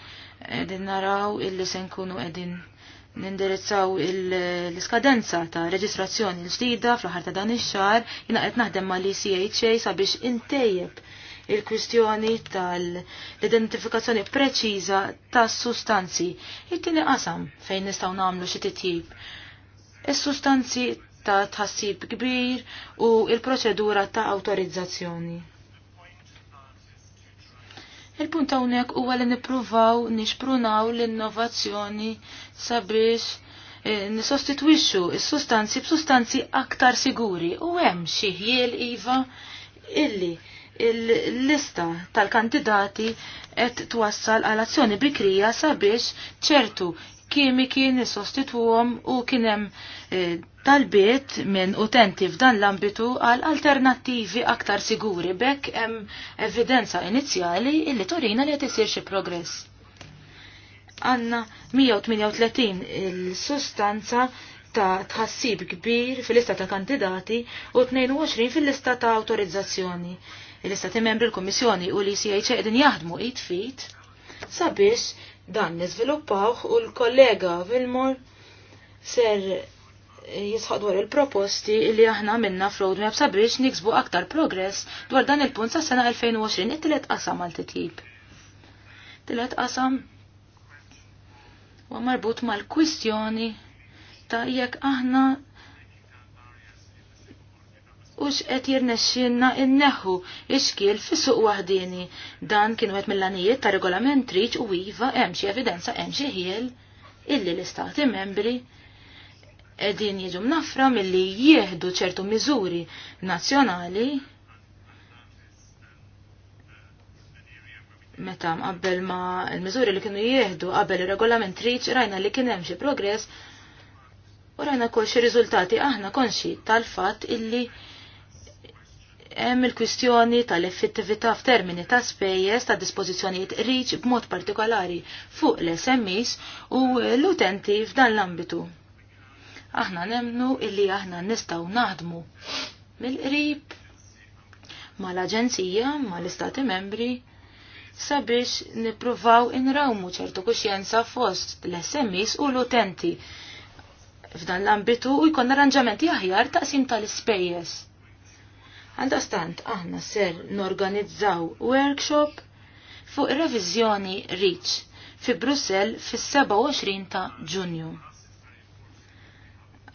Edin naraw illi se nkunu edin nindirizzaw l-iskadenza ta' reġistrazzjoni l-ġdida fl-ħar ta' dan ix-xar jina qed naħdem ma' l-ECHA sabiex intejjeb il-kwistjoni tal-identifikazzjoni preċiża tas sustanzi Jittini qasam fejn nistgħu nagħmlu xi titjib. Is-sustanzi ta' tħassib kbir u il-proċedura ta' awtorizzazzjoni. Il-punt hawnhekk huwa li nippruvaw nixprunaw l-innovazzjoni sabiex eh, nisostitwixxu il sustanzi b'sustanzi aktar siguri u hemm xi iva illi il-lista tal-kandidati qed twassal għal azzjoni bikrija sabiex ċertu kimiki nissostituhom u kien hemm eh, talbiet minn utenti f'dan l-ambitu għal alternattivi aktar siguri bekk hemm evidenza inizjali illi torina li qed isir xi progress. Għanna 138 il-sustanza ta' tħassib kbir fil-lista ta' kandidati u 22 fil-lista ta' autorizzazzjoni. Il-lista ta' membri l komissjoni u li CHA e din jaħdmu 8 fit sabiex dan niżviluppawh u l-kollega Vilmor ser eh, jisħaq dwar il-proposti li aħna minna fl-roadmap sabiex niksbu aktar progress dwar dan il-punt sa' sena 2020 it-tilet qasam għal titjib. Tilet qasam huwa marbut mal-kwistjoni ta' jekk aħna u x'qed jirnexxinna inneħħu ix-xkiel fis-suq waħdini. Dan kienu qed mill-għanijiet ta' regolament triċ u iva hemm xi evidenza hemm xi ħiel illi l-istati membri qegħdin jiġu mnafra milli jieħdu ċertu miżuri nazzjonali meta qabel ma l-miżuri li kienu jieħdu qabel ir-regolament triċ rajna li kien hemm xi progress u rajna kol xi riżultati aħna konxi tal-fatt illi Hemm il-kwistjoni tal-effettività f'termini ta' spejjeż ta' dispożizzjonijiet riċ b'mod partikolari fuq l-SMEs u l-utenti f'dan l-ambitu. Aħna nemnu illi aħna nistgħu naħdmu mill-qrib mal-Aġenzija, mal-Istati Membri sabiex nippruvaw inrawmu ċertu kuxjenza fost l-SMEs u l-utenti f'dan l-ambitu u jkun arranġamenti aħjar taqsim tal-ispejjeż Għandastant, aħna ser norganizzaw workshop fuq ir-reviżjoni Reach fi Brussel fis-27 ta' Ġunju.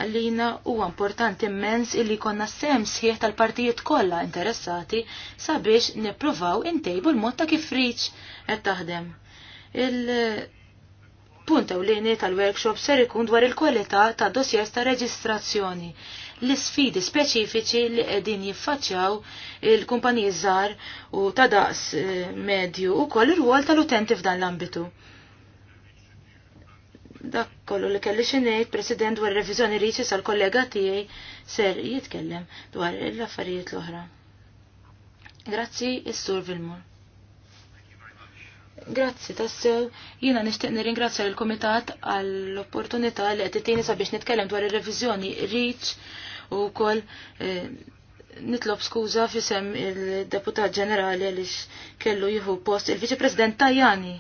Għallina huwa importanti immens illi konna sem sħiħ tal-partijiet kollha interessati sabiex nippruvaw intejbu l-mod ta' kif Reach qed taħdem. Il-punt ewlieni tal-workshop ser ikun dwar il-kwalità ta' dossiers ta' reġistrazzjoni l-sfidi speċifiċi li qegħdin jiffaċċjaw il-kumpaniji żgħar u ta' daqs eh, medju u koll ir-rwol tal-utenti f'dan l-ambitu. Dak kollu li kelli xi ngħid President dwar reviżjoni riċi sal-kollega tiegħi ser jitkellem dwar l-affarijiet l-oħra. Grazzi, is-Sur Vilmur. Grazzi, tassew. Jina nishtiq nirringrazzja l komitat għall-opportunità li qed titini sabiex nitkellem dwar ir-reviżjoni Reach u wkoll eh, nitlob skuża fisem il-Deputat Ġenerali għaliex kellu jieħu post il-Viċi President Tajani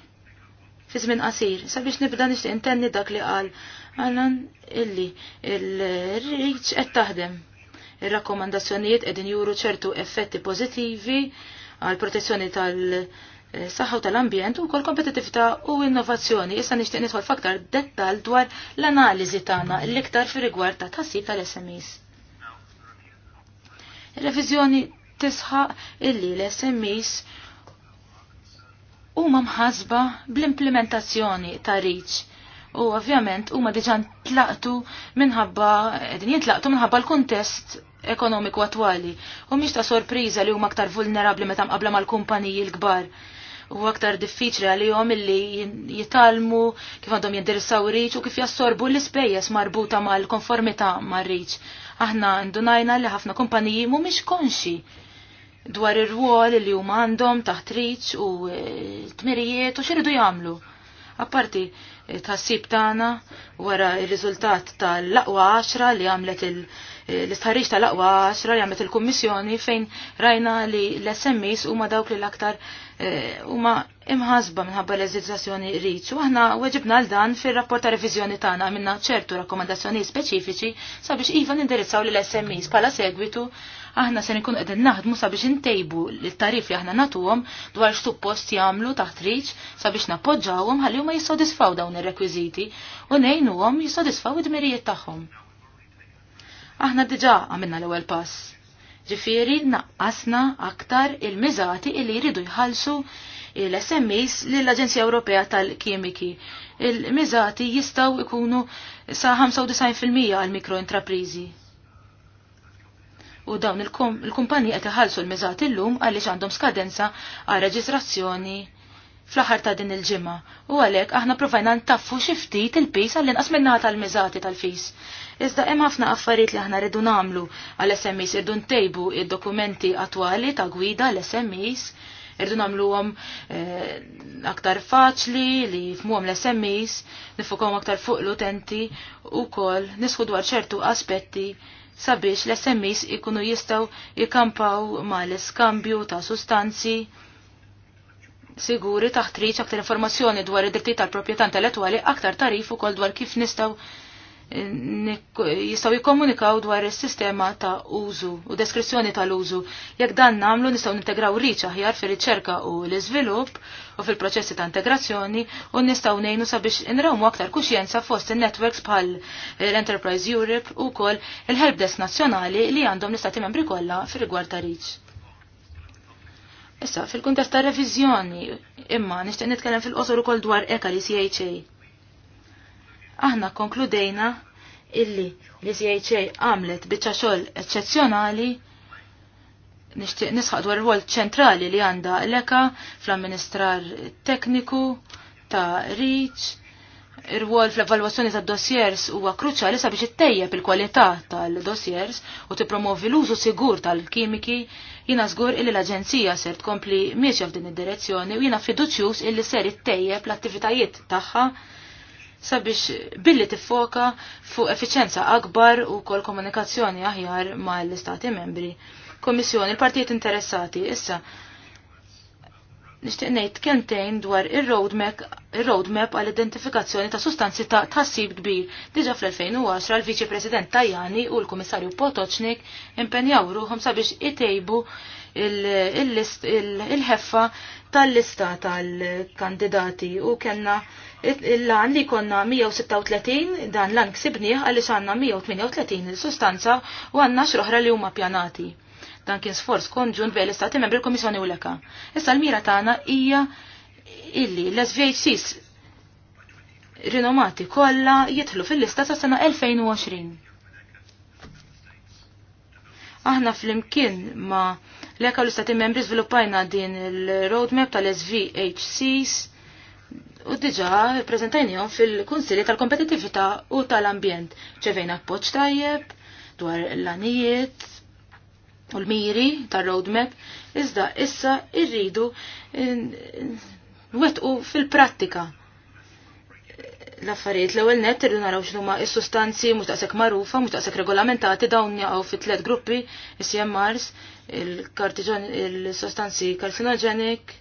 fi żmien qasir. Sabiex nibda nixtieq intenni dak li qal għanan illi il-Reach qed taħdem. Ir-rakkomandazzjonijiet qegħdin juru ċertu effetti pożittivi għal protezzjoni tal- saħħa tal-ambjent u kol kompetitività u innovazzjoni. Issa nixtieq nidħol faktar dettal dwar l-analiżi tagħna l-iktar fi rigward ta' tħassib tal-SMEs. Ir-reviżjoni tisħaq illi l-SMEs huma mħasba bl-implementazzjoni ta' reach u ovvjament huma diġà tlaqtu minħabba qegħdin jintlaqtu minħabba l-kuntest ekonomiku attwali u mhix ta' sorpriża li huma aktar vulnerabbli meta mqabla mal-kumpaniji l-kbar u aktar diffiċli għalihom illi jitalmu kif għandhom jindirissaw riċ u kif jassorbu l-ispejjeż marbuta mal-konformità ma' riċ Aħna ndunajna li ħafna kumpaniji mhumiex konxi dwar ir-rwol li huma għandhom taħt riċ u e, t-mirijiet u xiridu jagħmlu. Apparti e, tħassib tagħna wara r-riżultat tal-laqwa 10 li għamlet il- l-istħarriġ tal-aqwa xra jammet il-Kummissjoni fejn rajna li l-SMIs huma dawk li l-aktar eh, huma imħasba minħabba l-eżizzazzjoni riċ. U aħna weġibna l-dan fir-rapport ta' reviżjoni tagħna minna ċertu rakkomandazzjoni speċifiċi sabiex iva nindirizzaw l SMIs bħala segwitu aħna se nkun qegħdin naħdmu sabiex intejbu l-tarif li aħna nagħtuhom dwar x'suppost jagħmlu taħt riċ sabiex nappoġġawhom ħalli huma jissodisfaw dawn ir-rekwiżiti u ngħinuhom jissodisfaw id dmirijiet tagħhom. Aħna diġa għamilna l-ewwel pass. Ġifieri naqqasna aktar il-miżati li jridu jħallsu l sms lill-Aġenzija Ewropea tal-Kimiki. Il-miżati jistgħu ikunu sa 95% għal mikrointraprizi u dawn il-kumpanija qed iħallsu l miżati llum għaliex għandhom skadenza għal reġistrazzjoni fl-aħħar ta' din il-ġimgħa u għalhekk aħna provajna ntaffu xi ftit il-pis għall-inqas minnaħa tal-miżati tal-fis. Iżda hemm ħafna affarijiet li aħna rridu nagħmlu għal SMEs irdu ntejbu id-dokumenti attwali ta' gwida l smis irridu nagħmluhom eh, aktar faċli li jifmuhom l-SMEs, nifukhom aktar fuq l-utenti wkoll nisħu dwar ċertu aspetti sabiex l-SMEs ikunu jistaw jikkampaw mal-iskambju ta' sustanzi siguri taħtriċ aktar informazzjoni dwar id-dritti tal-proprjetà intellettwali aktar tarif ukoll dwar kif nistgħu eh, jistgħu jikkomunikaw dwar is-sistema ta' użu u deskrizzjoni tal-użu. Jekk dan nagħmlu nistgħu nintegraw riċ aħjar fir-riċerka u l-iżvilupp u fil-proċessi ta' integrazzjoni u nistgħu ngħinu sabiex inrawmu aktar kuxjenza fost in-networks bħal l-Enterprise Europe u kol il-helpdesk nazzjonali li għandhom l-istati membri kollha fir-rigward ta' riċ. Issa, fil-kuntest ta' revizjoni, imma nixtieq nitkellem fil-qosor ukoll dwar eka li CHA. Aħna konkludejna illi li CHA għamlet biċċa xogħol eċċezzjonali nixtieq nisħaq dwar rwol ċentrali li għandha l-eka fl-amministrar tekniku ta' reach, ir-rwol fl-evalwazzjoni ta' dossiers huwa kruċjali sabiex ittejjeb il-kwalità tal-dossiers u tippromovi l-użu sigur tal-kimiki Jina żgur illi l-Aġenzija ser tkompli miex f'din id-direzzjoni u jina fiduċjus illi ser ittejjeb l-attivitajiet tagħha sabiex billi tiffoka fuq effiċenza akbar u kol komunikazzjoni aħjar mal istati membri. Komissjoni, il-partijiet interessati, issa nixtieq ngħid kentejn dwar ir-roadmap ir-roadmap għall identifikazzjoni ta' sustanzi ta' tassib kbir. Diġà fl-2010 l-Viċi President Tajani u l-Kummissarju Potoċnik impenjaw ruhom sabiex itejbu il-ħeffa tal-lista tal-kandidati u kellna l-lan li konna 136 dan l-an ksibniħ għaliex għandna 138 il-sustanza u għandna xroħra li huma pjanati. Dan kien sforz konġunt bejn l-Istati membri l-Komissjoni uleka. Issa l-mira tagħna hija illi l-SVHCs rinomati kollha jidħlu fil-lista sa sena 2020. Aħna fl-imkien ma' l-Eka l-Istati membri żviluppajna din il-roadmap tal-SVHCs u diġa prezentajnijom fil-Kunsili tal-Kompetitività u tal-Ambjent ċevejna appoċ tajjeb dwar l-anijiet u l-miri tar-roadmap, iżda issa irridu nwettqu fil-prattika l-affarijiet l-ewwel net irridu naraw x'huma s-sustanzi mhux taqsek magħrufa, mhux taqsek regolamentati dawn jaqgħu fi tliet gruppi, is-CMRs, il-sostanzi karsinogenik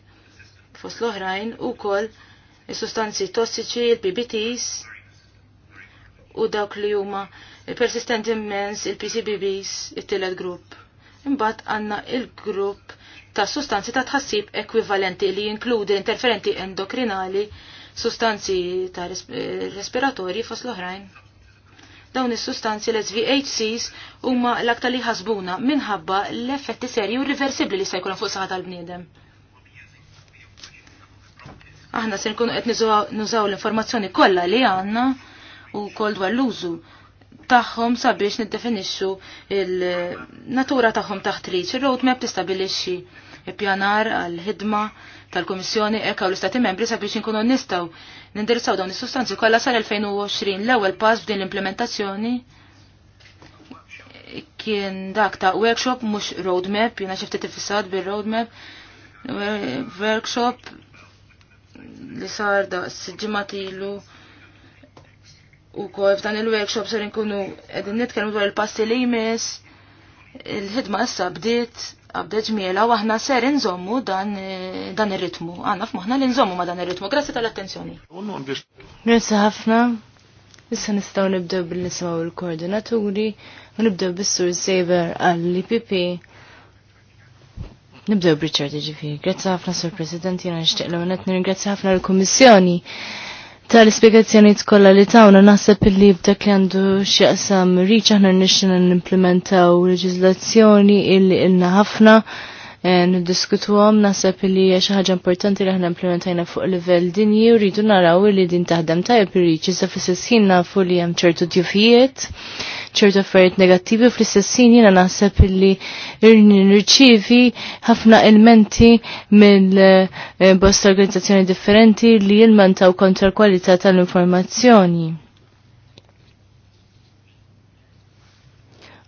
fost l-oħrajn, ukoll is-sustanzi tossiċi, il-PBTs, u dawk li huma persistenti immens il-PCBBs, it-tielet grupp Imbagħad għandna il-grupp ta' sustanzi ta' tħassib ekwivalenti li jinkludi interferenti endokrinali, sustanzi ta' respiratori fos l-oħrajn. Dawn is-sustanzi l VHCs huma l-aktar li ħasbuna minħabba l-effetti serju riversibli li se jkunu fuq saħat tal-bniedem. Aħna se nkunu qed nużaw l-informazzjoni kollha li għandna u kol dwar l-użu taħħom sabiex niddefinixxu il-natura tagħhom taħt il Ir-roadmap tistabilixxi l-pjanar għal ħidma tal-Komissjoni ek u l-Istati membri sabiex inkunu nistgħu nindirizzaw dawn is-sustanzi kollha sal-2020 l-ewwel pass b'din l-implementazzjoni kien dak ta' workshop mhux roadmap, jiena xi ftit ifissat bil roadmap Workshop li sar da' s-ġimatilu U kol f'dan il-workshop ser nkunu edin nitkellmu dwar il-passi li jmiss, il-ħidma issa bdiet, għabdiet ġmiela, u aħna ser nżommu dan, dan ir-ritmu. Għanna f'maħna li nżommu ma dan ir-ritmu. Grazzi tal-attenzjoni. Grazzi ħafna. Issa nistgħu nibdew bil nisimgħu il-koordinaturi u nibdew bis-sur Saber għall-IPP. Nibdew b'Riċard ġifieri. Grazzi ħafna sur President, jiena nishtiqlu, għanet ħafna l-Kummissjoni tal-ispiegazzjoni tkolla li tawna naħseb illi b'dak li għandu x'jaqsam riċ aħna nixxina nimplementaw leġiżlazzjoni illi ilna ħafna. Eh, niddiskutuhom naħseb li hija xi ħaġa importanti li aħna implementajna fuq livell dinji u rridu naraw li din taħdem tajjeb irrid issa fis nafu li hemm ċertu djufijiet, ċertu affarijiet negattivi u fl-istess ħin jiena naħseb li nirċievi ħafna elementi mill-bosta eh, organizzazzjoni differenti li jilmentaw kontra l-kwalità tal-informazzjoni.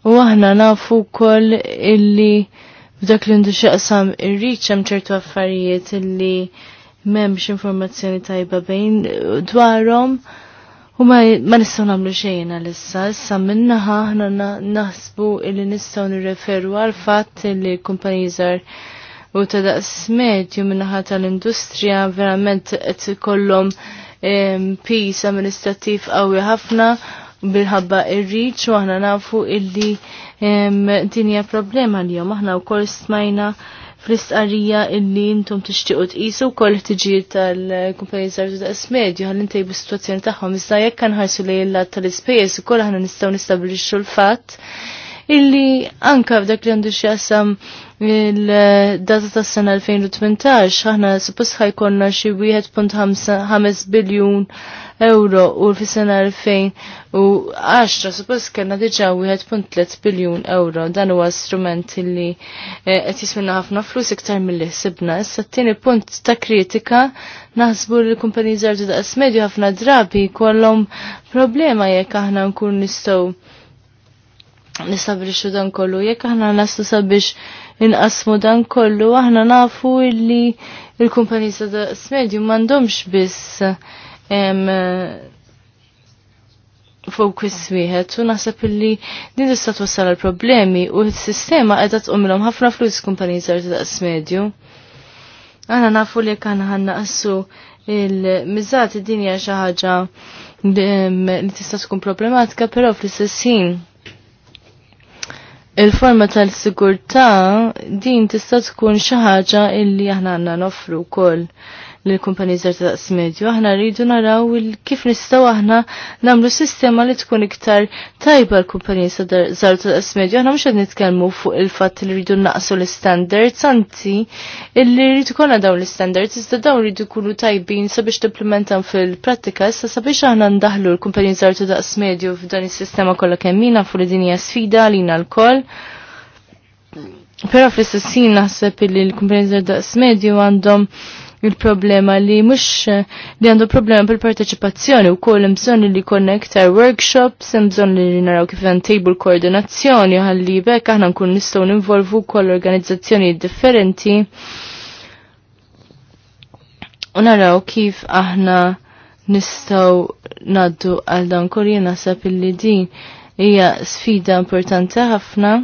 U aħna nafu kol illi F'dak li ndu xaqsam irriċ hemm ċertu affarijiet li m'hemmx informazzjoni tajba bejn uh, dwarhom u ma nistgħu nagħmlu xejn għalissa. Issa minnaħa aħna naħsbu li nistgħu nirreferu għal fatt li kumpanizar żgħar u ta' daqs medju minnaħa tal-industrija verament qed ikollhom peace amministrattiv qawwi ħafna bilħabba ir-riċ u aħna nafu illi din hija problema li jom aħna wkoll smajna fl-istqarrija illi intom tixtiequ tqisu wkoll tiġi tal-kumpaniji ta' daqs medju ħalli intejbu situazzjoni tagħhom iżda jekk kanħarsu lejn jilla tal-ispejjeż ukoll aħna nistgħu nistabilixu l-fatt illi anka f'dak li għandu xjasam il-data tas sena 2018 ħana suppost ħajkonna xi 1.5 biljun euro u fis-sena 10 suppost kellna diġà 1.3 biljun euro. Dan huwa strument li eh, qed jisminna ħafna flus iktar milli ħsibna. Issa t-tieni punt ta' kritika naħsbu li l-kumpaniji żgħar daqs medju ħafna drabi kollhom problema jekk aħna nkun nistgħu nistabilixu dan kollu, jekk aħna naslu sabiex inqasmu dan kollu, aħna nafu illi il-kumpanija ta' medju m'għandhomx biss Eh, fokus wieħed u naħseb illi din tista' twassal għall problemi u s-sistema qiegħda tqumilhom ħafna flus kumpaniji żgħar daqs medju. Aħna nafu li kan ħanna qassu il-miżat din hija xi ħaġa li tista' tkun problematika, però fl-istess ħin il-forma tal-sigurtà din tista' tkun xi ħaġa illi aħna għandna noffru wkoll l-kumpani ta' medju. Aħna rridu naraw kif nistgħu aħna nagħmlu sistema li tkun iktar tajba l-kumpani żar ta' medju. Aħna mhux qed nitkellmu fuq il-fatt li rridu naqsu l-standards, anzi illi rridu kona dawn l-standards iżda dawn rridu kunu tajbin sabiex tipplementan fil-prattika issa sabiex aħna ndaħlu l-kumpani żar ta' medju f'dan is-sistema kollha kemm fuq li din hija sfida lina l-koll. Pero fl-istessin naħseb li l-kumpanija daqs medju għandhom il-problema li mux li għandu problema bil parteċipazzjoni u kol imżon li konnektar workshops, imżon li naraw kif table koordinazzjoni għalli bekk aħna nkun nistgħu ninvolvu kol organizzazzjoni differenti u naraw kif aħna nistaw naddu għal dan jena nasab illi din hija sfida importanti ħafna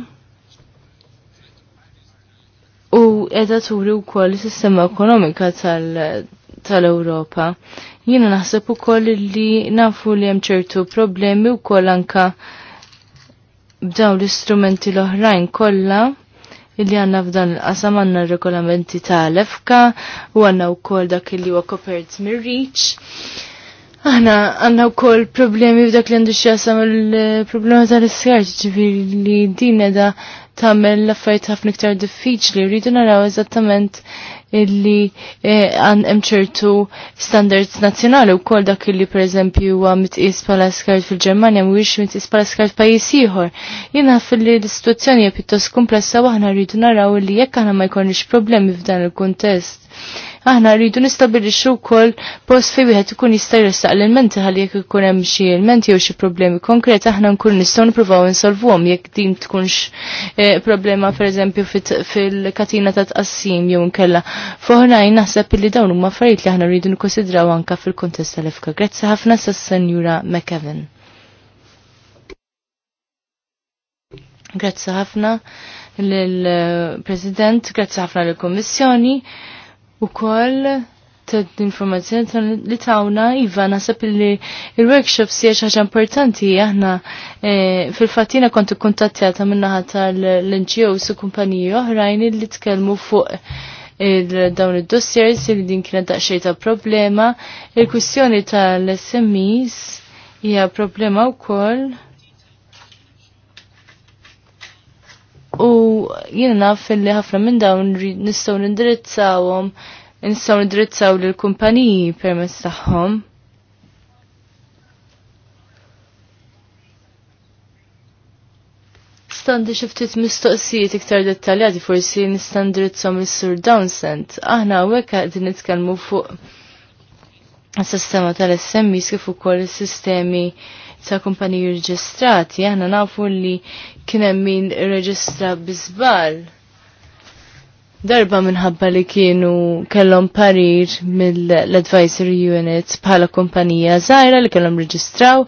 u edha turi wkoll is-sistema ekonomika tal-Ewropa. Tal Jiena naħseb ukoll li nafu li hemm ċertu problemi wkoll anka b'dawn l-istrumenti l-oħrajn kollha illi għanna f'dan l-qasam għanna regolamenti ta' efka u għanna u kol dak li huwa kopert mir-riċ. Aħna għanna u kol problemi f'dak li għandu xjasam il-problema tal-iskart ġiviri li din edha tamel l-affarijiet ħafna iktar diffiċli, rridu naraw eżattament illi eh, għan eh, ċertu standards nazjonali u kol dak illi per eżempju huwa mitqis bħala skart fil-Ġermanja mhuwiex mitqis bħala skart pajjiż ieħor. Jiena fil-li l-istituzzjoni hija pjuttost komplessa waħna rridu naraw illi jekk aħna ma jkollniex problemi f'dan il-kuntest aħna rridu nistabilixxu wkoll post fi wieħed ikun jista' jressaq l-elementi ħalli jekk ikun hemm xi ilment jew xi problemi konkreti aħna nkun nistgħu nippruvaw insolvuhom jekk din tkunx eh, problema pereżempju fil-katina ta' tqassim jew nkella. Foħrajn naħseb li dawn huma affarijiet li aħna rridu nikkonsidraw anke fil-kuntest tal-efka. Grazzi ħafna sas-Senjura McKevin. Grazzi ħafna l-President, eh, grazzi ħafna l-Kommissjoni u koll informazzjoni li tawna iva nasab li il-workshops hija xi ħaġa importanti aħna e, fil-fatina kont minna minnaħa tal-NGOs u kumpaniji oħrajn li tkellmu fuq dawn id-dossiers li din kienet daqsxejn ta' problema. Il-kwistjoni tal-SMEs hija problema wkoll U jiena naf li ħafna minn dawn nistgħu nindirizzawhom, nistgħu nindirizzaw lill kumpaniji permezz tagħhom. Standi xi ftit mistoqsijiet iktar dettaljati forsi nista' ndirizzhom is-Sur Downsend. Aħna hawnhekk qegħdin nitkellmu fuq s sistema tal smi kif ukoll is-sistemi ta' kumpaniji reġistrati, aħna nafu li kien hemm min reġistra biżbal. Darba minħabba li kienu kellhom parir mill-advisory unit bħala kumpanija żgħira li kellhom reġistraw,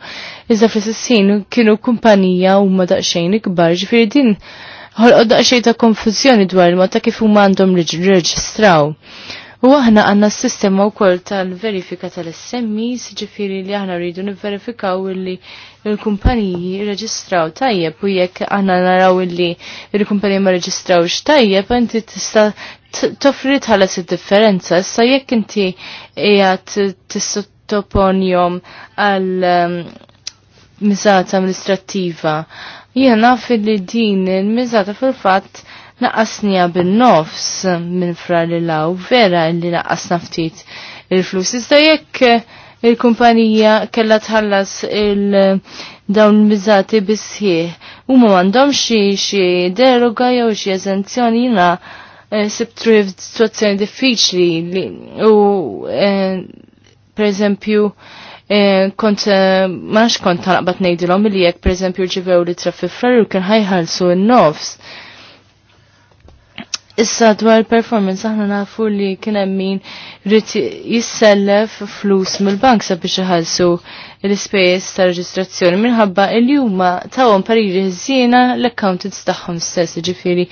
iżda fl-istessin kienu kumpanija huma daqsxejn ikbar, ġifieri din ħolqod daqsxejn ta' konfużjoni dwar ma ta' kif huma għandhom reġistraw. U aħna għanna s-sistema u koll tal-verifika tal smis ġifiri li aħna rridu niverifikaw li l kumpaniji reġistraw tajjeb u jekk aħna naraw li l kumpaniji ma reġistrawx tajjeb, inti tista toffri tħallas id-differenza. Issa jekk inti jgħat toponjom għal um, mizata amministrativa. Jena fil li din il-mizata fil-fat naqasnija bin-nofs minn fralilaw li law vera li naqasna ftit il-flus. Iżda jekk il-kumpanija kella tħallas il- dawn mizzati bisħieħ. U ma mandom xie xie deroga jew xie eżenzjoni jina eh, sibt situazzjoni diffiċli u eh, per eżempju eh, kont ma kont naqbad nejdilom li jekk per eżempju ġivew li traffi frar u kien ħajħalsu n-nofs Issa dwar performance aħna nafu li kien hemm min rid jissellef flus mill-bank sabiex iħallsu l-ispejjeż ta' reġistrazzjoni minħabba li huma tawhom pariri ħżiena l-accountants tagħhom stess, ġifieri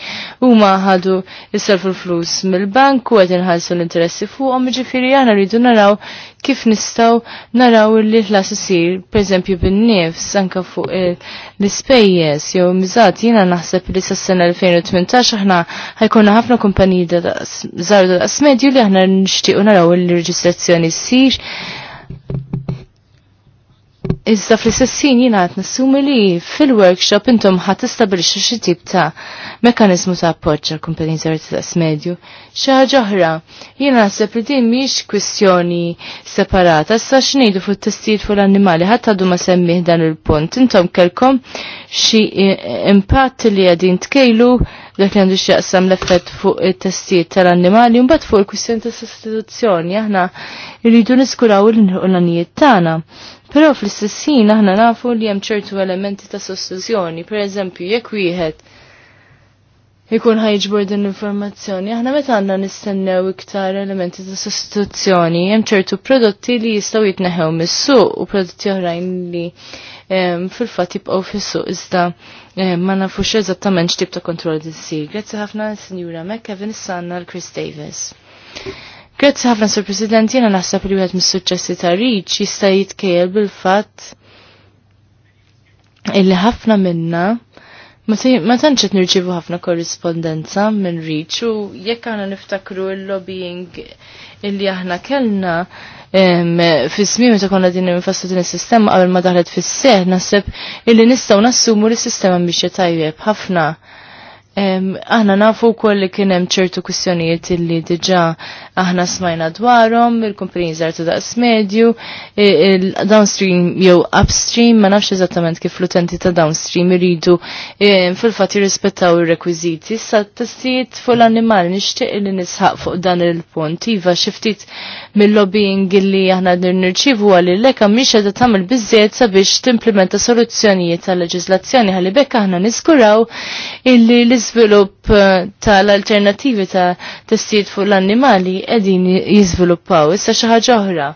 huma ħadu jisselfu l-flus mill-bank u qed inħallsu l-interessi fuqhom, ġifieri aħna rridu naraw kif nistgħu naraw li ħlas isir pereżempju bin-nifs anke fuq l-ispejjeż jew miżat jiena naħseb li sa sena 2018 aħna ħajkonna ħafna kumpaniji żgħar daqs medju li aħna nixtiequ naraw il-reġistrazzjoni ssir Iżda fl sessin jina għat nassumi li fil-workshop intom ħat istabilixu xi tip ta' mekanizmu ta' appoġġa għal kumpanijiet tal-istess medju. Xaħġa ħra, jina naħseb li din miex kwistjoni separata, issa fu fuq testijiet fuq l-annimali ħadd għadu ma semmih dan il-punt. Intom kelkom xi impatt li qegħdin tkejlu dak li għandu x'jaqsam l-effett fuq it-testijiet tal-annimali u mbagħad fuq il-kwistjoni ta' sostituzzjoni aħna rridu niskuraw l-anijiet tagħna. Però fl istessin aħna nafu li hemm ċertu elementi ta' sostituzzjoni, pereżempju jekk wieħed ikun ħajġbor din l-informazzjoni, aħna meta għandna nistennew iktar elementi ta' sostituzzjoni, hemm ċertu prodotti li jistgħu jitneħew mis-suq u prodotti oħrajn li fil-fatt jibqgħu fis-suq iżda ma nafux eżattament x'tip ta' kontroll din Grazzi ħafna Sinjura Mekka, Vinissanna l-Chris Davis. Grazzi ħafna, Sir President, jena naħseb li wieħed mis-suċċessi ta' riċ jista' jitkejjel bil-fatt illi ħafna minna ma tantx qed nirċievu ħafna korrispondenza minn Reach u jekk aħna niftakru l-lobbying illi aħna kellna fi smim ta' konna din infassu din is-sistema qabel ma daħlet fis-seħ naħseb illi nistgħu nassumu li s-sistema biex tajjeb ħafna Aħna nafu wkoll li kien hemm ċertu kwistjonijiet li diġà aħna smajna dwarhom, il-kumpaniji żgħar daqs medju, il-downstream jew upstream, ma nafx eżattament kif l-utenti ta' downstream iridu fil-fatt jirrispettaw ir-rekwiżiti. t-tassijiet fuq l-annimali nixtieq li nisħaq fuq dan il-punt. Iva xi ftit mill-lobbying li aħna nirċivu għalli l-leka mhix qiegħda tagħmel biżżejjed sabiex timplementa soluzzjonijiet tal leġizlazzjoni ħalli bekk aħna niskuraw illi l-izvilupp eh, tal-alternativi ta' testijiet fuq l-annimali edin jizviluppaw. Issa xi ħaġa oħra.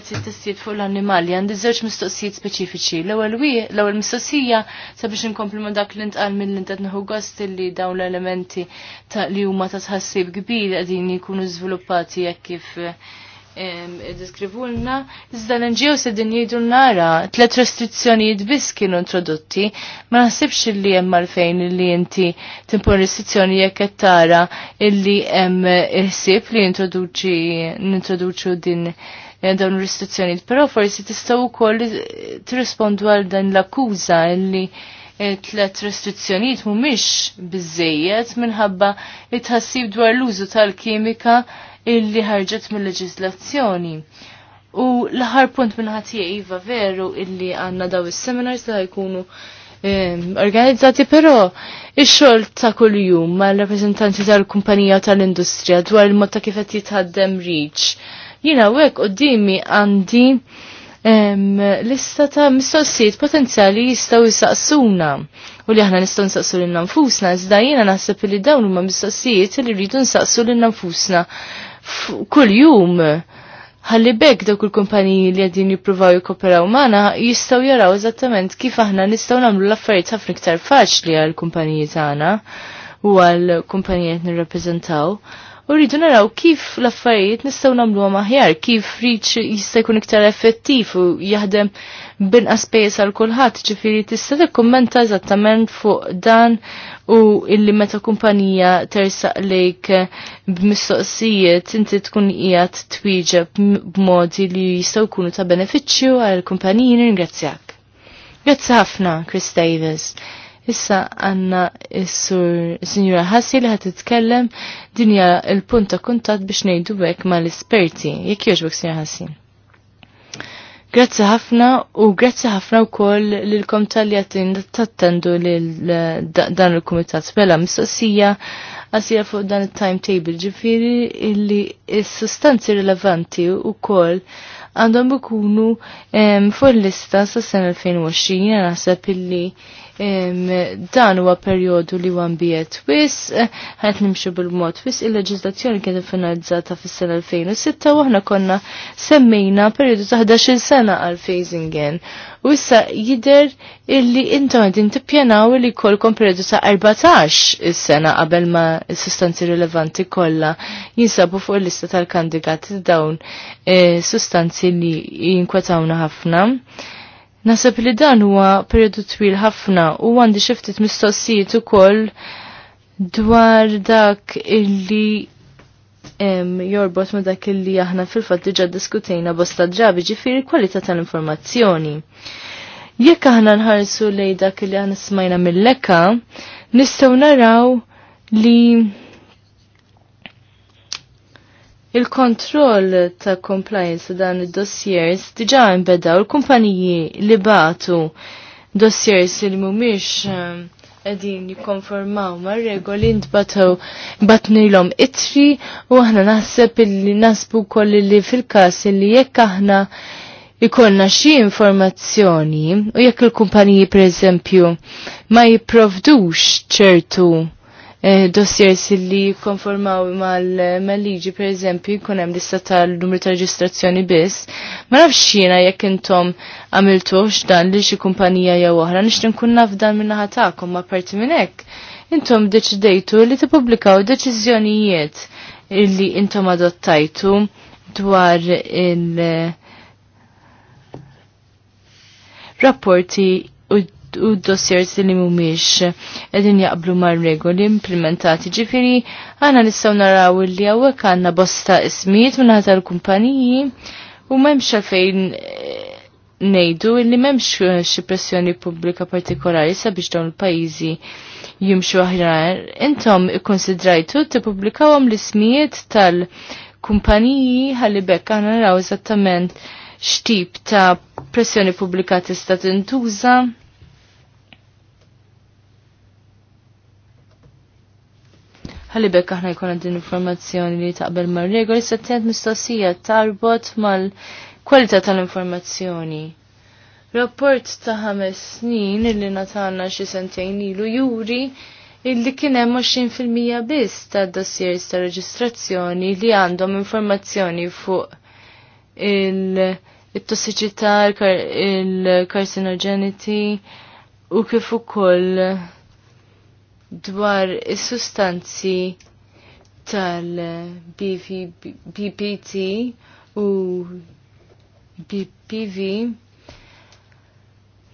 t testijiet fuq l-annimali għandi żewġ mistoqsijiet speċifiċi. L-ewwel l-ewwel mistoqsija sabiex inkomplu dak li intqal minn li qed gost li dawn l-elementi ta' li huma ta' tħassib kbir qegħdin jkunu żviluppati jekk kif eh, diskrivulna, iżda l-NGO se din jidu nara, tlet restrizzjonijiet biss kienu introdotti, ma naħsibx illi hemm għalfejn li inti timpon restrizzjoni jekk qed tara illi hemm ħsieb li introduċi nintroduċu din eh, dawn restrizzjonijiet, però forsi koll wkoll tirrispondu għal dan l-akkuża illi eh, tlet restrizzjonijiet mhumiex bizzejiet minħabba it-ħassib dwar l-użu tal-kimika illi ħarġet mill-leġislazzjoni. U l-ħar punt minnħatija Iva veru illi għanna daw is-seminars li ħajkunu ehm, organizzati però il xogħol ta' kuljum mal-rappreżentanti tal-kumpanija tal-industrija dwar il-mod ta' kif qed jitħaddem reach. Jiena u dimi għandi ehm, lista ta' mistoqsijiet potenzjali jistgħu jisaqsuna u li aħna nistgħu nsaqsu lil nfusna iżda jiena naħseb li dawn huma mistoqsijiet li rridu nsaqsu lil nfusna jum ħalli bekk dawk il-kumpaniji li għadin jippruvaw jikoperaw magħna jistgħu jaraw eżattament kif aħna nistgħu nagħmlu l-affarijiet ħafna iktar faċli għall kumpaniji tagħna u għall kumpaniji qed nirrappreżentaw. U rridu naraw kif l-affarijiet nistgħu nagħmluhom aħjar, kif riċ jista' jkun iktar effettiv u jaħdem bin pejjeż għal kulħadd, ġifieri tista' tikkummenta eżattament fuq dan u illi meta kumpanija tersaq lejk b'mistoqsijiet inti tkun qiegħed twieġeb b'modi li jistaw jkunu ta' benefiċċju għal kumpaniji ringrazzjak. Grazzi ħafna, Chris Davis. Issa għanna s-sur Signora Hassi li ħat dinja il-punt ta' kuntat biex nejdu bek ma l-esperti. Jek joġbek, Signora Hassi? Grazzi ħafna u grazzi ħafna u koll l-kom tal-jatin tattendu dan il-komitat. Mela, mistoqsija għasija fuq dan il-timetable ġifiri illi il-sustanzi rilevanti u koll għandhom ikunu fuq l-lista sa' sen 2020 naħseb illi dan huwa perjodu li wan biet wis, ħat nimxu bil-mod wis il-leġislazzjoni kienet finalizzata fis-sena 2006 u aħna konna semmejna perjodu ta' 11 sena għal phasing in. U issa jider illi intom għedin tippjanaw li kolkom periodu ta' 14 is-sena qabel ma sustanzi rilevanti kollha jinsabu fuq il-lista tal-kandidati dawn eh, sustanzi li jinkwetawna ħafna. Nasab li dan huwa periodu twil ħafna u għandi xiftit mistoqsijiet ukoll dwar dak illi jorbot ma dak illi aħna fil-fatt diġà diskutejna bosta ġabi ġifieri kwalità tal-informazzjoni. Jekk aħna nħarsu lejn dak illi aħna smajna mill-leka, nistgħu naraw li Il-kontroll ta' compliance dan id-dossiers diġa imbeda u l-kumpaniji li batu dossiers li mumiex edin ehm, jikonformaw ma' regoli ntbataw batnilom itri u aħna naħseb illi nasbu koll li fil-kas illi jekk aħna ikolna xi informazzjoni u jekk il-kumpaniji per eżempju ma jipprovdux ċertu Eh, dossiers li konformaw mal-liġi per eżempju jkun hemm lista tal-numru ta' reġistrazzjoni biss. Ma nafx jiena jekk intom għamiltux dan li xi kumpanija jew oħra nixtieq nkun naf dan minn naħa tagħkom apparti minn hekk. Intom deċidejtu li tippubblikaw deċiżjonijiet li intom adottajtu dwar il- rapporti u dossiers li mumiex edin jaqblu mar regoli implementati ġifiri għana nistaw naraw li għawek għanna bosta ismiet minna l kumpaniji u memx għalfejn eh, nejdu li memx eh, xi pressjoni pubblika partikolari sabiex dawn il-pajizi jimxu aħjar. Intom ikkonsidrajtu tippubblikawhom l-ismijiet tal-kumpaniji ħalli bekk għana naraw eżattament x'tip ta' pressjoni pubblika tista' tintuża ħalli bekk aħna jkun din informazzjoni li taqbel mar-regoli s-sattent mistoqsija tarbot mal-kwalità tal-informazzjoni. Rapport ta' ħames snin illi natana xi sentejn ilu juri illi kien hemm 20% biss tad-dossiers ta' reġistrazzjoni li għandhom informazzjoni fuq il-tossiċità, il-karsinogeniti u kif ukoll dwar is-sustanzi tal-BPT u BPV.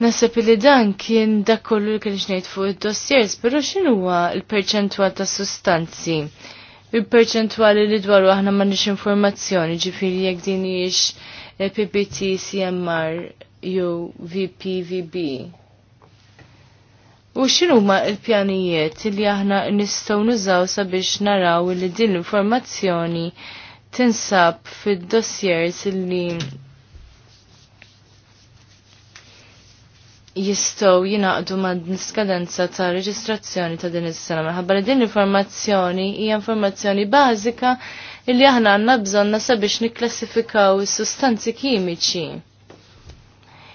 Nasab li dan kien dak kollu li kien xnejt fuq id-dossiers, però huwa l-perċentwal ta' sustanzi? Il-perċentwali li dwaru aħna nix informazzjoni, ġifiri jekk din hijiex e PPT, CMR jew VPVB. U xinu ma il-pjanijiet li aħna nistaw nużaw sabiex naraw li din l-informazzjoni tinsab fil-dossiers li jistow jinaqdu ma niskadenza skadenza ta' reġistrazzjoni ta' din is-sena. ħabba li din l-informazzjoni hija informazzjoni bażika li aħna għandna bżonna sabiex nikklassifikaw is-sustanzi kimiċi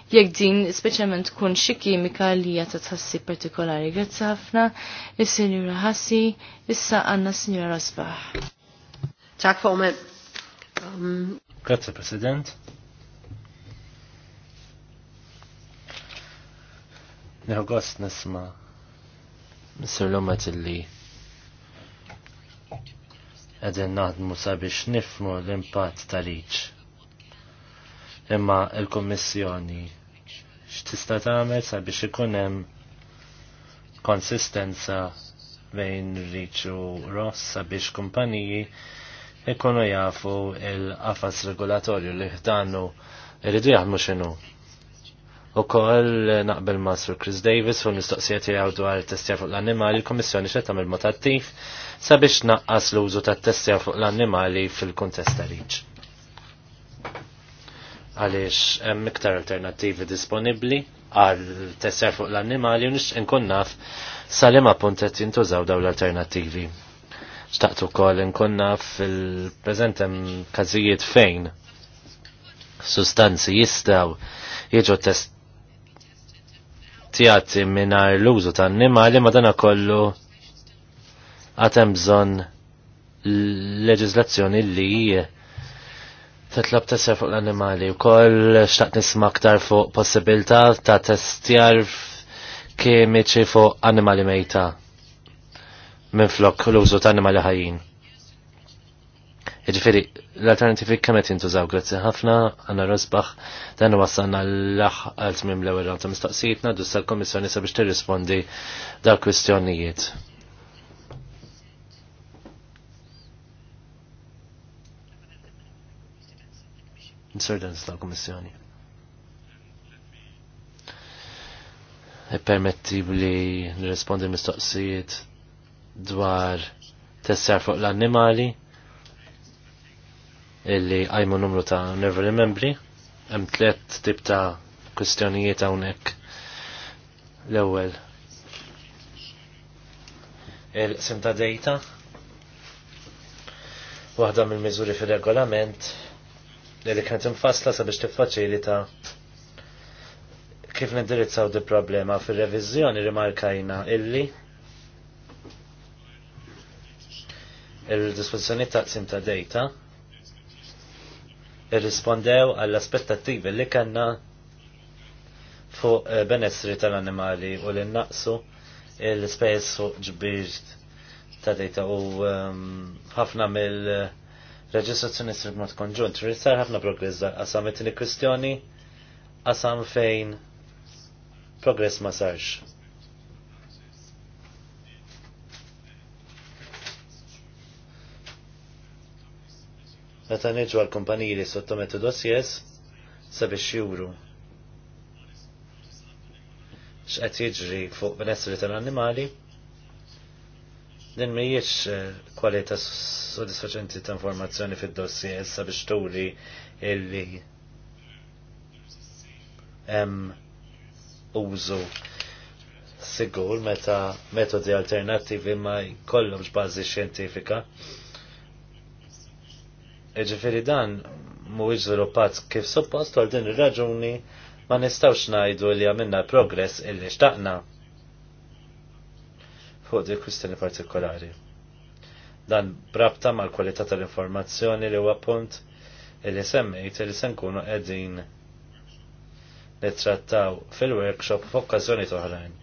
jekk din speċjalment tkun xi kimika li hija ta' tħassib partikolari. Grazzi ħafna is-Sinjura Ħassi, issa għandna Sinjura Rasbaħ. Ċak fomen. Um, Grazzi President. Neħu gost nisma Mr. Lomet illi għedin naħdmu sabiex nifmu l-impatt tal iċ imma il-Kommissjoni x'tista' tagħmel sabiex ikun hemm konsistenza bejn u Ross sabiex kumpaniji ikunu jafu il-qafas regolatorju li ħdanu irridu jaħdmu x'inhu. U koll naqbel ma' Chris Davis u l-mistoqsijiet jgħu dwar testja fuq l-annimali, l kummissjoni xed tagħmel mod attiv sabiex naqqas l-użu tat-testja fuq l-annimali fil-kuntest ta' riċ għaliex hemm iktar alternattivi disponibbli għal tesser fuq l-annimali u nix inkunnaf salima puntet jintużaw daw l-alternativi. Xtaqtu kol nkun naf fil-prezentem kazijiet fejn sustanzi jistaw jieġu testijati minar l-użu ta' annimali ma dana kollu għatem bżon leġizlazzjoni li Titlob tessja fuq l-animali, u koll xtaqt nisma aktar fuq possibilta ta' testjar kemiċi fuq animali mejta minn flok l-użu ta' animali ħajjin. Iġifiri, l-alternativi kemet jintużaw, grazzi ħafna, għanna rozbaħ, dan wasanna l-aħ għal-tmim l-ewel ta' tam mistoqsijitna, dussa l-komissjoni sabiex tirrispondi dal-kwistjonijiet. Insurgents tal-Komissjoni. E permetti li nirrespondi mistoqsijiet dwar tessar fuq l-annimali illi għajmu numru ta' nervoli membri hemm tliet tip ta' kwistjonijiet hawnhekk l-ewwel il-qsim ta' data waħda mill-miżuri fir-regolament li kienet infassla sabiex ta' kif nindirizzaw di problema fil-revizjoni rimarkajna illi il-disposizjoni ta' taqsim ta' data irrispondew għall-aspettattivi li kanna fuq eh, benessri tal-animali u li naqsu il-space fuq ġbirt ta' data u ehm, ħafna um, mill- reġistrazzjoni s mod konġunt. Risar ħafna progress għasam it tini kwistjoni qasam fejn progress ma sarx. Meta neġu għal kompaniji li sottometu dossiers sabiex juru x'qed jiġri fuq benessri tal-annimali, Din mhijiex eh, kwalita sodisfaċenti ta' informazzjoni fid dossi jessa biex turi illi hemm użu sigur meta metodi alternattivi ma jkollhomx bażi xjentifika. Iġifieri e dan mhuwiex żviluppat kif suppost għal din ir-raġuni ma nistgħux ngħidu li għamilna progress illi xtaqna fuq di kwistjoni partikolari. Dan brabta mal kwalità tal-informazzjoni li huwa punt li semmejt li se nkunu qegħdin nittrattaw fil-workshop f'okkażjoni oħrajn.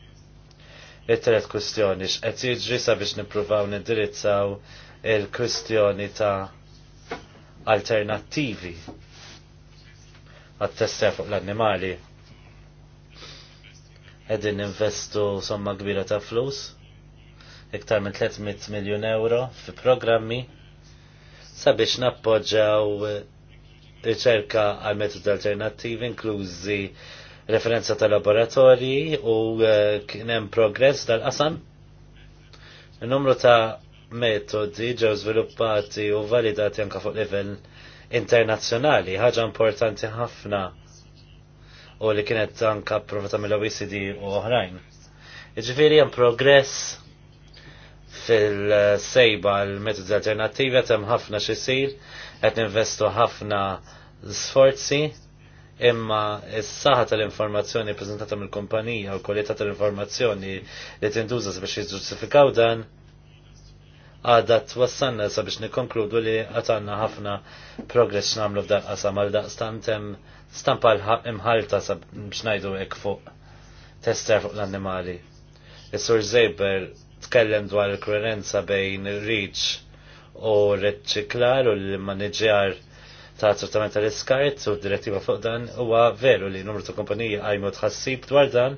It-tret kwistjoni x'qed jiġri sabiex nippruvaw nindirizzaw il-kwistjoni ta' alternattivi għat testja fuq l-annimali. Edin investu somma kbira ta' flus iktar minn 300 miljon euro fi programmi sabiex nappoġġaw riċerka għal metodi alternattivi inklużi referenza ta' laboratorji u eh, kien hemm progress tal qasam Il-numru ta' metodi ġew żviluppati u validati anke fuq livell internazzjonali, ħaġa importanti ħafna u li kienet anke approvata mill-OECD u oħrajn. Iġifieri hemm progress fil-sejba l-metodi alternativi għatem ħafna xisir, għet investu ħafna sforzi, imma s saħat l informazzjoni prezentata mill-kumpanija u kwalità l informazzjoni li tinduża biex jiġġustifikaw dan għadha twassanna sabiex nikkonkludu li għatanna ħafna progress namlu f'dan qasam għal daqstant hemm stampa imħalta sabiex najdu hekk fuq tester fuq l-annimali. Is-Sur Zejber tkellem dwar il-kwerenza bejn il-riċ u reċiklar u l-manager ta' trattament tal-iskart u direttiva fuq dan huwa veru li numru ta' kompanija għajmu tħassib dwar dan.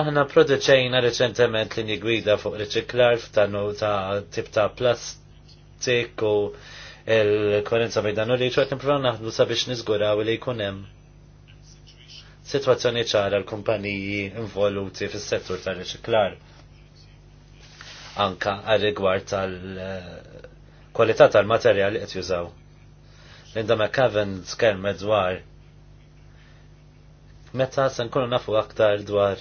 Aħna produċejna reċentement linji gwida fuq riċiklar f'tanu ta' tip ta' plastik u il-kwerenza bejn dan u riċ u għet niprofaw naħdu sabiex nizguraw li jkunem situazzjoni ċara l-kumpaniji involuti fis-settur tal-riċiklar anka għal rigward tal-kwalità eh, tal-materjal li qed jużaw. Linda McCaven skelmet dwar meta se nkunu nafu aktar dwar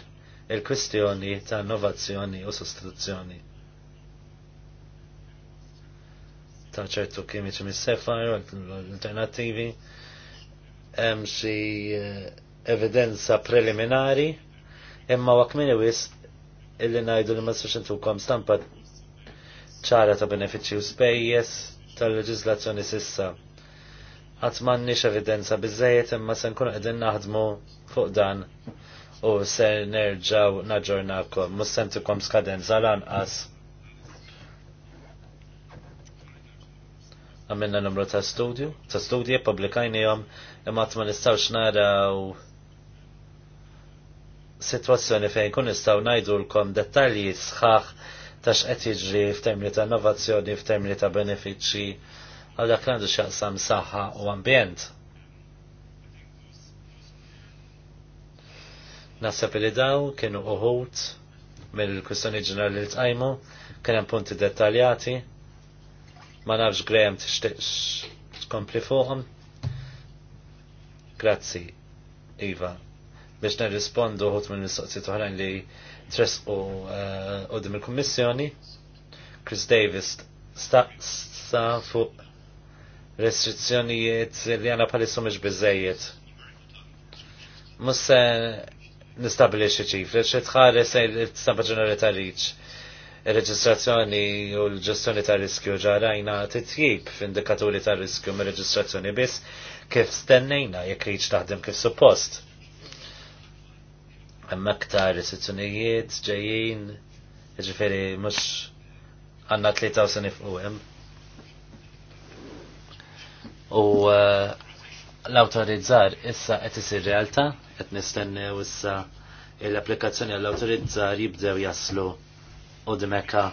il-kwistjoni ta' innovazzjoni u sostituzzjoni. Ta' ċertu kimiċi mis-sefar u alternativi hemm xi eh, evidenza preliminari imma wak min wis illi najdu li mas xintu kom stampa ċara ta' benefiċi u spejjes tal-leġizlazzjoni sissa. Għatman nix evidenza bizzejiet imma sen kun għedin naħdmu fuq dan u ser nerġaw naġġornakom, mus sentikom skadenza lanqas. Għamilna numru ta' studju, ta' studju jom, imma għatman nistawx naraw u situazzjoni fejn kun l-kom dettalji sħaħ ta' x'qed jiġri f'termini ta' innovazzjoni, f'termini ta' benefiċċji għal dak għandu x'jaqsam saħħa u ambjent. Naħseb li daw kienu uħut mill-kwistjoni ġenerali li tqajmu, kien hemm punti dettaljati, ma nafx Graham tixtieqx tkompli fuqhom. Grazzi, Iva biex nirrispondu għot minn mistoqsijiet oħrajn li tresqu eh, qudiem il-Kummissjoni. Chris Davis sta fuq restrizzjonijiet li għana palissu mhux bizzejiet. Musse nistabilixi ċifri, xe tħares il-stampa ġenerali ta' riċ. Il-reġistrazzjoni u l-ġestjoni ta' riskju ġarajna titjib f'indikaturi ta' riskju me reġistrazzjoni biss kif stennejna jekk riċ taħdem kif suppost Hemm aktar istituzzjonijiet ġejjin, jiġifieri mhux għandna tlieta u se nifqu hemm. U eh, l-awtorizzar issa qed isir realtà, qed nistennew issa l-applikazzjoni għall-awtorizzar jibdew jaslu u dimekka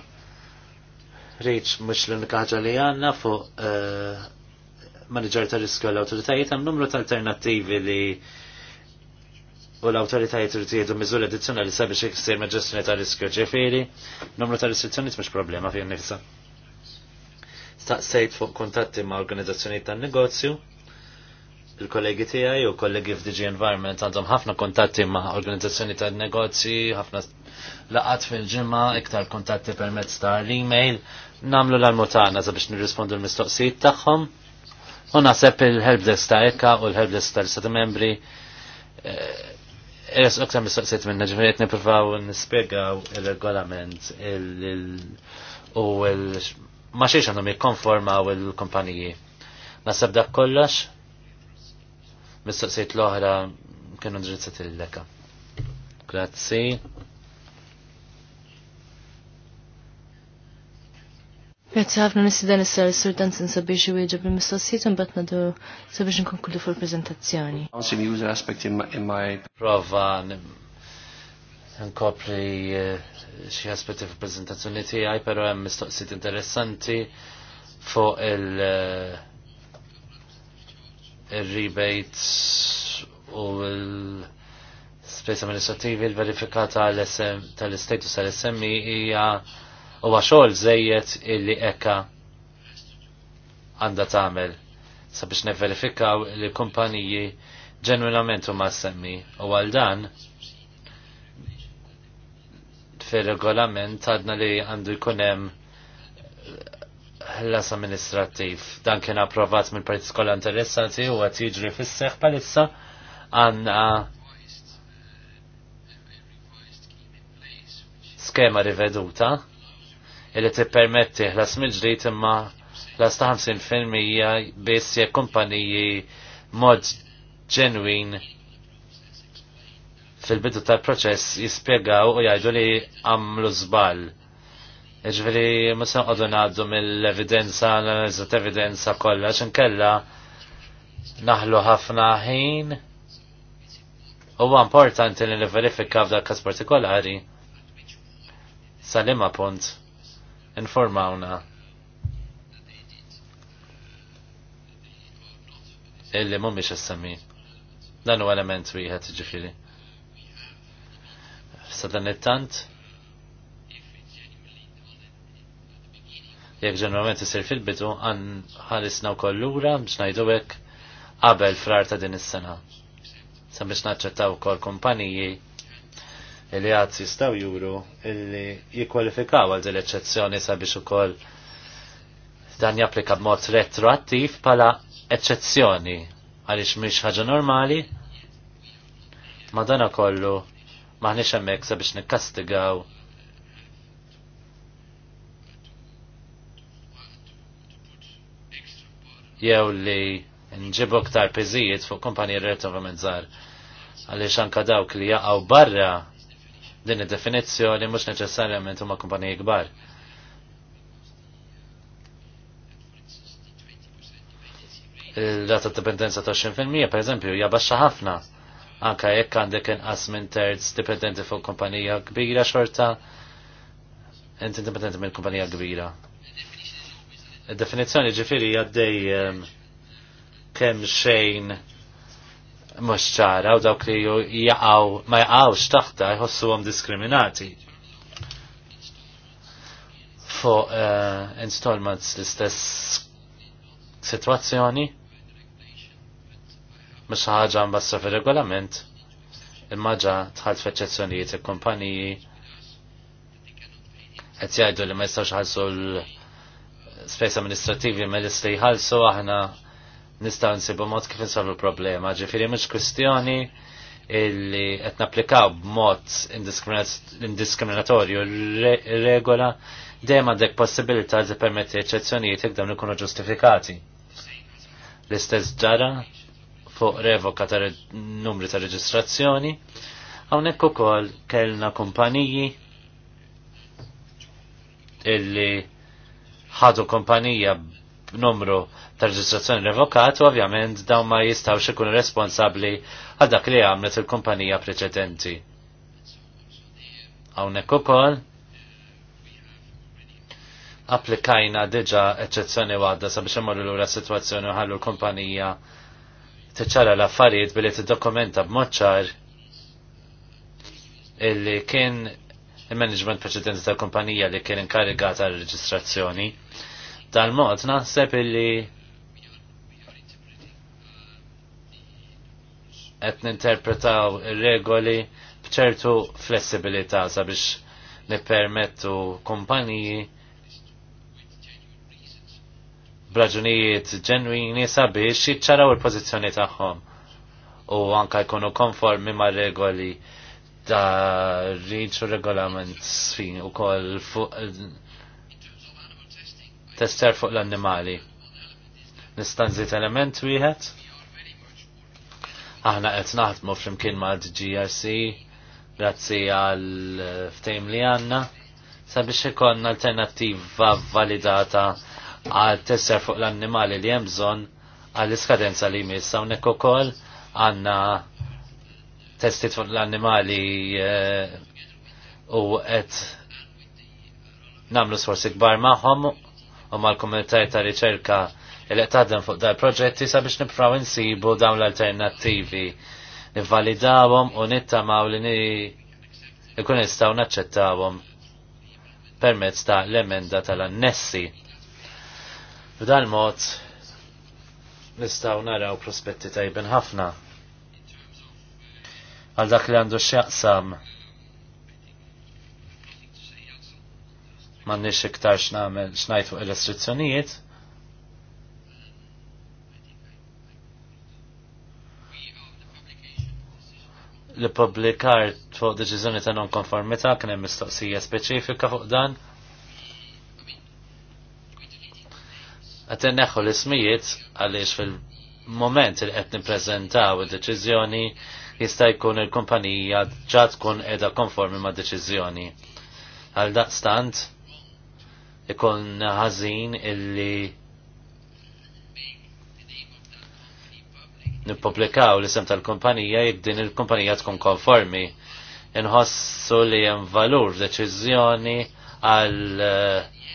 reach mux l-unika ħagġa li għanna fuq eh, manager ta' riskju l-autoritajiet għam numru ta' alternativi li u l-autoritajiet irtiedu miżuri addizzjonali sabiex iksir ma' ġestjoni ta' riskju ġifiri, numru ta' restrizzjoni mhux problema fejn nifsa. Staqsejt fuq kontatti ma' organizzazzjonijiet tan-negozju, il-kollegi tiegħi u kollegi f'DG Environment għandhom ħafna kontatti ma' organizzazzjoni tan-negozji, ħafna laqat fil-ġimgħa, iktar kontatti permezz ta' l-email, namlu l-almutana sabiex nirrispondu l-mistoqsijiet tagħhom. U naħseb il-helpdesk ta' ekka u l-helpdesk tal-Stati membri eh, Eres uktar mistoqsiet minna ġifiriet niprofaw nispiegaw il-regolament u il- maċiex xiex għandhom jikkonformaw il-kumpaniji. Nasab dak kollox, mistoqsijiet l-oħra kienu ndrizzati il leka Grazzi. Grazie ħafna nisidan issa l-Sur Dansen sabiex u jieġab l-mistoqsijiet un bat nadu sabiex nkonkludu fuq il-prezentazzjoni. Għansi li user aspect imma prova nkopri eh, xie aspetti fuq prezentazzjoni tiegħi, pero hemm mistoqsijiet interessanti fuq il- eh, il-rebates u il- spesa amministrativi il-verifikata tal-status tal-SMI e, hija u għaxol zejjet illi ekka għanda tamel sabiex neverifikaw li kumpaniji ġenwinament huma semmi u għal dan fil-regolament għadna li għandu jkunem ħlas amministrativ Dan kien approvat mill partit skola interessati u għat jiġri fis palissa għanna skema riveduta illi tippermetti ħlas mill-ġdid imma las ta' filmija biss jekk kumpaniji mod ġenwin fil-bidu tal-proċess jispiegaw u jgħidu li għamlu zbal. Ġveri, jiġifieri musan għadu għaddu mill-evidenza, l-analizzat evidenza kollha, xinkella naħlu ħafna ħin. Huwa importanti li verifika f'dak kas partikolari. Salima punt informawna illi mumiex s-semmi. Dan u element wieħed ġifiri. Sa dan it-tant, jekk ġeneralment jisir fil-bidu għan ħalisna u kollura biex najdu hekk qabel frar ta' din is-sena. Sa biex naċċettaw ukoll kumpaniji li għad sistaw juru li jikwalifikaw għal dil eċċezzjoni sabiex ukoll dan japplika b'mod retroattiv pala eċċezzjoni għaliex mhix ħaġa normali ma dan kollu maħniex hemmhekk sabiex nikkastigaw jew li nġibu ktar piżijiet fuq kumpanji retrovament żgħar għaliex anka dawk li jaqgħu barra Din id-definizzjoni mhux neċessarjament huma kumpaniji kbar. Il-rata dipendenza ta' 20% per eżempju hija baxxa ħafna anka jekk għandek inqas minn terz dipendenti fuq kumpanija kbira xorta inti dipendenti minn kumpanija kbira. Id-definizzjoni ġifieri għaddej ehm, kemm xejn mhux ċara u dawk li jaqgħu ma jaqgħux jħossu jħossuhom diskriminati fuq uh, installments l-istess situazzjoni mhux ħaġa mbassa fir-regolament imma ġa tħalt f'eċċezzjonijiet il-kumpaniji qed jgħidu li ma jistgħux ħallsu l-spejs amministrativi mill-isli jħallsu aħna nista' nsibu mod kif insolvu problema. Ġifieri mhux kwistjoni illi qed napplikaw b'mod indiskriminatorju regola dejjem għandek possibilità li permetti eċċezzjonijiet jekk dawn ikunu ġustifikati. L-istess ġara fuq revoka ta' numri ta' reġistrazzjoni, hawnhekk ukoll kellna kumpaniji illi ħadu kumpanija b'numru ta' reġistrazzjoni revokat u ovvjament dawn ma jistaw xekun responsabbli għal dak li għamlet il-kumpanija preċedenti. Hawnhekk ukoll applikajna diġa eċċezzjoni waħda sabiex imorru lura sitwazzjoni situazzjoni għallu l-kumpanija tiċċara l-affarijiet billi tiddokumenta b ċar illi kien il-management preċedenti tal-kumpanija li kien inkarigata l reġistrazzjoni tal-mod naħseb illi qed ninterpretaw regoli bċertu flessibilità sabiex nippermettu kumpaniji b'raġunijiet ġenwini sabiex jiċċaraw il-pożizzjoni tagħhom u anka jkunu konformi ma' regoli ta' reach regolament fin u kol fuq tester fuq l-annimali. Nistanzit element wieħed? Aħna qed naħdmu flimkien ma' GRC grazzi għal eh, ftejm li għanna sabiex ikon alternattiva validata għal tesser fuq l-annimali li hemm bżonn għall iskadenza li jmiss hawnhekk ukoll għandna testit fuq l-annimali eh, u qed namlu sforzi kbar magħhom u mal kumitaj ta' riċerka il taħdem fuq dal proġetti sabiex nippraw insibu dawn l-alternattivi nivvalidawhom u nittamaw li ikun nistgħu naċċettawhom permezz ta' l-emenda tal-annessi. B'dan mod nistgħu naraw prospetti tajbin ħafna għal dak li għandu x'jaqsam m'għandniex iktar x'namel x'ngħid fuq il-restrizzjonijiet, li publikar fuq deċiżjoni ta' nonkonformità kien hemm mistoqsija speċifika fuq dan. Qed inneħħu l-ismijiet għaliex fil-moment li qed nippreżentaw id-deċiżjoni jista' jkun il-kumpanija ġa tkun qiegħda konformi ma' deċiżjoni. Għal daqstant ikun ħażin illi nippubblikaw l-isem tal-kumpanija din il-kumpanija tkun konformi. Inħossu li hemm valur deċiżjoni għal eh,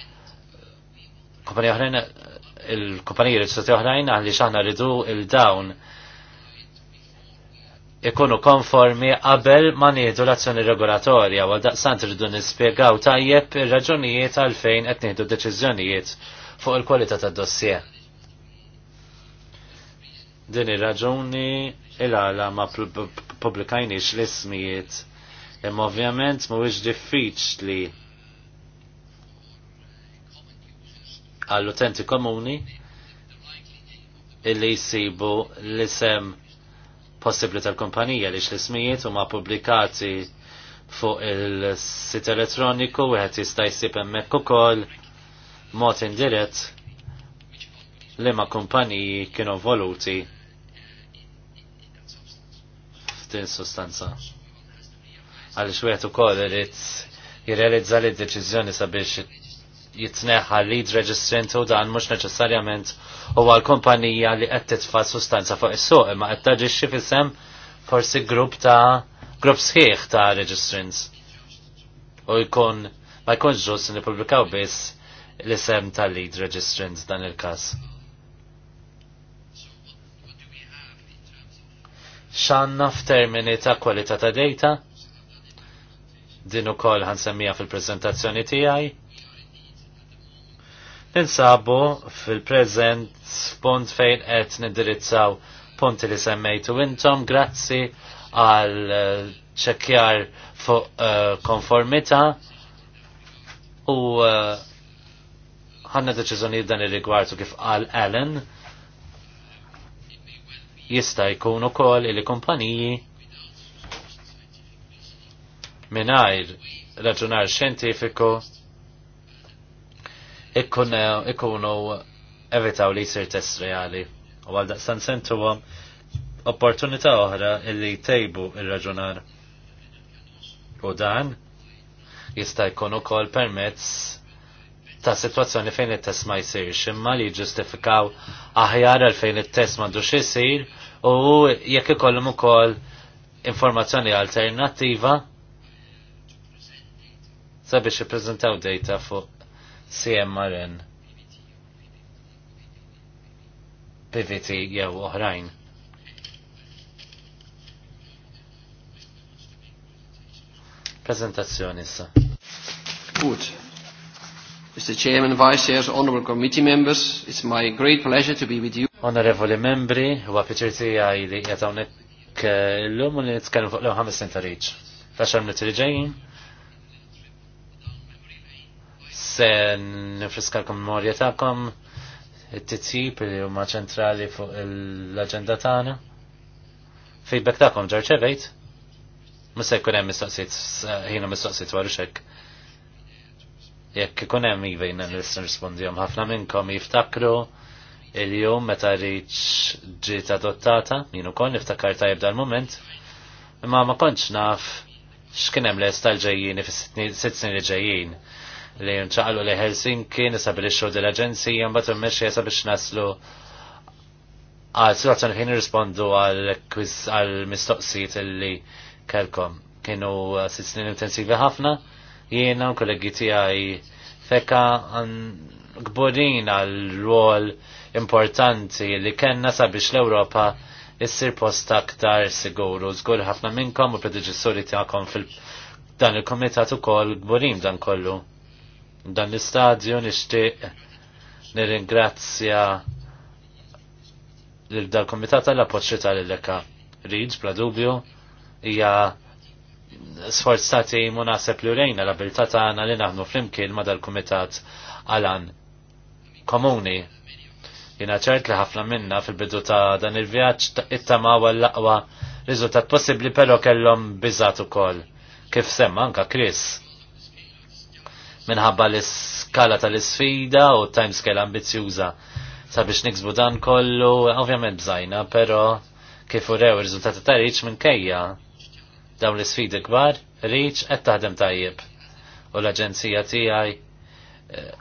kumpanija oħrajn il-kumpanija reġistrati oħrajn għaliex xaħna ridu il-dawn ikunu konformi qabel ma nieħdu l-azzjoni regolatorja u daqsant irridu nispjegaw tajjeb ir-raġunijiet għalfejn qed nieħdu deċiżjonijiet fuq il-kwalità tad-dossier Din ir-raġuni il-għala ma publikajniex l-ismijiet imma ovvjament mhuwiex diffiċli għall-utenti komuni illi jisibu l-isem possibli tal-kumpanija li l-ismijiet huma publikati fuq il-sit elettroniku wieħed jista' jsib hemmhekk ukoll mod indirett li ma kumpaniji kienu voluti din sostanza. Għalli wieħed ukoll irid jirrealizza li d-deċiżjoni sabiex jitneħħa lead registrant u dan mhux neċessarjament huwa għal kumpanija li qed titfa' sustanza fuq is-suq imma qed taġixxi f'isem forsi grupp ta' grupp sħiħ ta' registrants. U jkun ma jkunx ġus li nippubblikaw biss l-isem tal lead registrants dan il-każ. xanna f'termini ta' kwalità ta' data din ukoll ħansemmija fil-preżentazzjoni tiegħi. Ninsabu fil-preżent punt fejn qed nindirizzaw punti li semmejtu intom grazzi għal eh, ċekkjar fuq eh, konformità u eh, ħanna deċiżjoni dan ir-rigward kif qal Allen jista' jkun ukoll li kumpaniji mingħajr raġunar xjentifiku ikunu evitaw li jsir test reali u għal daqstan sentuhom opportunità oħra illi jtejbu il raġunar U dan jista' jkun ukoll permezz ta' situazzjoni fejn it-test ma jsirx, imma li jġustifikaw aħjar għal fejn it-test m'għandux isir u jekk ikollhom ukoll informazzjoni alternattiva sabiex ippreżentaw data fuq CMRN PVT jew oħrajn. Presentazzjoni issa. Good. Mr. Chairman, Vice Chairs, Honorable Committee Members, it's my great pleasure to be with you. Onorevoli membri, huwa pjaċir għaj li qiegħed hawnhekk eh, illum u li nitkellmu fuq l ħames snin ta' riċ. Taxar minn li ġejjin. Se nifriskalkom memorja tagħkom it titsib li huma ċentrali fuq l-aġenda tagħna. Feedback tagħkom ġarċevejt. Ma se jkun hemm mistoqsijiet ħina mistoqsijiet wara xekk. Jekk ikun hemm iva jien nista' nirrispondihom ħafna minnkom jiftakru il-jum meta rriċ ġiet adottata, min ukoll niftakar tajjeb l moment imma ma kontx naf x'kien hemm lesta tal-ġejjini fis-sitt snin li ġejjin li nċaqlu li Helsinki nisabilixxu dil-aġenzija mbagħad immexxija sabiex naslu għal situazzjoni fejn nirrispondu għal mistoqsijiet li kelkom. Kienu sitt snin intensivi ħafna, jiena u kollegi tiegħi fekka gburin għal rol importanti li kenna sabiex l-Ewropa issir post aktar siguru. Zgur ħafna minnkom u predeċessuri tagħkom fil dan il-komitat ukoll gburim dan kollu. Dan l-istadju nixtieq nirringrazzja l dal-komitat għalla poċċita tal-leka. Reed, bla dubju, hija sforzati mu naħseb li urejna l-abilità tagħna li naħnu flimkien ma dal-kumitat għalan komuni Jina ċert li ħafna minna fil-bidu ta' dan il-vjaġġ it-tama l-aqwa riżultat possibbli però kellhom u ukoll. Kif semma anka Chris. Minħabba l-skala tal-isfida u timescale ambizjuża sabiex niksbu dan kollu, ovvjament bżajna, però kif urew ir-riżultati ta' riċ kejja. dawn l-isfidi kbar, riċ qed taħdem tajjeb. U l-aġenzija tiegħi eh,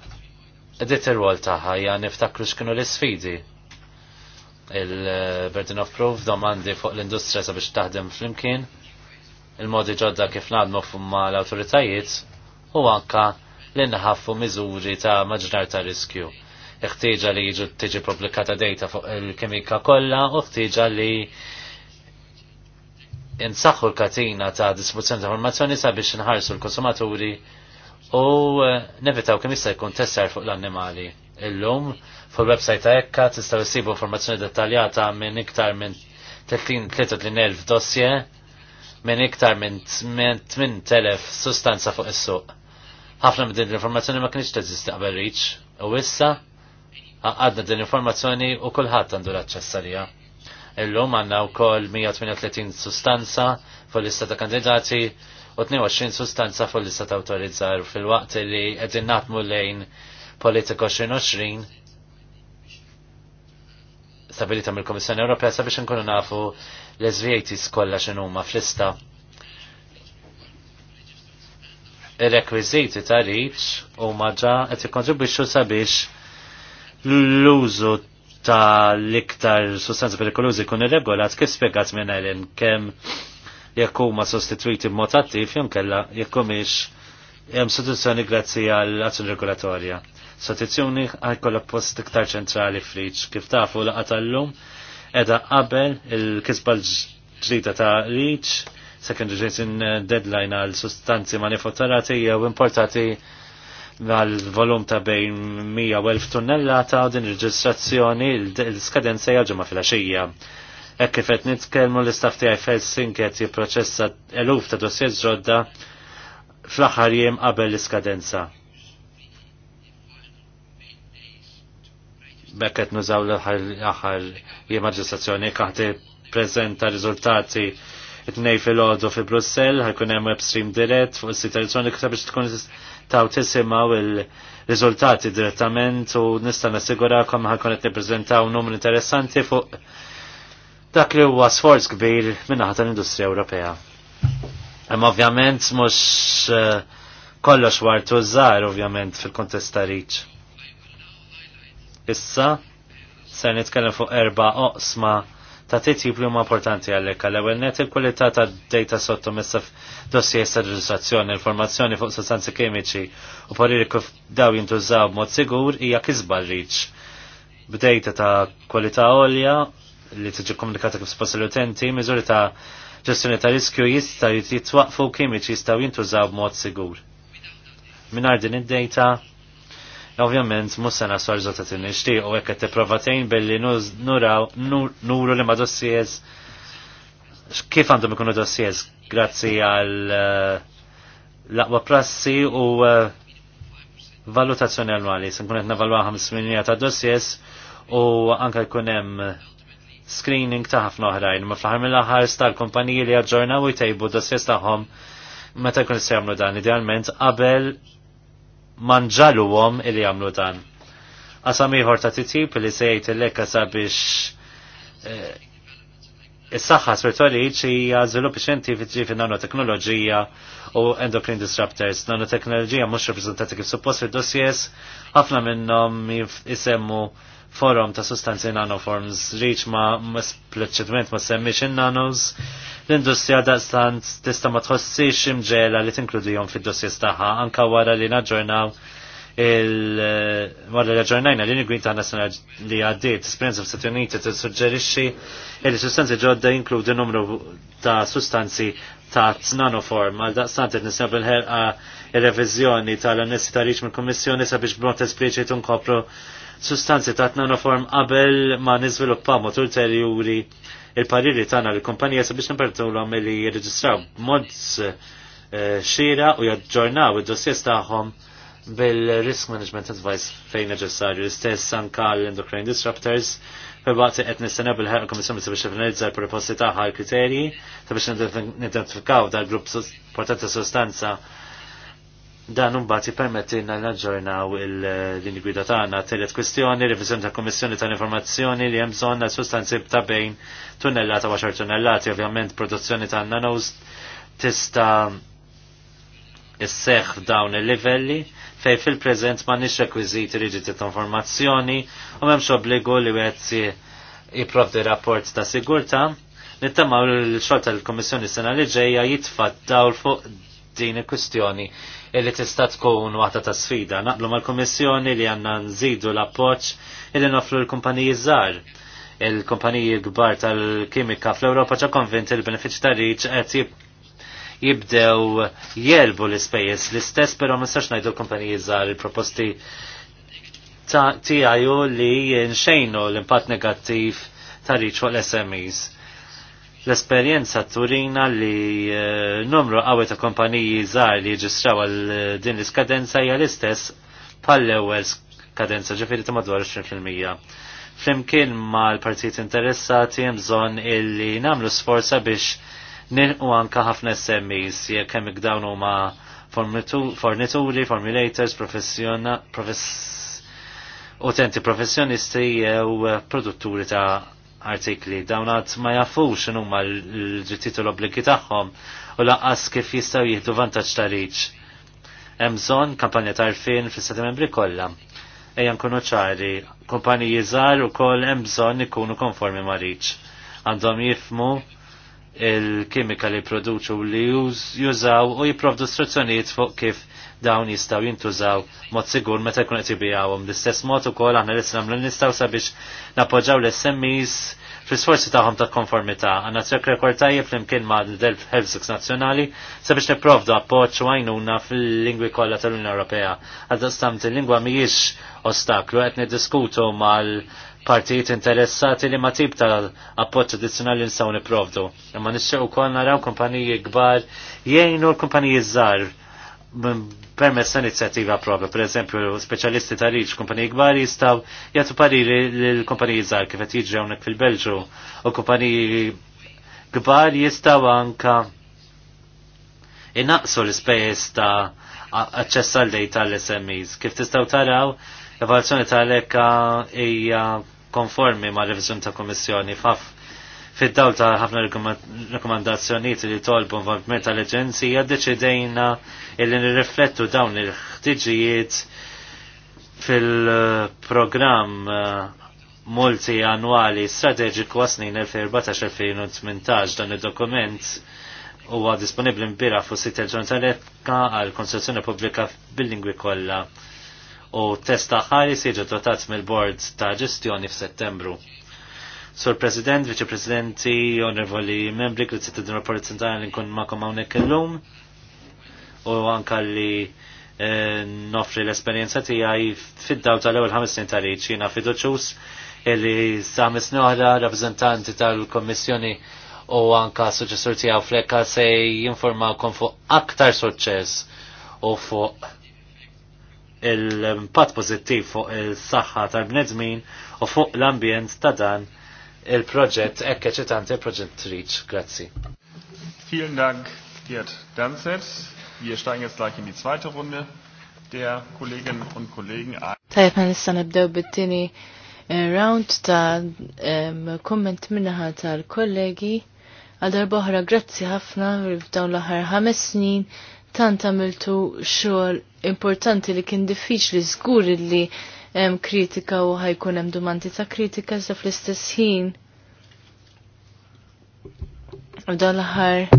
Edit il rol taħħa ja niftakru xkunu l-isfidi. Il-Burden of Proof domandi fuq l-industrija sabiex taħdem flimkien, il-modi ġodda kif nadmu fumma l-awtoritajiet u anka l-inħaffu miżuri ta' maġnar ta' riskju. Iħtieġa li jiġu tiġi publikata data fuq il-kemika kollha u ħtieġa li insaħħu l-katina ta' distribuzzjoni ta' informazzjoni sabiex nħarsu l-konsumaturi u eh, nevitaw kemm jista' jkun tessar fuq l-annimali. Illum fuq il-website ta' ekka tistgħu jsibu informazzjoni dettaljata minn iktar minn 33,000 dossje minn iktar minn 8,000 sustanza fuq is-suq. Ħafna minn din l-informazzjoni ma kienx teżisti qabel riċ u issa għadna din l-informazzjoni u kulħadd għandu l-aċċess għalija. Illum għandna wkoll 138 sustanza fuq l-lista ta' kandidati u 22 sustanza fuq li ta' autorizzar fil-waqt li qegħdin naħdmu lejn politiko 2020 stabilita mill-Komissjoni Ewropea sabiex nkunu nafu l-SVATs kollha x'inhuma fl flista. il-rekwiziti ta' riċ u maġa għet jikontribuixu sabiex l-użu ta' l-iktar sustanzi perikolużi kun irregolat kif spiegat minn Ellen kemm jekk huma sostitwiti b'mod attiv jew kellha jekk humiex hemm sostituzzjoni grazzi għal azzjoni regolatorja. Sostituzzjoni għajkolla post iktar ċentrali friċ kif tafu laqgħa tal-lum qiegħda qabel il-kisba l-ġrida ta' riċ second generation deadline għal sustanzi manifatturati jew importati għal volum ta' bejn 100 u 1000 tunnellata u din reġistrazzjoni l-skadenza hija ġimgħa fil axija Ek kifet nitkelmu l-istaf tiegħi Felsinket jipproċessa eluf ta' dossier ġodda fl-aħħar jiem qabel l-iskadenza. Bekket nużaw l-aħħar jiem maġistrazzjoni kaħti prezenta riżultati it-nej fil-ħodu fi Brussel, ħajkun hemm webstream dirett fuq is-sit elettronik sabiex tkun taw tisimgħu il-riżultati direttament u nista' nassigurakom ħajkun qed nippreżentaw numru interessanti fuq dak li huwa sforz kbir minnaħat tal-Industrija Ewropea. Imma ovvjament mhux eh, kollox wartu żgħar ovvjament fil-kontest ta' riċ. Issa se nitkellem fuq erba' oqsma ta' titjib li huma importanti għalhekk għall ewwel net il-kwalità ta' data sottomessa f'dossier ta' reġistrazzjoni, informazzjoni fuq sostanzi kimiċi u pariri kif daw jintużaw b'mod sigur hija kisba riċ b'dejta ta' kwalità għolja li tiġi komunikata kif spost l-utenti, miżuri ta' ġestjoni ta' riskju jista' jitwaqfu kimiċ jistgħu jintużaw b'mod sigur. Minar din id-data, ovvjament mhux se nasar riżultati nishti u hekk qed provatejn billi nuraw nuru li ma' dossiers kif għandhom ikunu dossiers grazzi għal eh, laqwa aqwa prassi u eh, valutazzjoni għal se nkun qed navalwa 5 ta' dossiers u anka jkun hemm screening ta' ħafna oħrajn, ma fl-ħar mill-aħħar tal-kumpaniji li jaġġornaw u jtejbu dossiers tagħhom meta jkun se jagħmlu dan idealment qabel manġaluhom illi jagħmlu dan. Qasam ieħor ta' titjib li se jgħid il-lekka sabiex eh, Is-saħħa spiritualiċ hija żviluppi xjentifiċi fin nanoteknoloġija u endocrine disruptors. Nanoteknoloġija mhux rappreżentati kif suppost fid-dossiers, ħafna minnhom jisemmu forum ta' sustanzi nanoforms. Reach ma' spliċċetment ma' semmix in-nanos. L-industrija daqstant tista' ma tħossix imġela li tinkludihom fid-dossiers tagħha anka wara li naġġornaw il-marra li ġornajna li nigwin ta' nasna li għaddit, of f'Stati Uniti t-sugġerixi li sustanzi ġodda jinkludi numru ta' sustanzi ta' t-nanoform, għal daqstant id-nisna bil il-revizjoni tal-annessi ta' riċ mill komissjoni sabiex b'mod t nkopru sustanzi ta' nanoform qabel ma niżviluppaw mod ulterjuri il-pariri tagħna l kumpanija sabiex nipertulhom li jirreġistraw b'mod eh, xira u jaġġornaw id-dossiers tagħhom bil-risk management advice fejn neċessarju l-istess sanka l-endocrine disruptors per għetni qed sena bil-ħarqa kommissjoni sabiex finalizza l-proposti tagħha l-kriterji sabiex nidentifikaw dal grupp portata sostanza Dan mbagħad l naġġornaw il-din gwida tagħna telet kwestjoni, revizjoni ta' Kommissjoni tal-Informazzjoni li hemm bżonn sustanzi ta' bejn tunnellata u għaxar tunnellati, ovvjament produzzjoni ta' nanos tista' isseħ dawn il-livelli fej fil-preżent ma nix rekwiziti riġiti ta' informazzjoni u m'hemmx obbligu li wieħed jipprovdi rapport ta' sigurtà. Nittamaw l-xorta l-Kommissjoni sena li ġejja jitfad dawl fuq din il-kwistjoni li tista' tkun waħda ta' sfida. Naqblu mal-Kummissjoni li għandna nżidu l-appoġġ illi noflu l-kumpaniji żgħar il-kumpaniji kbar tal-kimika fl-Ewropa ġa konvinti l-benefiċ ta' riċ qed jibdew jelbu l-ispejjeż l-istess però ma nistax ngħidu l-kumpaniji żgħar il-proposti tiegħu li nxejnu l-impatt negattiv ta' riċ fuq l-SMEs l-esperienza turina li eh, numru għawet ta' kompaniji żgħar li jġistraw għal eh, din l-iskadenza hija l-istess bħall-ewwel skadenza ġifieri ta' madwar 20%. Flimkien ma' l-partijiet interessati hemm bżonn illi nagħmlu sforza biex nilqu anka ħafna SMEs jek kemm dawn huma fornituri, formulators, professjona, profess utenti professjonisti jew produtturi ta' artikli dawn għad ma jafux x'inhuma l u l-obbligi tagħhom u laqqas kif jistgħu jieħdu vantaġġ ta' riċ. Hemm bżonn kampanja tarfin fil sati Membri kollha. Ejja nkunu ċari, kumpaniji żgħar ukoll hemm bżonn ikunu konformi ma' riċ. Għandhom jifmu il-kimika li produċu li jużaw u jiprovdu istruzzjonijiet fuq kif dawn jistaw jintużaw mod sigur meta jkun qed jibijawhom. L-istess mod ukoll aħna li nagħmlu nistgħu sabiex nappoġġaw l-SMEs fl-isforzi tagħhom ta' konformità. Għandna trek rekord tajjeb flimkien ma' Delf Helfsix Nazzjonali sabiex nipprovdu appoġġ u għajnuna fil-lingwi kollha tal-Unjoni Ewropea. Għadda stamt il-lingwa mhijiex ostaklu qed niddiskutu mal partijiet interessati li ma tip ta' appoġġ addizzjonali nistgħu niprovdu. Imma nixtieq ukoll naraw kumpaniji kbar jgħinu l-kumpaniji żgħar permessa inizjattiva propria, per eżempju, specialisti ta' riċ, kumpaniji gbar jistaw jgħatu pariri l-kumpaniji zar kif qed jiġri hawnhekk fil-Belġu u kumpaniji gbar jistaw anka inaqsu l-ispejjeż ta' aċċess għal dej tal-SMEs. Kif tistgħu taraw, evalzjoni tal-ekka hija konformi ma' revizjoni ta' Kommissjoni faf fid-dawl ta' ħafna rekomandazzjoniet li tolbu involvment tal-Aġenzija deċidejna illi nirriflettu dawn il-ħtiġijiet fil-programm eh, multi annuali strateġiku għasnin 2014-2018 dan il-dokument huwa disponibli mbira fuq sit tal-ġurnaletka għal konstruzzjoni pubblika bil-lingwi kollha u testa ħari siġu dotat mill-bord ta' ġestjoni f'Settembru. Sur President, Vice Presidenti, Onorevoli Membri, grazie ta' din rappresentanti li nkun ma'kom hawnhekk illum u anka li eh, nofri l esperjenza tiegħi fid-daw tal-ewwel ħames snin ta' riċ jiena fiduċus illi sa' noħra rappreżentanti tal-Kommissjoni u anka suċessur tiegħu flekka se jinformawkom fuq aktar suċċess u fuq il-impatt pożittiv fuq is saħħa tal-bnedmin u fuq l-ambjent ta' dan il-proġett ekk eċitanti il-proġett Reach. Grazzi. Vielen Dank, Gerd Danzet. Wir steigen jetzt gleich in die zweite Runde der Kolleginnen und Kollegen ein. Tajab, nissa nibdew bit-tini eh, round ta' komment minnaħa tal-kollegi. Għadar boħra grazzi ħafna f'dawn l-aħħar ħames snin tant għamiltu xogħol importanti li kien diffiċli żgur li kritika u ħajkun hemm domandi ta' kritika sa fl-istess ħin. U dan l-aħħar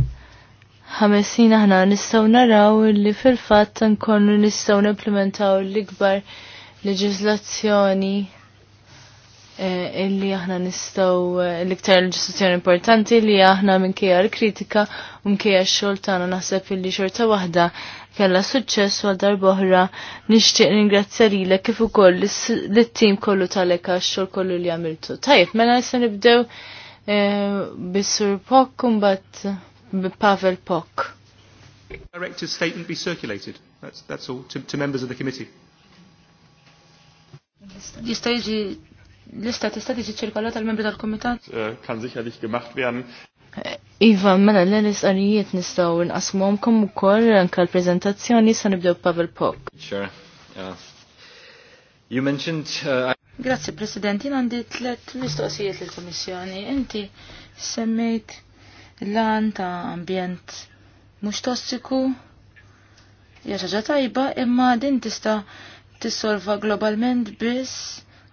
ħamesin aħna nistgħu naraw li fil-fatt nkollu nistgħu nimplementaw l-ikbar leġiżlazzjoni eh, illi aħna nistgħu eh, l-iktar leġiżlazzjoni importanti li aħna minkejja l-kritika u minkejja x-xogħol tagħna naħseb illi xorta waħda kella suċċess għal darboħra nixtieq ningrazzja lilek kif ukoll lit-tim kollu tal eka għax-xogħol kollu li għamiltu. Tajjeb, mela se nibdew eh, bis-Sur Pok u mbagħad Pavel Pok. Director's statement be circulated. That's, that's all to, to members of the committee. Jista' jiġi Lista tista' tiġi ċirkolata l-membri tal-Kumitat? Eh, kan sicherlich gemacht werden. Iva, mela l-elisqarijiet nistaw nqasmuhom kom ukoll anke l-preżentazzjoni sa nibdew Pavel Pok. Sure. Yeah. You mentioned uh, Grazzi President, jien għandi tliet mistoqsijiet lill kummissjoni Inti semmejt l-an ta' ambjent mhux tossiku hija xaġa tajba imma din tista' tissolva globalment biss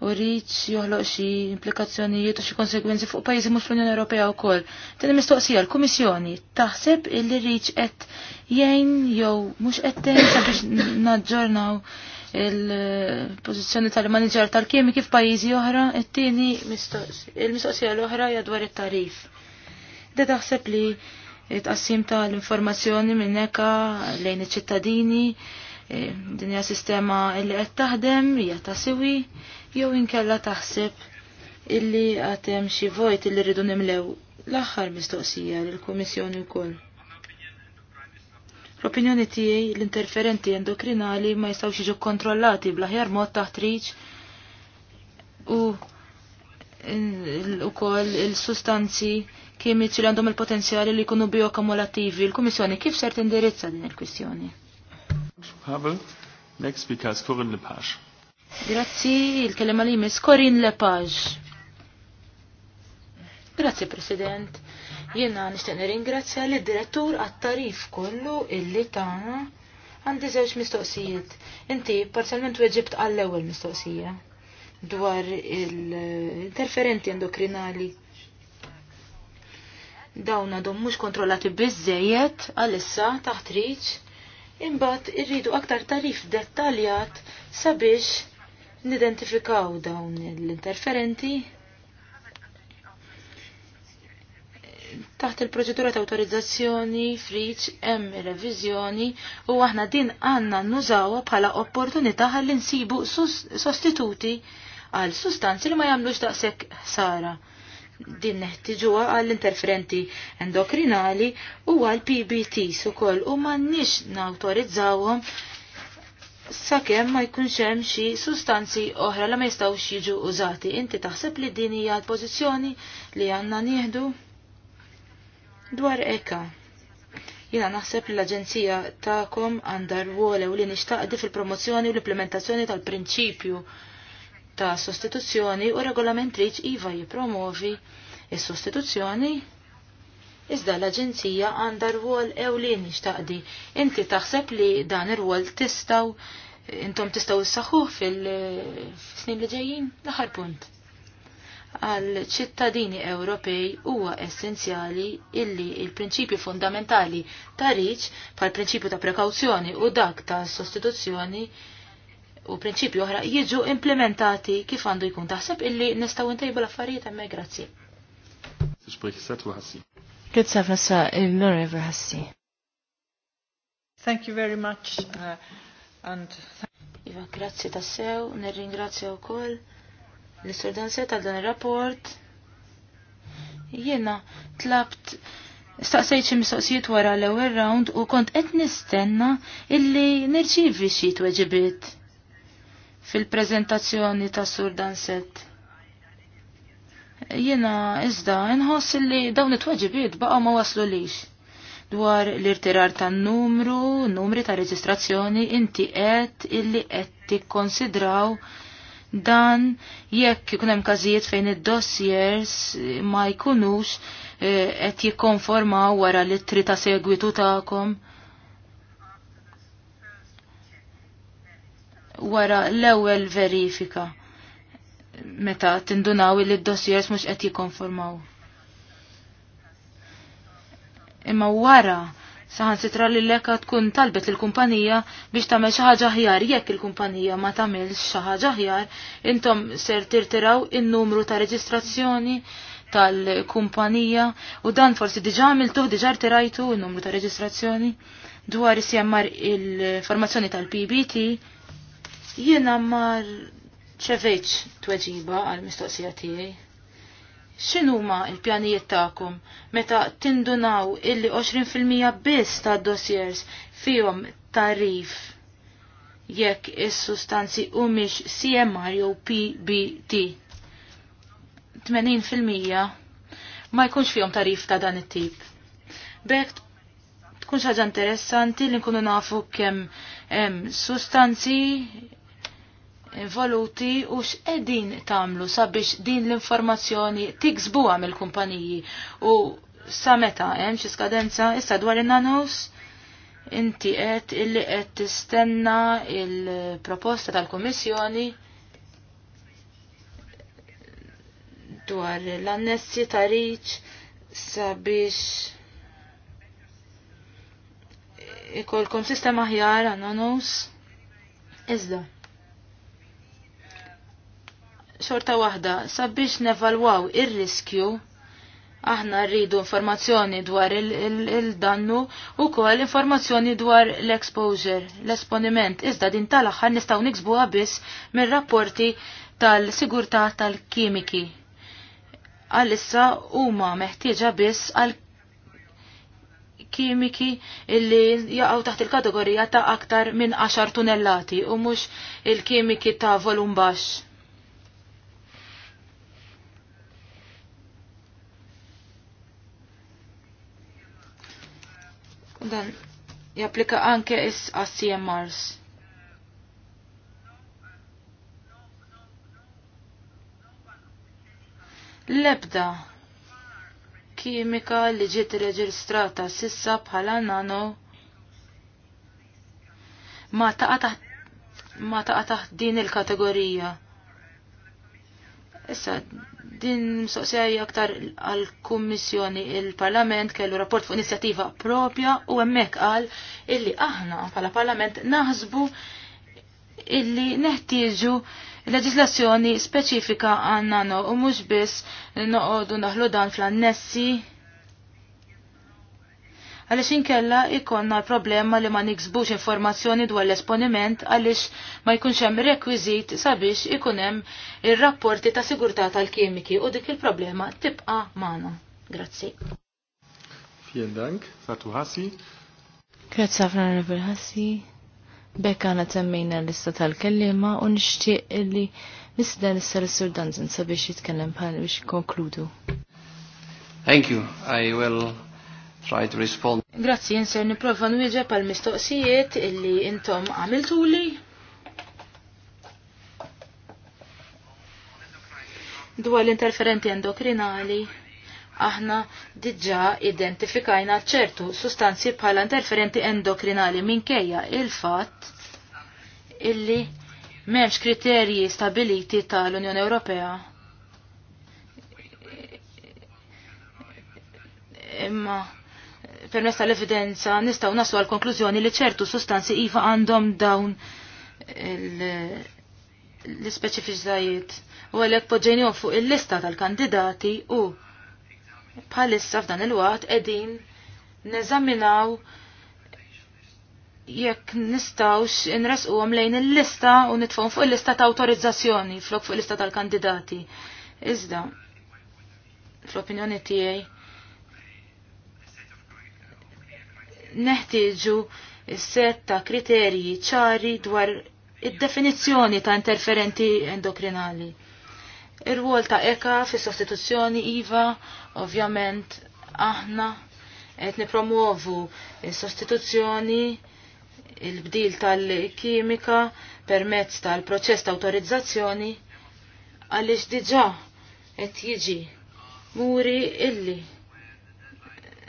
u rridx joħloq xi implikazzjonijiet u xi konsegwenzi fuq pajjiżi mhux l-Unjoni Ewropea wkoll. Tieni mistoqsija l-Kummissjoni taħseb illi rridx qed jgħin jew mhux qed tgħin sabiex naġġornaw il-pożizzjoni tal-manager tal kemi kif pajjiżi oħra, it-tieni il-mistoqsija l-oħra jadwar dwar it-tarif. Da taħseb li tqassim tal-informazzjoni minn eka lejn iċ-ċittadini eh, din hija sistema li qed taħdem hija ta' siwi jew inkella taħseb illi għatem xi vojt illi rridu nimlew l-aħħar mistoqsija lill-Kummissjoni wkoll. L-opinjoni tiegħi l-interferenti endokrinali ma jistgħux jiġu kontrollati bl-aħjar mod taħt riċ u wkoll il-sustanzi kimiċi li għandhom il-potenzjali li jkunu bioakkumulativi. l kummissjoni kif ser tindirizza din il-kwistjoni? Next speaker is Corinne Lepage. Grazzi, il-kelema li jmiss Corin Lepage. Grazzi, President. Jena nishtiq ringrazzja li direttur għat-tarif kollu illi tagħna għandi żewġ mistoqsijiet. Inti u weġibt għall-ewwel mistoqsija dwar il-interferenti endokrinali. Dawn għadhom mhux kontrollati biżejjed għalissa taħt riċ imbagħad irridu aktar tarif dettaljat sabiex nidentifikaw dawn l-interferenti taħt il-proċedura ta' autorizzazzjoni friċ hemm reviżjoni u aħna din għandna nużawa bħala opportunità ħalli nsibu sostituti għal sustanzi li ma jagħmlux daqshekk ħsara. Din neħtiġuha għall interferenti endokrinali u għal PBTs ukoll u m'għandniex nawtorizzawhom sakemm ma jkunx hemm xi sustanzi oħra li ma jistgħux jiġu użati. Inti taħseb li din hija l-pożizzjoni li għandna nieħdu dwar eka. Jina naħseb li l-Aġenzija ta'kom għandha u li nixtaqdi fil-promozzjoni u l-implementazzjoni tal-prinċipju ta' sostituzzjoni u regolament riċ iva jipromovi is-sostituzzjoni Iżda l-Aġenzija għandha rwol ewlieni xtaqdi. Inti taħseb li dan ir-rwol tistaw intom tistaw issaħħuh fil-snin li ġejjin? L-aħħar punt. Għal ċittadini Ewropej huwa essenzjali illi il-prinċipju fundamentali ta' riċ pal prinċipju ta' prekawzjoni u dak ta' sostituzzjoni u prinċipju oħra jiġu implementati kif għandu jkun taħseb illi nistaw ntejbu l-affarijiet hemmhekk grazzi. Grazie ħafna sa l-Onorevole Hassi. Thank you very much. Uh, and Iva, grazzi ta' sew, nirringrazzja u koll l-istudenza ta' dan il-rapport. Jena tlabt Staqsejt xi mistoqsijiet wara l-ewwel round u kont qed nistenna illi nirċivi xi tweġibiet fil-preżentazzjoni ta' Sur Danset. Jena, iżda, nħoss li dawn it-tweġibiet baqgħu ma waslu lix. Dwar l-irtirar ta' numru, numri ta' reġistrazzjoni, inti qed illi qed tikkonsidraw dan jekk ikun hemm każijiet fejn id-dossiers ma jkunux eh, qed jikkonformaw wara l-ittri ta' segwitu tagħkom. Wara l-ewwel verifika meta tindunaw li d-dossiers mhux qed jikkonformaw. Imma wara saħan sitra li l-leka tkun talbet il-kumpanija biex tamel xaħġa ħjar, jekk il-kumpanija ma tamel xaħġa ħjar, intom ser tirtiraw il-numru ta' reġistrazzjoni tal-kumpanija u dan forsi diġa għamiltuħ diġa rtirajtu il-numru ta' reġistrazzjoni dwar isjemmar il-formazzjoni tal-PBT jiena mar ċeveċ tweġiba għal mistoqsija tiegħi. X'inhuma l-pjanijiet tagħkom meta tindunaw illi 20% biss tad dossiers fihom tarif jekk is-sustanzi humiex CMR jew PBT. 80% ma jkunx fihom tarif ta' dan it-tip. Bek tkun ħaġa interessanti li nkunu nafu kemm hemm sustanzi involuti u x'qegħdin tagħmlu sabiex din l-informazzjoni tiksbuha mill-kumpaniji u sa meta hemm xi skadenza issa dwar in-nanos inti qed illi qed tistenna il-proposta tal-Kummissjoni dwar l-annessi ta' riċ sabiex ikolkom sistema ħjar anonus. Iżda xorta waħda sabiex nevalwaw ir-riskju aħna rridu informazzjoni dwar il-dannu u kol informazzjoni dwar l-exposure, l-esponiment. Iżda din tal-axħar nistaw niksbu biss minn rapporti tal-sigurtà tal-kimiki. Għalissa huma meħtieġa biss għal kimiki illi jaqgħu taħt il-kategorija ta' aktar minn 10 tunellati u mhux il-kimiki ta' volum baxx Dan japplika anke is CMRs. Lebda kimika li ġiet reġistrata sissa bħala nano ma taqa taħt ma taqa taħt din il-kategorija. Issa Din mistoqsija aktar għal-Kummissjoni il-Parlament kellu rapport fuq inizjattiva propja u hemmhekk qal illi aħna bħala Parlament naħsbu illi neħtieġu leġislazzjoni speċifika no u mhux biss noqogħdu naħlu dan fl-annessi Għaliex inkella ikonna problema li ma niksbux informazzjoni dwar l-esponiment għaliex ma jkunx hemm rekwiżit sabiex ikun hemm ir-rapporti ta' sigurtà tal-kimiki u dik il-problema tibqa' magħna. Grazzi. Vielen Dank, Satu Hassi. Grazzi ħafna Rebel Hassi. Bekk għana temmejna l-lista tal-kellima u nixtieq li nisda nissa l-Sur Danzen sabiex jitkellem bħal biex konkludu. Thank you. I will try to respond. Grazzi, jinser niprofa nwieġa pal mistoqsijiet illi intom għamiltuli. Dwar l-interferenti endokrinali, aħna diġa identifikajna ċertu sustanzi bħala interferenti endokrinali minkejja il-fatt illi memx kriterji stabiliti tal-Unjoni Ewropea imma permessa l evidenza nistaw naslu għal konklużjoni li ċertu sustanzi iva għandhom dawn l-speċifiċdajiet u għalek poġġenjom fuq il-lista tal-kandidati u bħalissa f'dan il-waqt edin neżaminaw jekk nistawx inresqu għom lejn il-lista u nitfon fuq il-lista ta' autorizzazzjoni flok fuq il-lista tal-kandidati. Iżda, fl-opinjoni tiegħi, neħtieġu set ta' kriterji ċari dwar id-definizzjoni ta' interferenti endokrinali. Ir-rwol ta' eka fi sostituzzjoni IVA, ovvjament, aħna qed nipromuovu sostituzzjoni il-bdil tal-kimika permezz tal-proċess ta' autorizzazzjoni għaliex diġà qed jiġi muri illi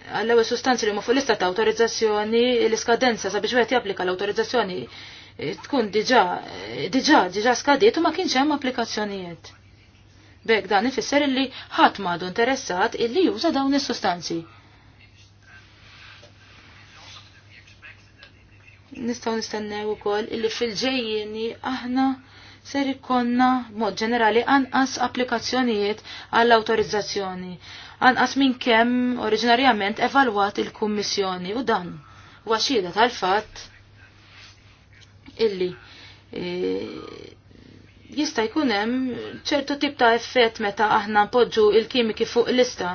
Għallew sustanzi li mufu l lista ta' awtorizzazzjoni l-iskadenza sabiex wieħed japplika l-awtorizzazzjoni eh, tkun diġa' eh, diġa' diġa' skadiet u ma kienx hemm applikazzjonijiet. Bek dan ifisser li ħadd m'għadu interessat illi juża dawn is-sustanzi. Nistgħu nistennew ukoll illi fil-ġejjieni aħna ser ikonna mod ġenerali anqas applikazzjonijiet għall-awtorizzazzjoni anqas minn kemm oriġinarjament evalwat il-Kummissjoni u dan huwa xhieda tal-fatt illi e, jista' jkun hemm ċertu tip ta' effett meta aħna npoġġu il-kimiki fuq lista.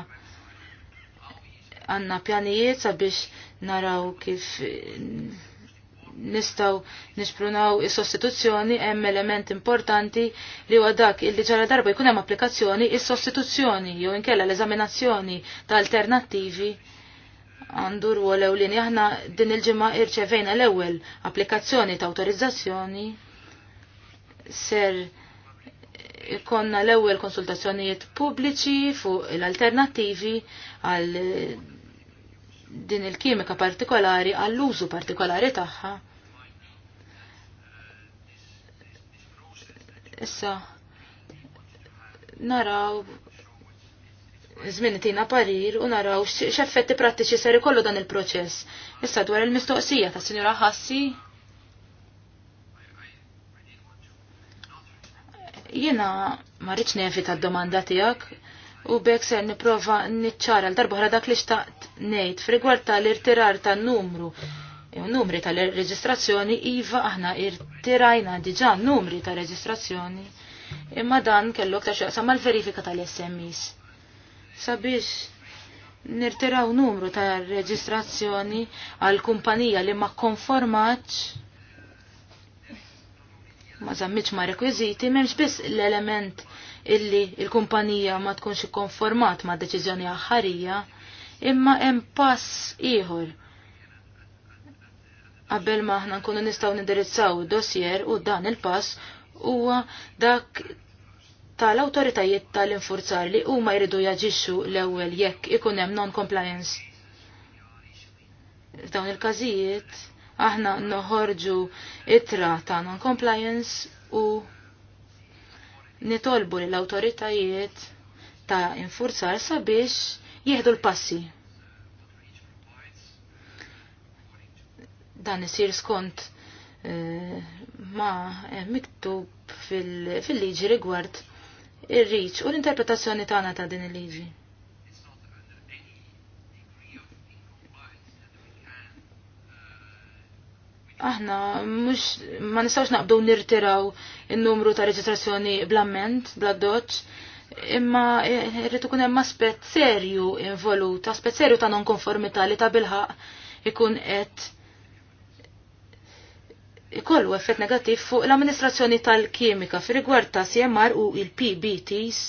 Għanna pjanijiet sabiex naraw kif nistaw nisprunaw is-sostituzzjoni hemm element importanti li huwa dak il-li ġara darba jkun hemm applikazzjoni is-sostituzzjoni jew inkella l-eżaminazzjoni ta' alternattivi għandu rwol ewlieni aħna din il-ġimgħa irċevejna l-ewwel applikazzjoni ta' awtorizzazzjoni ser ikonna l-ewwel konsultazzjonijiet pubbliċi fuq l-alternattivi għal din il-kimika partikolari għall-użu partikolari tagħha. Issa naraw żmien parir u naraw x'effetti prattiċi ser ikollu dan il-proċess. Issa dwar il-mistoqsija ta' Sinjura Ħassi. Jiena ma rridx nefi tad-domanda tiegħek, u b'ek se niprofa niċċara l darbohra dak li xtaqt ngħid f'rigward tal-irtirar tan-numru u numri tal-reġistrazzjoni iva aħna irtirajna diġà numri ta' reġistrazzjoni imma dan kellok aktar xaqsam mal-verifika tal sms Sabiex nirtiraw numru ta' reġistrazzjoni għal kumpanija li ma konformaċ ma zammiċ ma rekwiziti memx biss l-element illi il-kumpanija ma tkunx ikkonformat ma' deċiżjoni aħħarija, imma hemm pass ieħor qabel ma aħna nkunu nistgħu nindirizzaw dossier u dan il-pass huwa dak tal-awtoritajiet tal-infurzar li huma jridu jaġixxu l-ewwel jekk ikun hemm non-compliance. F'dawn il-każijiet aħna noħorġu itra ta' non-compliance u nitolbu l awtoritajiet ta' infurzar sabiex jieħdu l-passi. Dan isir skont eh, ma miktub fil-liġi rigward ir-riċ u l-interpretazzjoni tagħna ta' din il-liġi. Aħna mhux ma nistgħux naqbdu nirtiraw in-numru ta' reġistrazzjoni bl-amment, bla-doċ, imma eh, rritu ikun hemm spet serju involuta, spet serju ta' nonkonformità li ta' bilħaq ikun qed ikollu effett negattiv fuq l-amministrazzjoni tal-kimika fi rigward ta' CMR u il-PBTs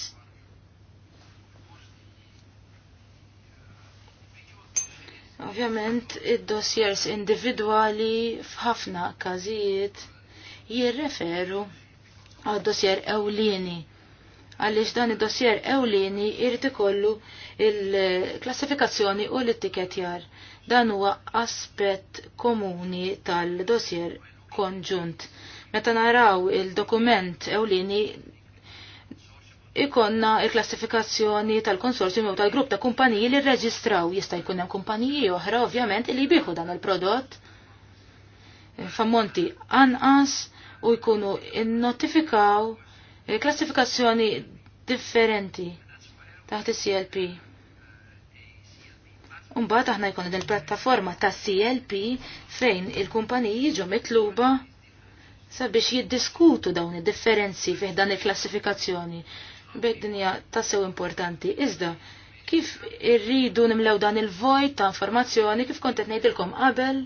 Ovvjament, id-dossiers individwali f'ħafna każijiet jirreferu għad dossier ewlieni. Għaliex dan id-dossier ewlieni jrid ikollu il-klassifikazzjoni u l-ittiketjar. Dan huwa aspett komuni tal-dossier konġunt. Meta naraw il-dokument ewlieni ikonna il-klassifikazzjoni tal-konsorzjum u tal-grupp ta' kumpaniji li rreġistraw jista' jkun hemm kumpaniji oħra ovvjament li jbieħu dan il-prodott eh, f'ammonti anqas u jkunu nnotifikaw eh, klassifikazzjoni differenti taħt is-CLP. Umbagħad aħna jkun din il-plattaforma ta' CLP fejn il-kumpaniji jiġu mitluba sabiex jiddiskutu dawn id-differenzi fih dan il-klassifikazzjoni bid-dinja tassew importanti. Iżda, kif irridu nimlew dan il-vojt ta' informazzjoni kif kontet ngħidilkom qabel?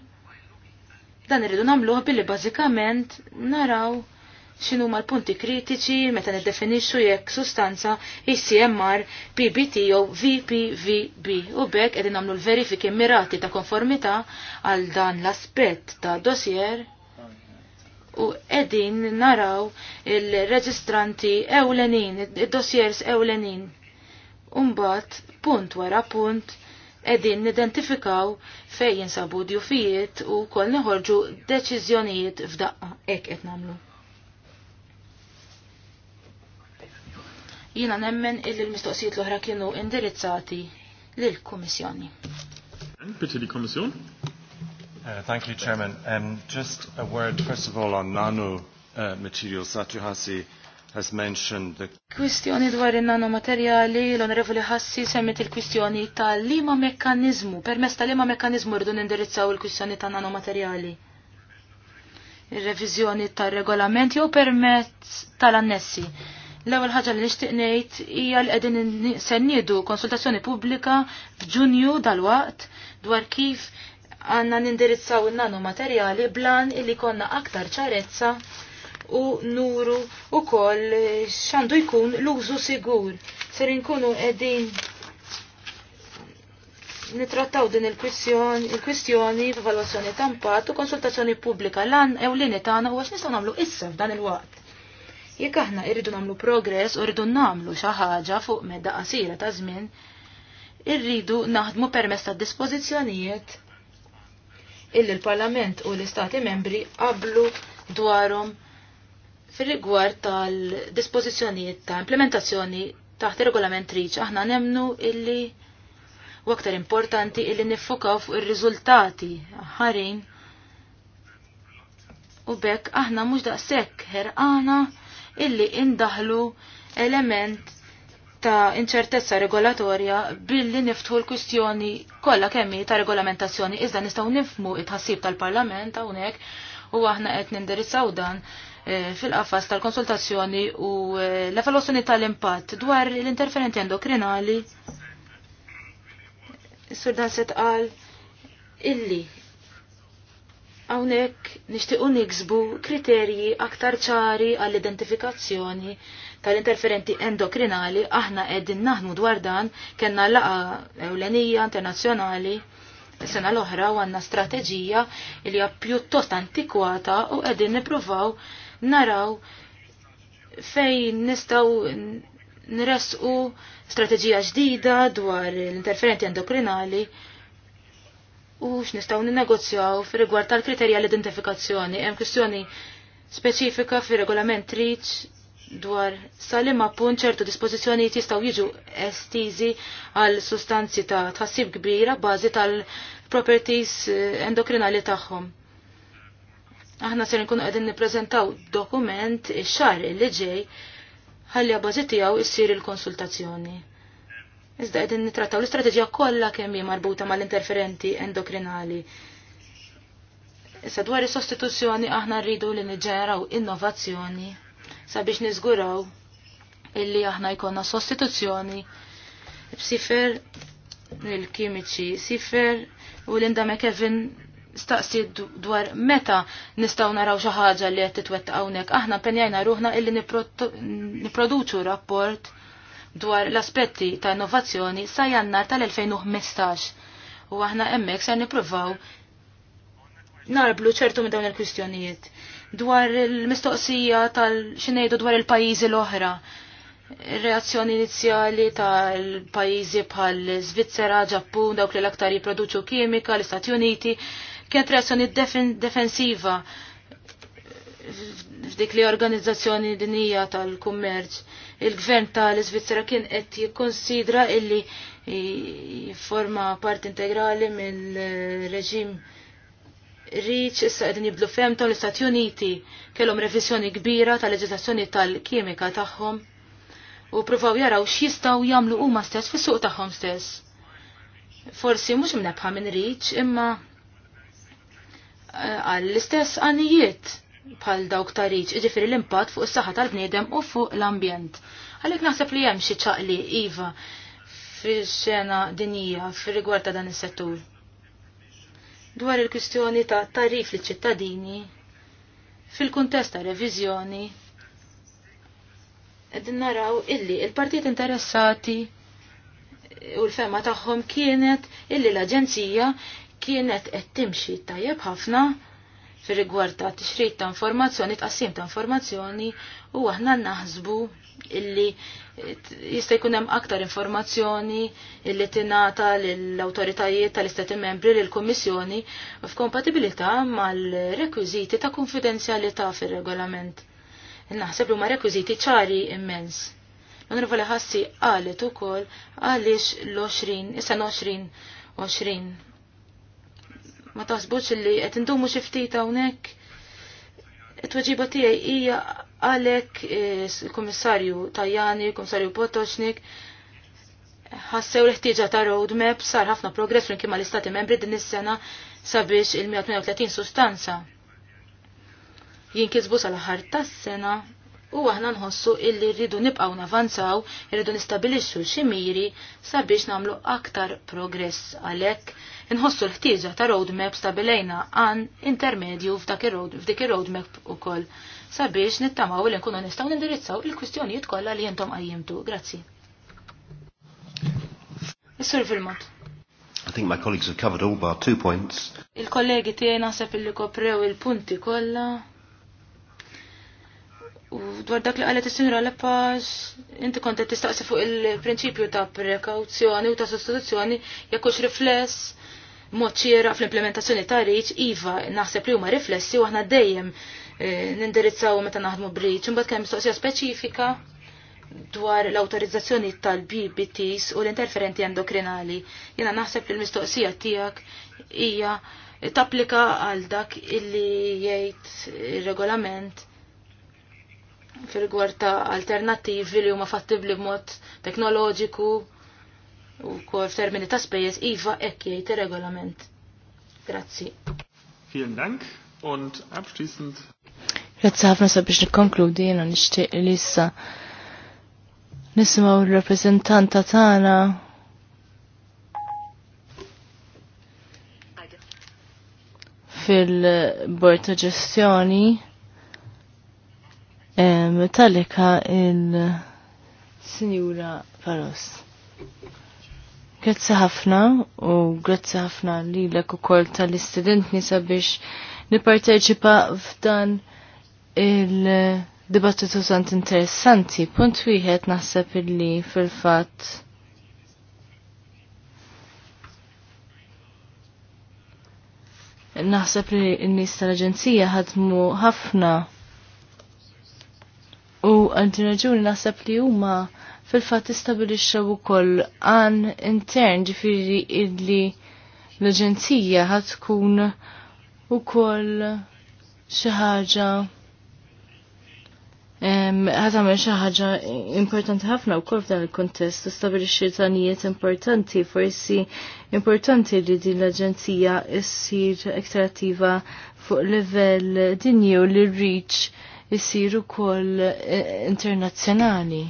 Dan irridu namluħ billi bażikament naraw ma l punti kritiċi meta niddefinixxu jekk sustanza ICMR, e PBT jew VPVB u bekk edin nagħmlu l-verifiki mirati ta' konformità għal dan l-aspett ta' dossier u edin naraw il-reġistranti ewlenin, il-dossiers ewlenin. Umbat, punt wara punt, edin nidentifikaw fej jinsabu djufijiet u kol neħorġu deċizjonijiet f'daqqa, ek et namlu. Jina nemmen il-mistoqsijiet l-oħra kienu indirizzati l komissjoni Bitte die Kommission. Uh, thank you, Chairman. Um, just a word, first of all, on nano uh, materials. Satu has mentioned the... Kwistjoni dwar il-nanomaterjali, l-onorevoli Hassi semmet il-kwistjoni ta' lima mekkanizmu, permess ta' lima mekkanizmu rridu nindirizzaw il-kwistjoni ta' nanomaterjali. Il-revizjoni ta' regolament jew permezz tal-annessi. L-ewwel ħaġa li nixtieq ngħid hija li qegħdin se konsultazzjoni pubblika f'Ġunju waqt dwar kif għanna nindirizzaw il-nano materjali blan illi konna aktar ċarezza u nuru u koll xandu jkun l-użu sigur. Ser nkunu edin nitrattaw din il-kwistjoni, il-kwistjoni b'valwazzjoni tampat u konsultazzjoni pubblika lan li netana u għax nistaw nagħmlu issa f'dan il-waqt. Jekk aħna irridu nagħmlu progress u rridu nagħmlu xi ħaġa fuq medda qasira ta' żmien, irridu naħdmu permess tad dispożizzjonijiet illi l-Parlament u l-Istati membri qablu dwarhom fil-rigward tal-dispożizzjonijiet ta' implementazzjoni taħt regolament Reach. Aħna nemnu illi u aktar importanti illi niffokaw fuq ir-riżultati ħarin u bekk aħna mhux daqshekk ħerqana illi indaħlu element ta' inċertezza regolatorja billi niftħu l-kwistjoni kollha kemmi ta' regolamentazzjoni iżda nistgħu nifmu it-ħassib tal-Parlament hawnhekk u aħna qed nindirizzaw dan e, fil-qafas tal-konsultazzjoni u e, l-evaluazzjoni tal-impatt dwar l-interferenti endokrinali Sur Daset qal illi hawnhekk nixtiequ niksbu kriterji aktar ċari għall-identifikazzjoni tal-interferenti endokrinali aħna qegħdin naħnu dwar dan kellna laqa ewlenija internazzjonali sena l-oħra u għandna strateġija li hija pjuttost antikwata u qegħdin nippruvaw naraw fejn nistgħu nresqu strateġija ġdida dwar l-interferenti endokrinali u x'nistgħu ninnegozjaw fir-rigward tal-kriterja l-identifikazzjoni. Hemm kwistjoni speċifika fir-regolament REACH dwar salim appun ċertu dispożizzjoni jistgħu jiġu estiżi għal sustanzi ta' tħassib kbira bażi tal-properties eh, endokrinali tagħhom. Aħna ser nkunu qegħdin nippreżentaw dokument ix-xahar li ġej ħalli bażi tiegħu issir il-konsultazzjoni. Iżda qegħdin nitrattaw l-istrateġija kollha kemm hi marbuta mal-interferenti endokrinali. Issa dwar is-sostituzzjoni aħna rridu li niġġeraw innovazzjoni sabiex niżguraw illi aħna jkollna sostituzzjoni b'sifer il-kimiċi sifer u Linda kevin staqsi dwar meta nistaw naraw xi ħaġa li qed titwettaq hawnhekk. Aħna penjajna ruħna illi niproduċu rapport dwar l-aspetti ta' innovazzjoni sa jannar tal-2015. U aħna hemmhekk se nippruvaw narblu ċertu minn dawn il-kwistjonijiet dwar il-mistoqsija tal-xinejdu dwar il-pajizi l-oħra. Reazzjoni inizjali tal-pajizi bħal Svizzera, Ġappun, dawk li l-aktar jiproduċu kimika, l-Istati Uniti, kienet reazzjoni defensiva f'dik li organizzazzjoni dinija tal-kummerċ. Il-gvern tal-Svizzera kien qed jikkonsidra illi forma part integrali mill-reġim Riċ issa qegħdin jibdlu ta' l-Istati Uniti kellhom reviżjoni kbira tal leġislazzjoni tal-kimika tagħhom u pruvaw jaraw x'jistgħu jagħmlu huma stess fis-suq tagħhom stess. Forsi mhux mnebħa minn riċ imma eh, għall-istess għanijiet bħal dawk ta' riċ, iġifieri l-impatt fuq is-saħħa tal-bniedem u fuq l-ambjent. Għalhekk naħseb li hemm xi ċaqli iva fix-xena dinija fir-rigward ta' dan is-settur dwar il-kwistjoni ta' tarif li ċittadini fil-kuntest ta' revizjoni qegħdin naraw illi il partiet interessati u l-fema tagħhom kienet illi l-aġenzija kienet qed timxi tajjeb ħafna fir rigward ta' tixrid ta' informazzjoni, tqassim ta' informazzjoni u aħna naħsbu illi eh, jista' jkun hemm aktar informazzjoni illi tingħata lill-awtoritajiet tal-Istati Membri lill-Kummissjoni f'kompatibilità mal-rekwiżiti ta' konfidenzjalità fir-regolament. Naħseb li huma rekwiżiti ċari immens. L-Onorevoli Ħassi qalet ukoll għaliex l-20, issa l-20, 20. Ma taħsbux li qed indumu xi ftit hawnhekk it-tweġiba tiegħi hija Għalek eh, il-Komissarju Tajani, il-Komissarju Potoċnik, ħassew l-ħtieġa ta' roadmap sar ħafna progress kima mal-Istati membri din is-sena sabiex il-138 sustanza jinkisbu sal-aħħar tas-sena u aħna nħossu illi rridu nibqaw navanzaw, rridu nistabilixxu ximiri sabiex nagħmlu aktar progress għalhekk. Nħossu l-ħtieġa ta' roadmap stabilejna għan intermedju f'dik ir-roadmap ukoll sabiex nittamaw li nkunu nistgħu nindirizzaw il-kwistjonijiet kollha li jentom għajjimtu. Grazzi. Is-Sur Vilmot. I think my colleagues have covered all bar two points. Il-kollegi tiegħi naħseb illi koprew il-punti kollha. U dwar dak li qalet is sinra Lepaż, inti kont qed tistaqsi fuq il-prinċipju ta' prekawzjoni u ta' sostituzzjoni jekk hux rifless mod ċira fl-implementazzjoni ta' riċ iva naħseb li huma riflessi u aħna dejjem Eh, nindirizzaw meta naħdmu breach. Imbagħad kemm mistoqsija speċifika dwar l-autorizzazzjoni tal-BBTs u l-interferenti endokrinali. Jena naħseb li l-mistoqsija tiegħek hija tapplika għal dak illi jgħid regolament fil-gwar ta' alternativi li huma fattibli b'mod teknoloġiku u kol f'termini ta' spejjeż iva hekk jgħid ir-regolament. Grazzi. Vielen Dank und abschließend Grazzi ħafna sabiex nikkonkludi jiena nixtieq li issa nisimgħu r-rappreżentanta tagħna fil-bord ta' ġestjoni tal-eka il-Sinjura Paros. Grazzi ħafna u grazzi ħafna li l-ek u kol tal-istudentni sabiex niparteċipa f'dan il-dibattitu sant interessanti. Punt wieħed naħseb illi fil-fatt naħseb li n-nies tal-Aġenzija ħadmu ħafna u għandi raġuni naħseb li huma fil-fatt istabilixxew ukoll għan intern ġifieri illi l-Aġenzija ħad tkun ukoll xi ħaġa Għazam xi ħaġa importanti ħafna wkoll f'dan il kontest u stabilixxi tanijiet importanti forsi importanti li din l-aġenzija ssir iktar attiva fuq livell dinji u li reach issir ukoll e, internazzjonali.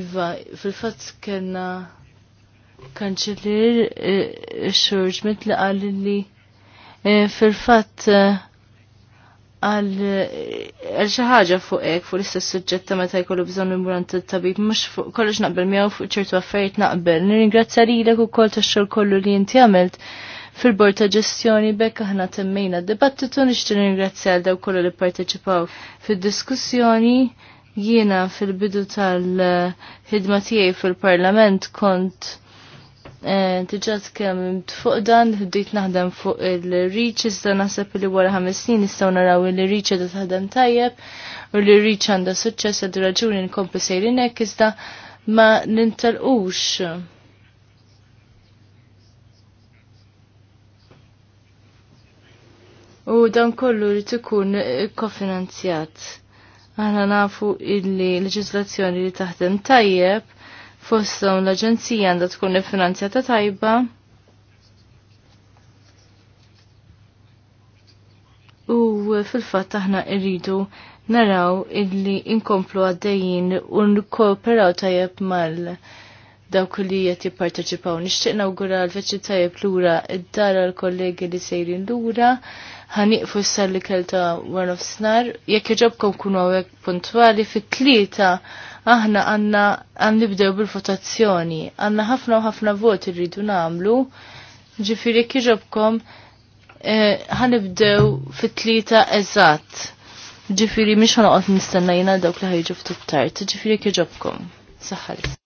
Iva, fil-fatt kellna kanċellier e, Xurġ li għalli e, li fil-fatt għal xi ħaġa fuq hekk fuq l-istess suġġett ta' meta jkollu bżonn imburant t tabib mhux fuq kollox naqbel miegħu fuq ċertu affarijiet naqbel. Nirringrazzja lilek ukoll tax-xogħol kollu li jinti għamilt fil-bord ta' ġestjoni bekk aħna temmejna d-dibattitu nixtieq nirringrazzja għal kollu li parteċipaw fid-diskussjoni. Jiena fil-bidu tal-ħidma tiegħi fil-Parlament kont Tiġat eh, kemm fuq dan ħdejt naħdem fuq il-riċ, iżda naħseb li wara ħames snin nistgħu naraw il-riċ da taħdem tajjeb u li riċ għandha suċċess għad raġuni nkompli sejrin iżda ma nintalqux. U dan kollu li ikun kofinanzjat. Aħna nafu illi leġislazzjoni li taħdem tajjeb fostom l-Aġenzija għandha tkun iffinanzjata tajba. U fil-fatt aħna rridu naraw illi inkomplu għaddejjin u nkooperaw tajjeb mal dawk li qed jipparteċipaw. Nixtieq nawgura l-veċċi tajjeb lura id-dara l-kollegi li sejrin lura ħaniqfu s-sar li kelta of snar, jekk jġobkom kunu għawek puntuali fit-tlieta aħna għanna għan nibdew bil-votazzjoni, għanna ħafna u ħafna voti rridu namlu, ġifiri kħiġobkom għan eh, fit-tlita eżatt. Ġifiri, miex għot nistenna jina dawk li ħajġu ftit tard, ġifiri kħiġobkom. Saħħal.